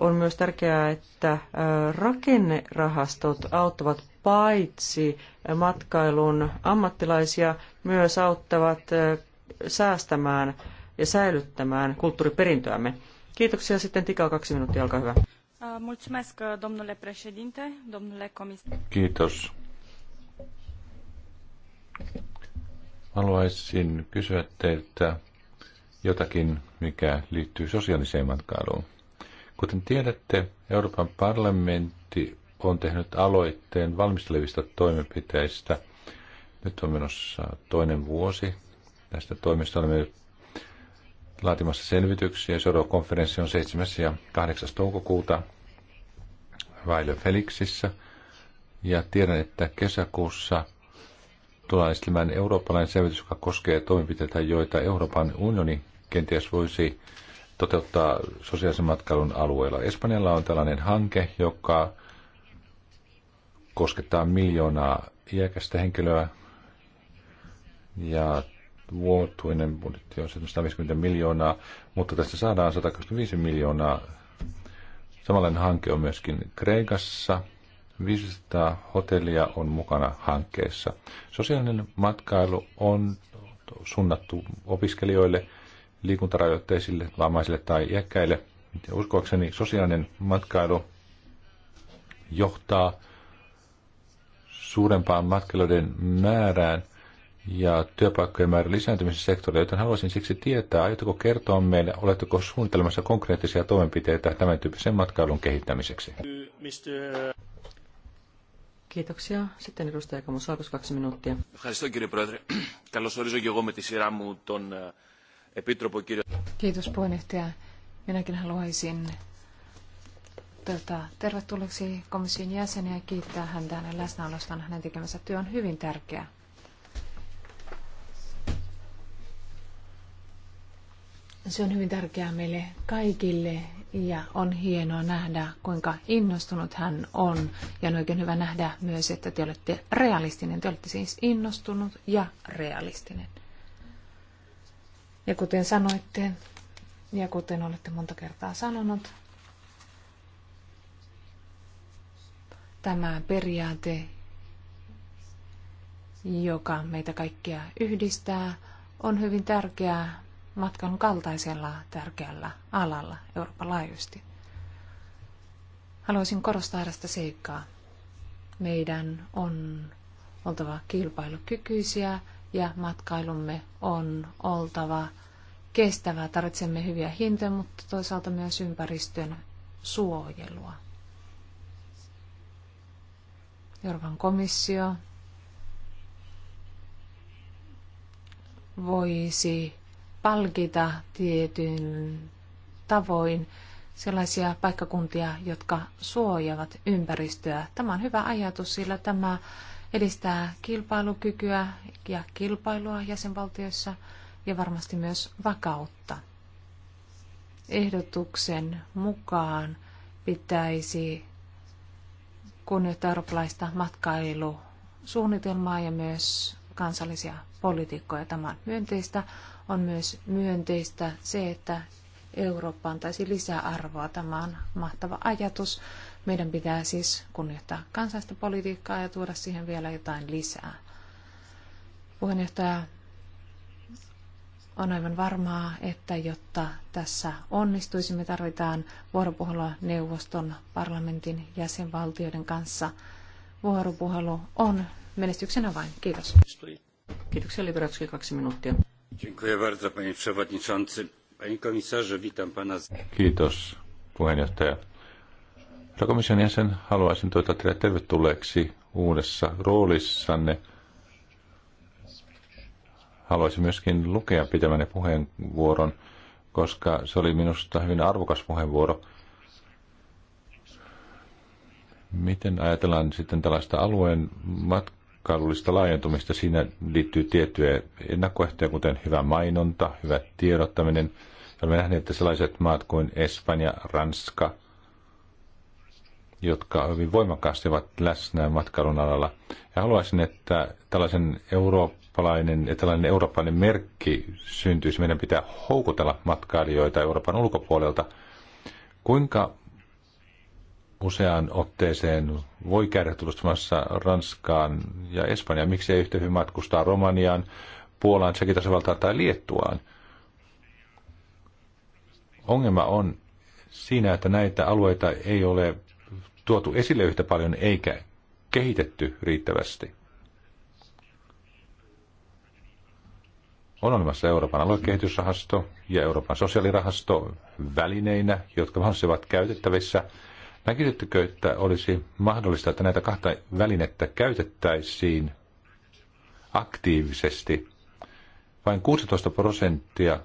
Speaker 3: on myös tärkeää, että rakennerahastot auttavat paitsi matkailun ammattilaisia, myös auttavat säästämään ja säilyttämään kulttuuriperintöämme. Kiitoksia sitten Tika, kaksi minuuttia, olkaa hyvä. domnule domnule
Speaker 5: Kiitos, Haluaisin kysyä teiltä jotakin, mikä liittyy sosiaaliseen matkailuun. Kuten tiedätte, Euroopan parlamentti on tehnyt aloitteen valmistelevista toimenpiteistä. Nyt on menossa toinen vuosi. Tästä toimesta olemme laatimassa selvityksiä. Seuraava konferenssi on 7. ja 8. toukokuuta Väilö Felixissä. Ja tiedän, että kesäkuussa – tullaan esittämään eurooppalainen selvitys, joka koskee toimenpiteitä, joita Euroopan unioni kenties voisi toteuttaa sosiaalisen matkailun alueella. Espanjalla on tällainen hanke, joka koskettaa miljoonaa iäkästä henkilöä ja vuotuinen budjetti on 150 miljoonaa, mutta tästä saadaan 125 miljoonaa. Samanlainen hanke on myöskin Kreikassa – 500 hotellia on mukana hankkeessa. Sosiaalinen matkailu on suunnattu opiskelijoille, liikuntarajoitteisille, vammaisille tai iäkkäille. Uskoakseni sosiaalinen matkailu johtaa suurempaan matkailijoiden määrään ja työpaikkojen määrän lisääntymisen sektorilla, joten haluaisin siksi tietää, aiotteko kertoa meille, oletteko suunnitelmassa konkreettisia toimenpiteitä tämän tyyppisen matkailun kehittämiseksi?
Speaker 3: Kiitoksia. Sitten edustaja Kamusaakos, kaksi minuuttia.
Speaker 1: Ευχαριστώ κύριε Πρόεδρε. Καλωσορίζω και εγώ με τη σειρά μου τον Επίτροπο κύριο.
Speaker 3: Kiitos puheenjohtaja.
Speaker 2: Minäkin haluaisin tota, tervetulleeksi komission jäseniä ja kiittää häntä hänen läsnäolostaan. Hänen tekemänsä työ on hyvin tärkeä. Se on hyvin tärkeää meille kaikille ja on hienoa nähdä, kuinka innostunut hän on. Ja on oikein hyvä nähdä myös, että te olette realistinen. Te olette siis innostunut ja realistinen. Ja kuten sanoitte, ja kuten olette monta kertaa sanonut, tämä periaate, joka meitä kaikkia yhdistää, on hyvin tärkeää matkan kaltaisella tärkeällä alalla Euroopan laajuisesti. Haluaisin korostaa tästä seikkaa. Meidän on oltava kilpailukykyisiä ja matkailumme on oltava kestävää. Tarvitsemme hyviä hintoja, mutta toisaalta myös ympäristön suojelua. Euroopan komissio voisi palkita tietyn tavoin sellaisia paikkakuntia, jotka suojavat ympäristöä. Tämä on hyvä ajatus, sillä tämä edistää kilpailukykyä ja kilpailua jäsenvaltioissa ja varmasti myös vakautta. Ehdotuksen mukaan pitäisi kunnioittaa eurooppalaista matkailusuunnitelmaa ja myös kansallisia politiikkoja. Tämä on myönteistä on myös myönteistä se, että Eurooppa antaisi lisää arvoa. Tämä on mahtava ajatus. Meidän pitää siis kunnioittaa kansallista politiikkaa ja tuoda siihen vielä jotain lisää. Puheenjohtaja, on aivan varmaa, että jotta tässä onnistuisimme, tarvitaan vuoropuhelua neuvoston, parlamentin, jäsenvaltioiden kanssa. Vuoropuhelu on menestyksen avain. Kiitos.
Speaker 3: Kiitoksia Liberatski, kaksi minuuttia
Speaker 5: panie przewodniczący. Panie komisarzu, witam pana. Kiitos, puheenjohtaja. Herra komission jäsen, haluaisin toivottaa teidät tervetulleeksi uudessa roolissanne. Haluaisin myöskin lukea pitämänne puheenvuoron, koska se oli minusta hyvin arvokas puheenvuoro. Miten ajatellaan sitten tällaista alueen mat- matkailullista laajentumista. Siinä liittyy tiettyjä ennakkoehtoja, kuten hyvä mainonta, hyvä tiedottaminen. Olemme nähneet, että sellaiset maat kuin Espanja, Ranska, jotka hyvin voimakkaasti ovat läsnä matkailun alalla. Ja haluaisin, että tällaisen eurooppalainen, tällainen eurooppalainen merkki syntyisi. Meidän pitää houkutella matkailijoita Euroopan ulkopuolelta. Kuinka useaan otteeseen voi käydä tutustumassa Ranskaan ja Espanjaan. Miksei yhtä hyvin matkustaa Romaniaan, Puolaan, Tsekin tasavaltaan tai Liettuaan? Ongelma on siinä, että näitä alueita ei ole tuotu esille yhtä paljon eikä kehitetty riittävästi. On olemassa Euroopan aluekehitysrahasto ja Euroopan sosiaalirahasto välineinä, jotka mahdollisivat käytettävissä – Näkisittekö, että olisi mahdollista, että näitä kahta välinettä käytettäisiin aktiivisesti? Vain 16 prosenttia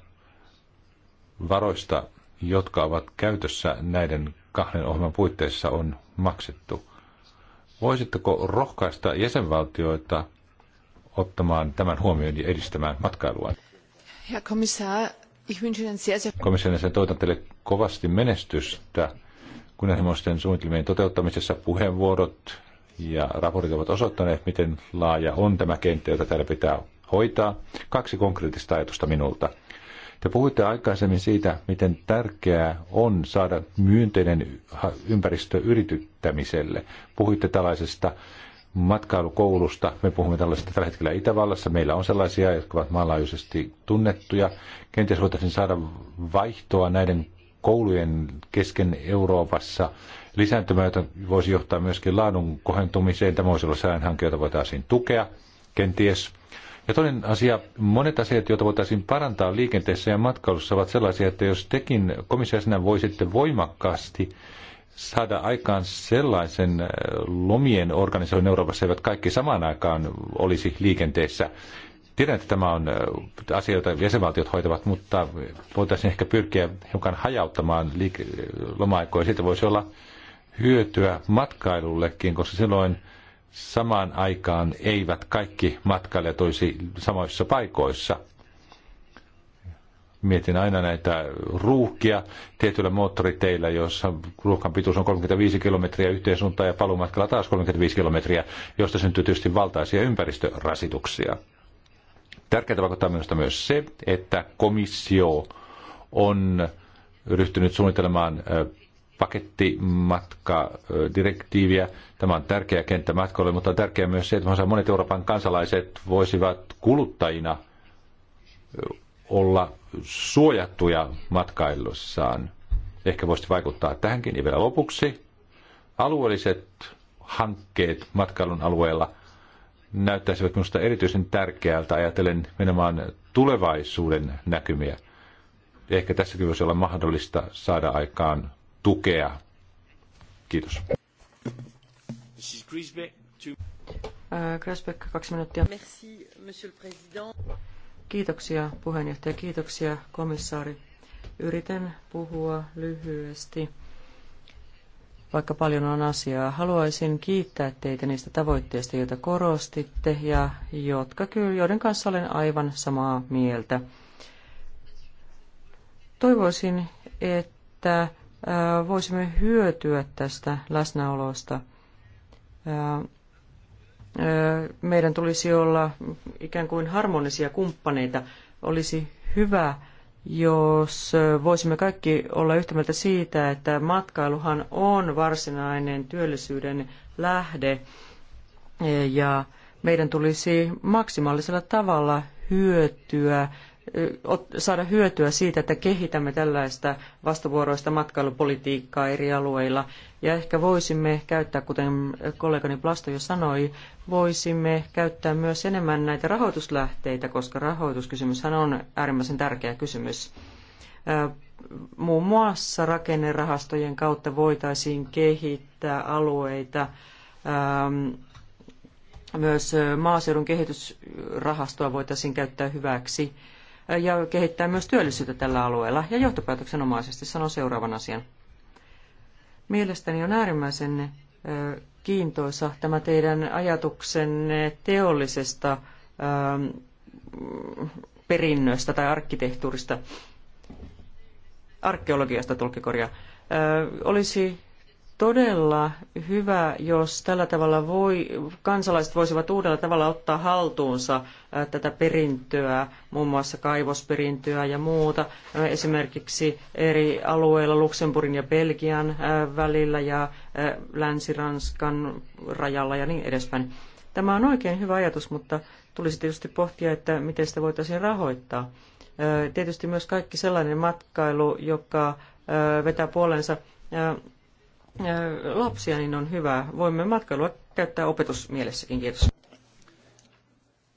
Speaker 5: varoista, jotka ovat käytössä näiden kahden ohjelman puitteissa, on maksettu. Voisitteko rohkaista jäsenvaltioita ottamaan tämän huomioon ja edistämään matkailua?
Speaker 2: Herr Kommissar, ich wünsche Ihnen sehr, sehr...
Speaker 5: Komission toivotan teille kovasti menestystä kunnianhimoisten suunnitelmien toteuttamisessa puheenvuorot ja raportit ovat osoittaneet, miten laaja on tämä kenttä, jota täällä pitää hoitaa. Kaksi konkreettista ajatusta minulta. Te puhuitte aikaisemmin siitä, miten tärkeää on saada myönteinen ympäristö yrityttämiselle. Puhuitte tällaisesta matkailukoulusta. Me puhumme tällaisesta tällä hetkellä Itävallassa. Meillä on sellaisia, jotka ovat maanlaajuisesti tunnettuja. Kenties voitaisiin saada vaihtoa näiden koulujen kesken Euroopassa lisääntymään, voisi johtaa myöskin laadun kohentumiseen. Tämä voisi olla säännhanke, jota voitaisiin tukea kenties. Ja toinen asia, monet asiat, joita voitaisiin parantaa liikenteessä ja matkailussa, ovat sellaisia, että jos tekin komissiasena voisitte voimakkaasti saada aikaan sellaisen eh, lomien organisoinnin Euroopassa, eivät kaikki samaan aikaan olisi liikenteessä, Tiedän, että tämä on äh, asia, jota jäsenvaltiot hoitavat, mutta voitaisiin ehkä pyrkiä hiukan hajauttamaan liike- loma-aikoja. Siitä voisi olla hyötyä matkailullekin, koska silloin samaan aikaan eivät kaikki matkailijat olisi samoissa paikoissa. Mietin aina näitä ruuhkia tietyillä moottoriteillä, joissa ruuhkan pituus on 35 kilometriä yhteensuuntaan ja paluumatkalla taas 35 kilometriä, josta syntyy tietysti valtaisia ympäristörasituksia. Tärkeää vaikuttaa minusta myös se, että komissio on ryhtynyt suunnittelemaan pakettimatkadirektiiviä. Tämä on tärkeä kenttä matkalle, mutta on tärkeää myös se, että monet Euroopan kansalaiset voisivat kuluttajina olla suojattuja matkailussaan. Ehkä voisi vaikuttaa tähänkin. Ja vielä lopuksi alueelliset hankkeet matkailun alueella – näyttäisivät minusta erityisen tärkeältä ajatellen menemään tulevaisuuden näkymiä. Ehkä tässäkin voisi olla mahdollista saada aikaan tukea. Kiitos.
Speaker 3: Grasbeck, äh, kaksi minuuttia.
Speaker 5: Merci, monsieur le président.
Speaker 3: Kiitoksia puheenjohtaja, kiitoksia komissaari. Yritän puhua lyhyesti vaikka paljon on asiaa. Haluaisin kiittää teitä niistä tavoitteista, joita korostitte ja jotka, joiden kanssa olen aivan samaa mieltä. Toivoisin, että äh, voisimme hyötyä tästä läsnäolosta. Äh, äh, meidän tulisi olla ikään kuin harmonisia kumppaneita. Olisi hyvä jos voisimme kaikki olla yhtä mieltä siitä, että matkailuhan on varsinainen työllisyyden lähde e, ja meidän tulisi maksimaalisella tavalla hyötyä, saada hyötyä siitä, että kehitämme tällaista vastavuoroista matkailupolitiikkaa eri alueilla. Ja ehkä voisimme käyttää, kuten kollegani Plasto jo sanoi, voisimme käyttää myös enemmän näitä rahoituslähteitä, koska rahoituskysymyshän on äärimmäisen tärkeä kysymys. Muun muassa rakennerahastojen kautta voitaisiin kehittää alueita, ähm, myös maaseudun kehitysrahastoa voitaisiin käyttää hyväksi ja kehittää myös työllisyyttä tällä alueella. Ja johtopäätöksenomaisesti sanon seuraavan asian. Mielestäni on äärimmäisen kiintoisa tämä teidän ajatuksenne teollisesta perinnöstä tai arkkitehtuurista, arkeologiasta tulkikorja. Olisi todella hyvä, jos tällä tavalla voi, kansalaiset voisivat uudella tavalla ottaa haltuunsa äh, tätä perintöä, muun muassa kaivosperintöä ja muuta, äh, esimerkiksi eri alueilla Luxemburgin ja Belgian äh, välillä ja Länsi-Ranskan rajalla ja niin edespäin. Tämä on oikein hyvä ajatus, mutta tulisi tietysti pohtia, että miten sitä voitaisiin rahoittaa. Tietysti myös kaikki sellainen matkailu, joka vetää puolensa lapsia, niin on hyvä. Voimme matkailua käyttää opetusmielessäkin. Kiitos.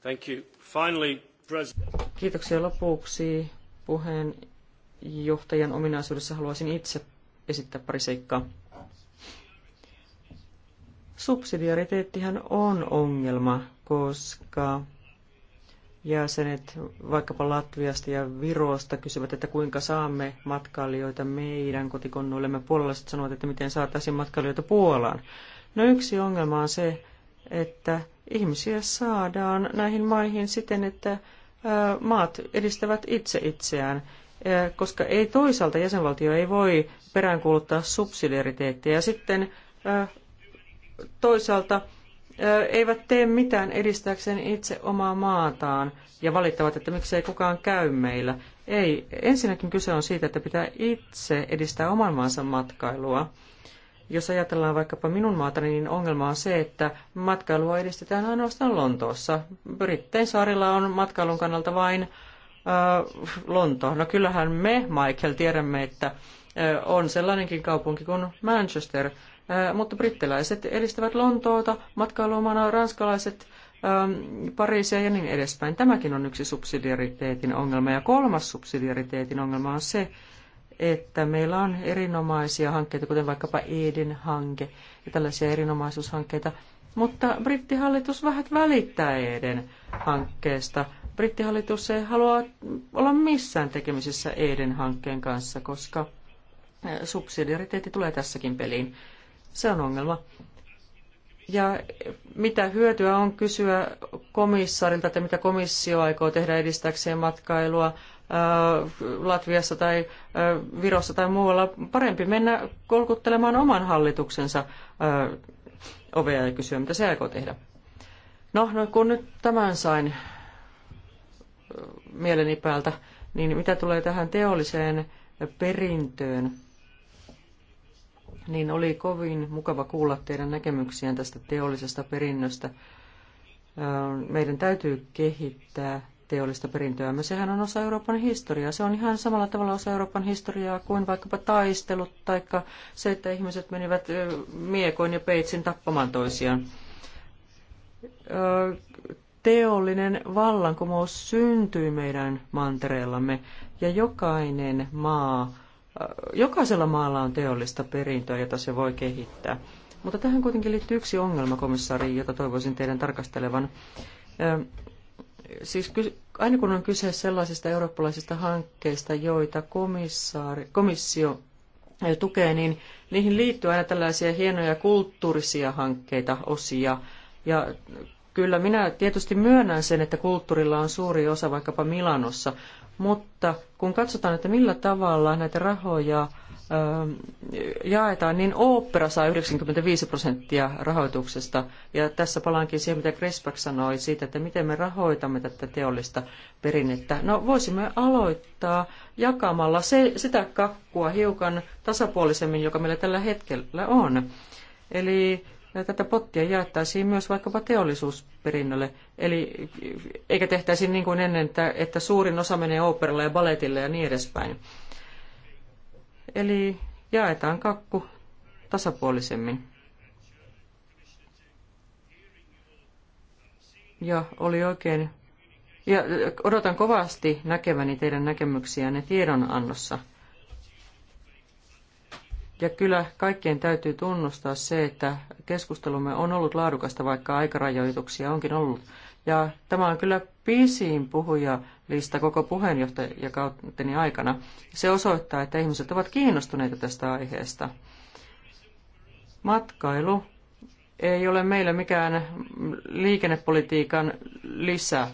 Speaker 1: Thank you. Finally,
Speaker 3: Kiitoksia lopuksi. Puheenjohtajan ominaisuudessa haluaisin itse esittää pari seikkaa. Subsidiariteettihan on ongelma, koska jäsenet vaikkapa Latviasta ja Virosta kysyvät, että kuinka saamme matkailijoita meidän kotikonnuillemme. Puolalaiset sanovat, että miten saataisiin matkailijoita Puolaan. No yksi ongelma on se, että ihmisiä saadaan näihin maihin siten, että maat edistävät itse itseään, koska ei toisaalta jäsenvaltio ei voi peräänkuuluttaa subsidiariteettia. Ja sitten toisaalta eivät tee mitään edistääkseen itse omaa maataan ja valittavat, että miksei kukaan käy meillä. Ei, ensinnäkin kyse on siitä, että pitää itse edistää oman maansa matkailua. Jos ajatellaan vaikkapa minun maatani, niin ongelma on se, että matkailua edistetään ainoastaan Lontoossa. Brittein saarilla on matkailun kannalta vain äh, Lonto. No kyllähän me, Michael, tiedämme, että äh, on sellainenkin kaupunki kuin Manchester, mutta brittiläiset edistävät Lontoota, matkailuomana, ranskalaiset Pariisia ja niin edespäin. Tämäkin on yksi subsidiariteetin ongelma. Ja kolmas subsidiariteetin ongelma on se, että meillä on erinomaisia hankkeita, kuten vaikkapa Eden hanke ja tällaisia erinomaisuushankkeita, mutta brittihallitus vähät välittää Eden hankkeesta. Brittihallitus ei halua olla missään tekemisissä Eden hankkeen kanssa, koska subsidiariteetti tulee tässäkin peliin. Se on ongelma. Ja mitä hyötyä on kysyä komissaarilta, että mitä komissio aikoo tehdä edistääkseen matkailua Latviassa tai Virossa tai muualla. Parempi mennä kolkuttelemaan oman hallituksensa ovea ja kysyä, mitä se aikoo tehdä. No, no kun nyt tämän sain mieleni päältä, niin mitä tulee tähän teolliseen perintöön, niin oli kovin mukava kuulla teidän näkemyksiä tästä teollisesta perinnöstä. Meidän täytyy kehittää teollista perintöä. Sehän on osa Euroopan historiaa. Se on ihan samalla tavalla osa Euroopan historiaa kuin vaikkapa taistelut tai se, että ihmiset menivät miekoin ja peitsin tappamaan toisiaan. Teollinen vallankumous syntyi meidän mantereellamme ja jokainen maa jokaisella maalla on teollista perintöä, jota se voi kehittää. Mutta tähän kuitenkin liittyy yksi ongelma, komissaari, jota toivoisin teidän tarkastelevan. Siis aina kun on kyse sellaisista eurooppalaisista hankkeista, joita komissaari, komissio tukee, niin niihin liittyy aina tällaisia hienoja kulttuurisia hankkeita, osia. Ja kyllä minä tietysti myönnän sen, että kulttuurilla on suuri osa vaikkapa Milanossa, mutta kun katsotaan, että millä tavalla näitä rahoja jaetaan, niin opera saa 95 prosenttia rahoituksesta. Ja tässä palaankin siihen, mitä Krespak sanoi siitä, että miten me rahoitamme tätä teollista perinnettä. No voisimme aloittaa jakamalla se, sitä kakkua hiukan tasapuolisemmin, joka meillä tällä hetkellä on. Eli tätä pottia jaettaisiin myös vaikkapa teollisuusperinnölle. Eli eikä tehtäisi niin kuin ennen, että, että suurin osa menee ooperalle ja baletille ja niin edespäin. Eli jaetaan kakku tasapuolisemmin. Ja oli oikein. Ja odotan kovasti näkeväni teidän näkemyksiänne tiedonannossa – ja kyllä kaikkien täytyy tunnustaa se, että keskustelumme on ollut laadukasta, vaikka aikarajoituksia onkin ollut. Ja tämä on kyllä pisin puhujalista koko puheenjohtajakauteni aikana. Se osoittaa, että ihmiset ovat kiinnostuneita tästä aiheesta. Matkailu ei ole meillä mikään liikennepolitiikan lisä.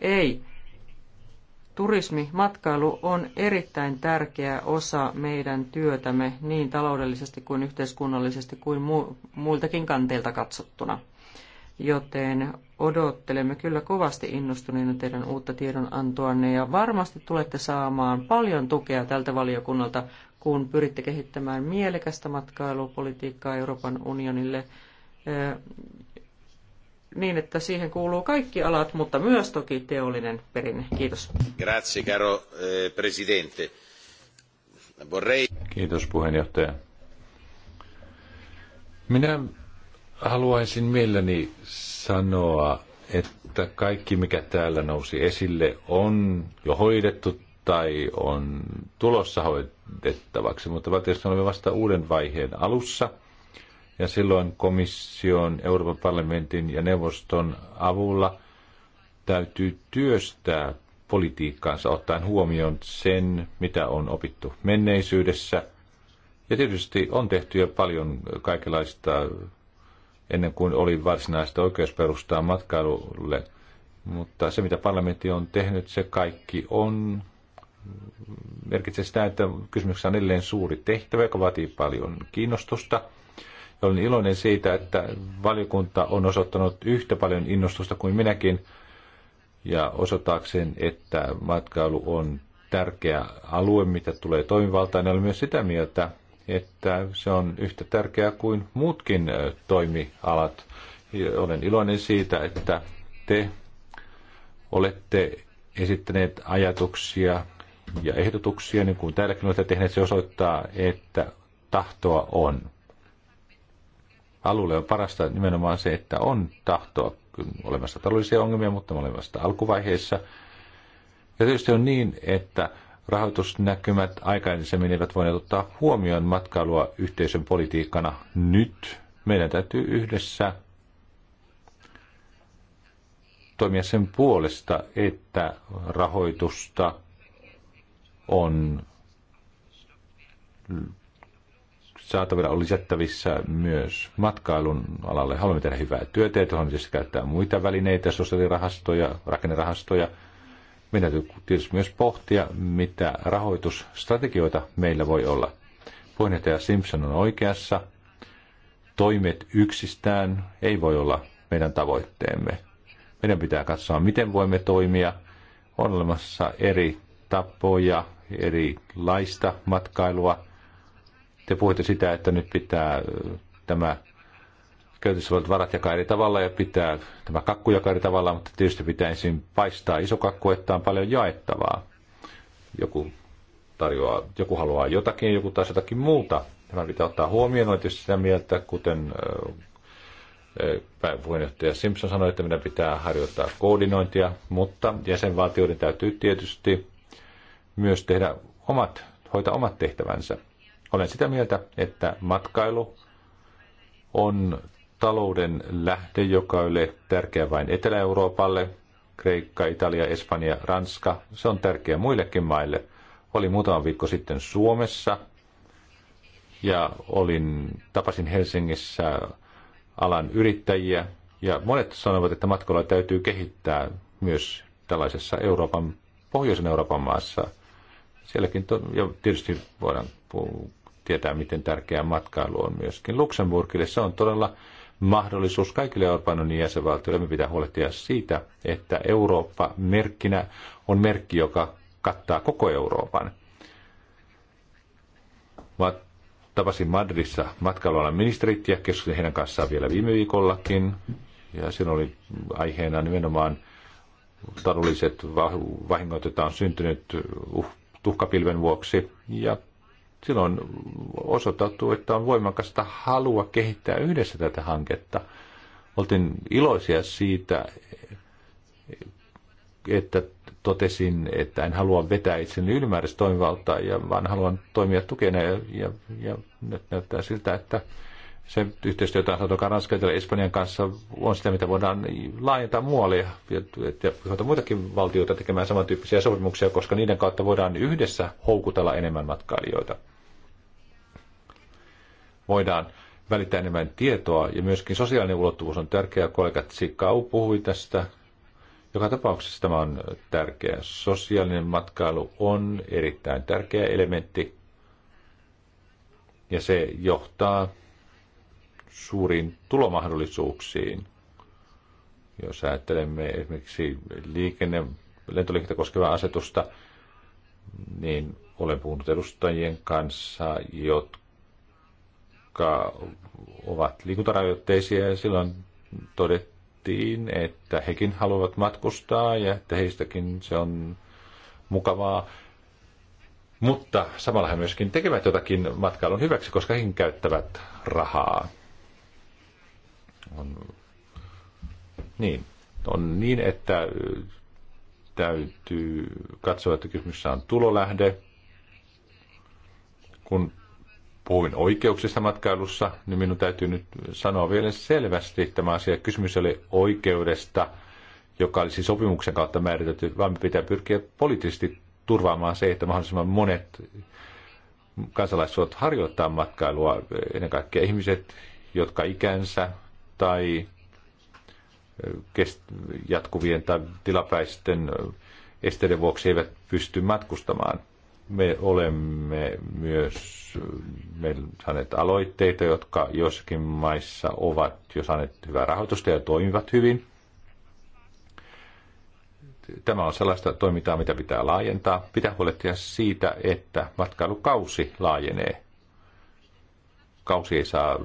Speaker 3: Ei. Turismi, matkailu on erittäin tärkeä osa meidän työtämme niin taloudellisesti kuin yhteiskunnallisesti kuin mu- muiltakin kanteilta katsottuna. Joten odottelemme kyllä kovasti innostuneena teidän uutta tiedonantoanne ja varmasti tulette saamaan paljon tukea tältä valiokunnalta, kun pyritte kehittämään mielekästä matkailupolitiikkaa Euroopan unionille niin, että siihen kuuluu kaikki alat, mutta myös toki teollinen perinne.
Speaker 5: Kiitos. Grazie, caro eh, presidente. Vorrei... Kiitos puheenjohtaja. Minä haluaisin mielelläni sanoa, että kaikki mikä täällä nousi esille on jo hoidettu tai on tulossa hoidettavaksi, mutta tietysti olemme vasta uuden vaiheen alussa – ja silloin komission, Euroopan parlamentin ja neuvoston avulla täytyy työstää politiikkaansa ottaen huomioon sen, mitä on opittu menneisyydessä. Ja tietysti on tehty jo paljon kaikenlaista ennen kuin oli varsinaista oikeusperustaa matkailulle. Mutta se, mitä parlamentti on tehnyt, se kaikki on merkitsee sitä, että kysymyksessä on edelleen suuri tehtävä, joka vaatii paljon kiinnostusta – olen iloinen siitä, että valiokunta on osoittanut yhtä paljon innostusta kuin minäkin ja osoittaakseen, että matkailu on tärkeä alue, mitä tulee toimivaltaan. Olen myös sitä mieltä, että se on yhtä tärkeää kuin muutkin toimialat. Olen iloinen siitä, että te olette esittäneet ajatuksia ja ehdotuksia, niin kuin täälläkin olette tehneet, se osoittaa, että tahtoa on alueelle on parasta nimenomaan se, että on tahtoa. Olemassa taloudellisia ongelmia, mutta me alkuvaiheessa. Ja tietysti on niin, että rahoitusnäkymät aikaisemmin eivät voineet ottaa huomioon matkailua yhteisön politiikkana nyt. Meidän täytyy yhdessä toimia sen puolesta, että rahoitusta on saatavilla on lisättävissä myös matkailun alalle. Haluamme tehdä hyvää työtä ja haluamme tietysti käyttää muita välineitä, sosiaalirahastoja, rakennerahastoja. Meidän täytyy tietysti myös pohtia, mitä rahoitusstrategioita meillä voi olla. Puheenjohtaja Simpson on oikeassa. Toimet yksistään ei voi olla meidän tavoitteemme. Meidän pitää katsoa, miten voimme toimia. On olemassa eri tapoja, erilaista matkailua – te puhuitte sitä, että nyt pitää tämä käytössä olevat varat jakaa eri tavalla ja pitää tämä kakku jakaa eri tavalla, mutta tietysti pitää ensin paistaa iso kakku, että on paljon jaettavaa. Joku tarjoaa, joku haluaa jotakin, joku taas jotakin muuta. Tämä pitää ottaa huomioon, olen tietysti sitä mieltä, kuten puheenjohtaja Simpson sanoi, että meidän pitää harjoittaa koordinointia, mutta jäsenvaltioiden täytyy tietysti myös tehdä omat, hoitaa omat tehtävänsä. Olen sitä mieltä, että matkailu on talouden lähde, joka ei ole tärkeä vain Etelä-Euroopalle, Kreikka, Italia, Espanja, Ranska. Se on tärkeä muillekin maille. Oli muutama viikko sitten Suomessa ja olin, tapasin Helsingissä alan yrittäjiä ja monet sanovat, että matkalla täytyy kehittää myös tällaisessa Euroopan, pohjoisen Euroopan maassa. Sielläkin, to, ja tietysti voidaan tietää, miten tärkeää matkailu on myöskin. Luxemburgille se on todella mahdollisuus kaikille Euroopan unionin jäsenvaltioille. Me pitää huolehtia siitä, että Eurooppa merkkinä on merkki, joka kattaa koko Euroopan. Mä tapasin Madridissa matkailualan ministerit ja keskustelin heidän kanssaan vielä viime viikollakin. Ja siinä oli aiheena nimenomaan taloudelliset vahingot, joita on syntynyt uh, tuhkapilven vuoksi. Ja silloin osoitettu, että on voimakasta halua kehittää yhdessä tätä hanketta. Oltiin iloisia siitä, että totesin, että en halua vetää itseni ylimääräistä toimivaltaa, ja vaan haluan toimia tukena. Ja, ja, ja nyt näyttää siltä, että se yhteistyö, jota saatu Ranskan Espanjan kanssa, on sitä, mitä voidaan laajentaa muualle ja, ja, ja muitakin valtioita tekemään samantyyppisiä sopimuksia, koska niiden kautta voidaan yhdessä houkutella enemmän matkailijoita voidaan välittää enemmän tietoa. Ja myöskin sosiaalinen ulottuvuus on tärkeä. Kollega Tsikau puhui tästä. Joka tapauksessa tämä on tärkeä. Sosiaalinen matkailu on erittäin tärkeä elementti. Ja se johtaa suuriin tulomahdollisuuksiin. Jos ajattelemme esimerkiksi liikenne, lentoliikennettä koskevaa asetusta, niin olen puhunut edustajien kanssa, jotka jotka ovat liikuntarajoitteisia ja silloin todettiin, että hekin haluavat matkustaa ja että heistäkin se on mukavaa. Mutta samalla he myöskin tekevät jotakin matkailun hyväksi, koska hekin käyttävät rahaa. On, niin, on niin, että täytyy katsoa, että kysymyksessä on tulolähde. Kun puhuin oikeuksista matkailussa, niin minun täytyy nyt sanoa vielä selvästi tämä asia. Kysymys oli oikeudesta, joka olisi siis sopimuksen kautta määritelty, vaan me pitää pyrkiä poliittisesti turvaamaan se, että mahdollisimman monet kansalaiset voivat harjoittaa matkailua, ennen kaikkea ihmiset, jotka ikänsä tai jatkuvien tai tilapäisten esteiden vuoksi eivät pysty matkustamaan. Me olemme myös me saaneet aloitteita, jotka jossakin maissa ovat jo saaneet hyvää rahoitusta ja toimivat hyvin. Tämä on sellaista toimintaa, mitä pitää laajentaa. Pitää huolehtia siitä, että matkailukausi laajenee. Kausi ei saa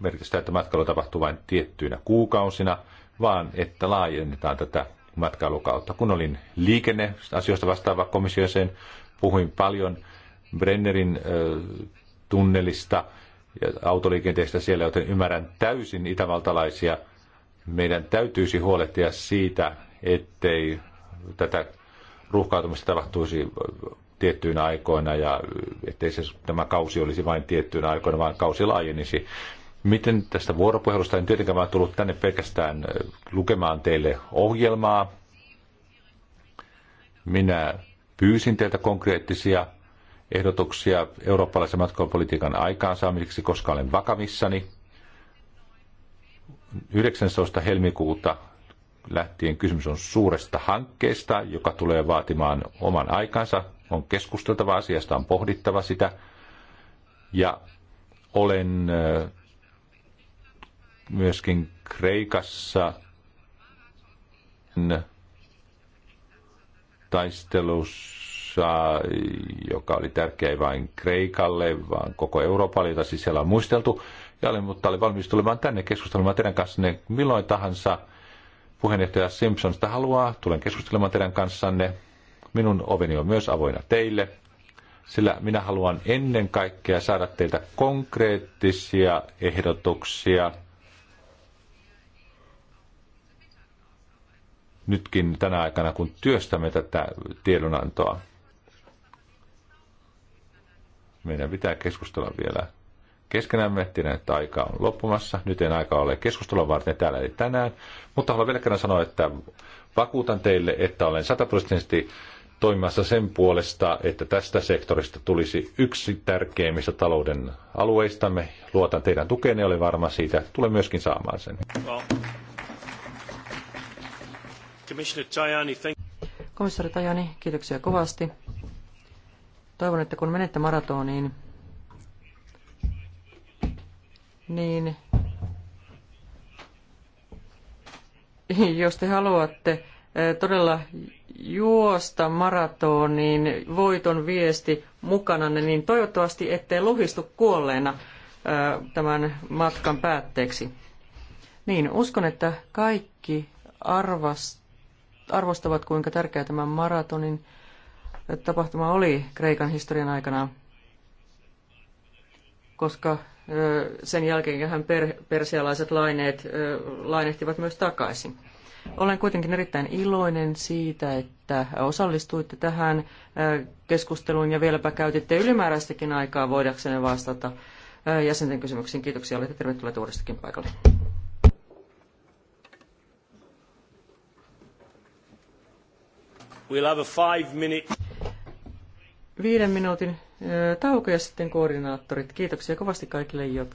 Speaker 5: merkitä sitä, että matkailu tapahtuu vain tiettyinä kuukausina, vaan että laajennetaan tätä matkailukautta. Kun olin liikenneasioista vastaava komissioseen, Puhuin paljon Brennerin tunnelista ja autoliikenteestä siellä, joten ymmärrän täysin itävaltalaisia. Meidän täytyisi huolehtia siitä, ettei tätä ruuhkautumista tapahtuisi tiettyinä aikoina ja ettei se, tämä kausi olisi vain tiettyinä aikoina, vaan kausi laajenisi. Miten tästä vuoropuhelusta en tietenkään vaan tullut tänne pelkästään lukemaan teille ohjelmaa. Minä Pyysin teiltä konkreettisia ehdotuksia eurooppalaisen matkailupolitiikan aikaansaamiseksi, koska olen vakavissani. 19. helmikuuta lähtien kysymys on suuresta hankkeesta, joka tulee vaatimaan oman aikansa. On keskusteltava asiasta, on pohdittava sitä. Ja olen myöskin Kreikassa taistelussa, joka oli tärkeä ei vain Kreikalle, vaan koko Euroopalle, jota siis siellä on muisteltu. Ja olin, mutta oli valmis tulemaan tänne keskustelemaan teidän kanssanne milloin tahansa. Puheenjohtaja Simpson sitä haluaa. Tulen keskustelemaan teidän kanssanne. Minun oveni on myös avoinna teille, sillä minä haluan ennen kaikkea saada teiltä konkreettisia ehdotuksia – nytkin tänä aikana, kun työstämme tätä tiedonantoa. Meidän pitää keskustella vielä keskenämme. Tiedän, että aika on loppumassa. Nyt en aika ole keskustella varten täällä eli tänään. Mutta haluan vielä kerran sanoa, että vakuutan teille, että olen sataprosenttisesti toimimassa sen puolesta, että tästä sektorista tulisi yksi tärkeimmistä talouden alueistamme. Luotan teidän tukeenne, olen varma siitä, että tulen myöskin saamaan sen.
Speaker 3: Komissaari Tajani, kiitoksia kovasti. Toivon, että kun menette maratoniin, niin jos te haluatte e, todella juosta maratoniin voiton viesti mukana, niin toivottavasti ettei luhistu kuolleena e, tämän matkan päätteeksi. Niin, uskon, että kaikki arvast arvostavat, kuinka tärkeä tämä maratonin tapahtuma oli Kreikan historian aikana, koska sen jälkeen hän per, persialaiset laineet lainehtivat myös takaisin. Olen kuitenkin erittäin iloinen siitä, että osallistuitte tähän keskusteluun ja vieläpä käytitte ylimääräistäkin aikaa voidaksenne vastata jäsenten kysymyksiin. Kiitoksia, olette tervetulleet uudestakin paikalle.
Speaker 1: We'll have a five minute...
Speaker 3: Viiden minuutin tauko ja sitten koordinaattorit. Kiitoksia kovasti kaikille, jotka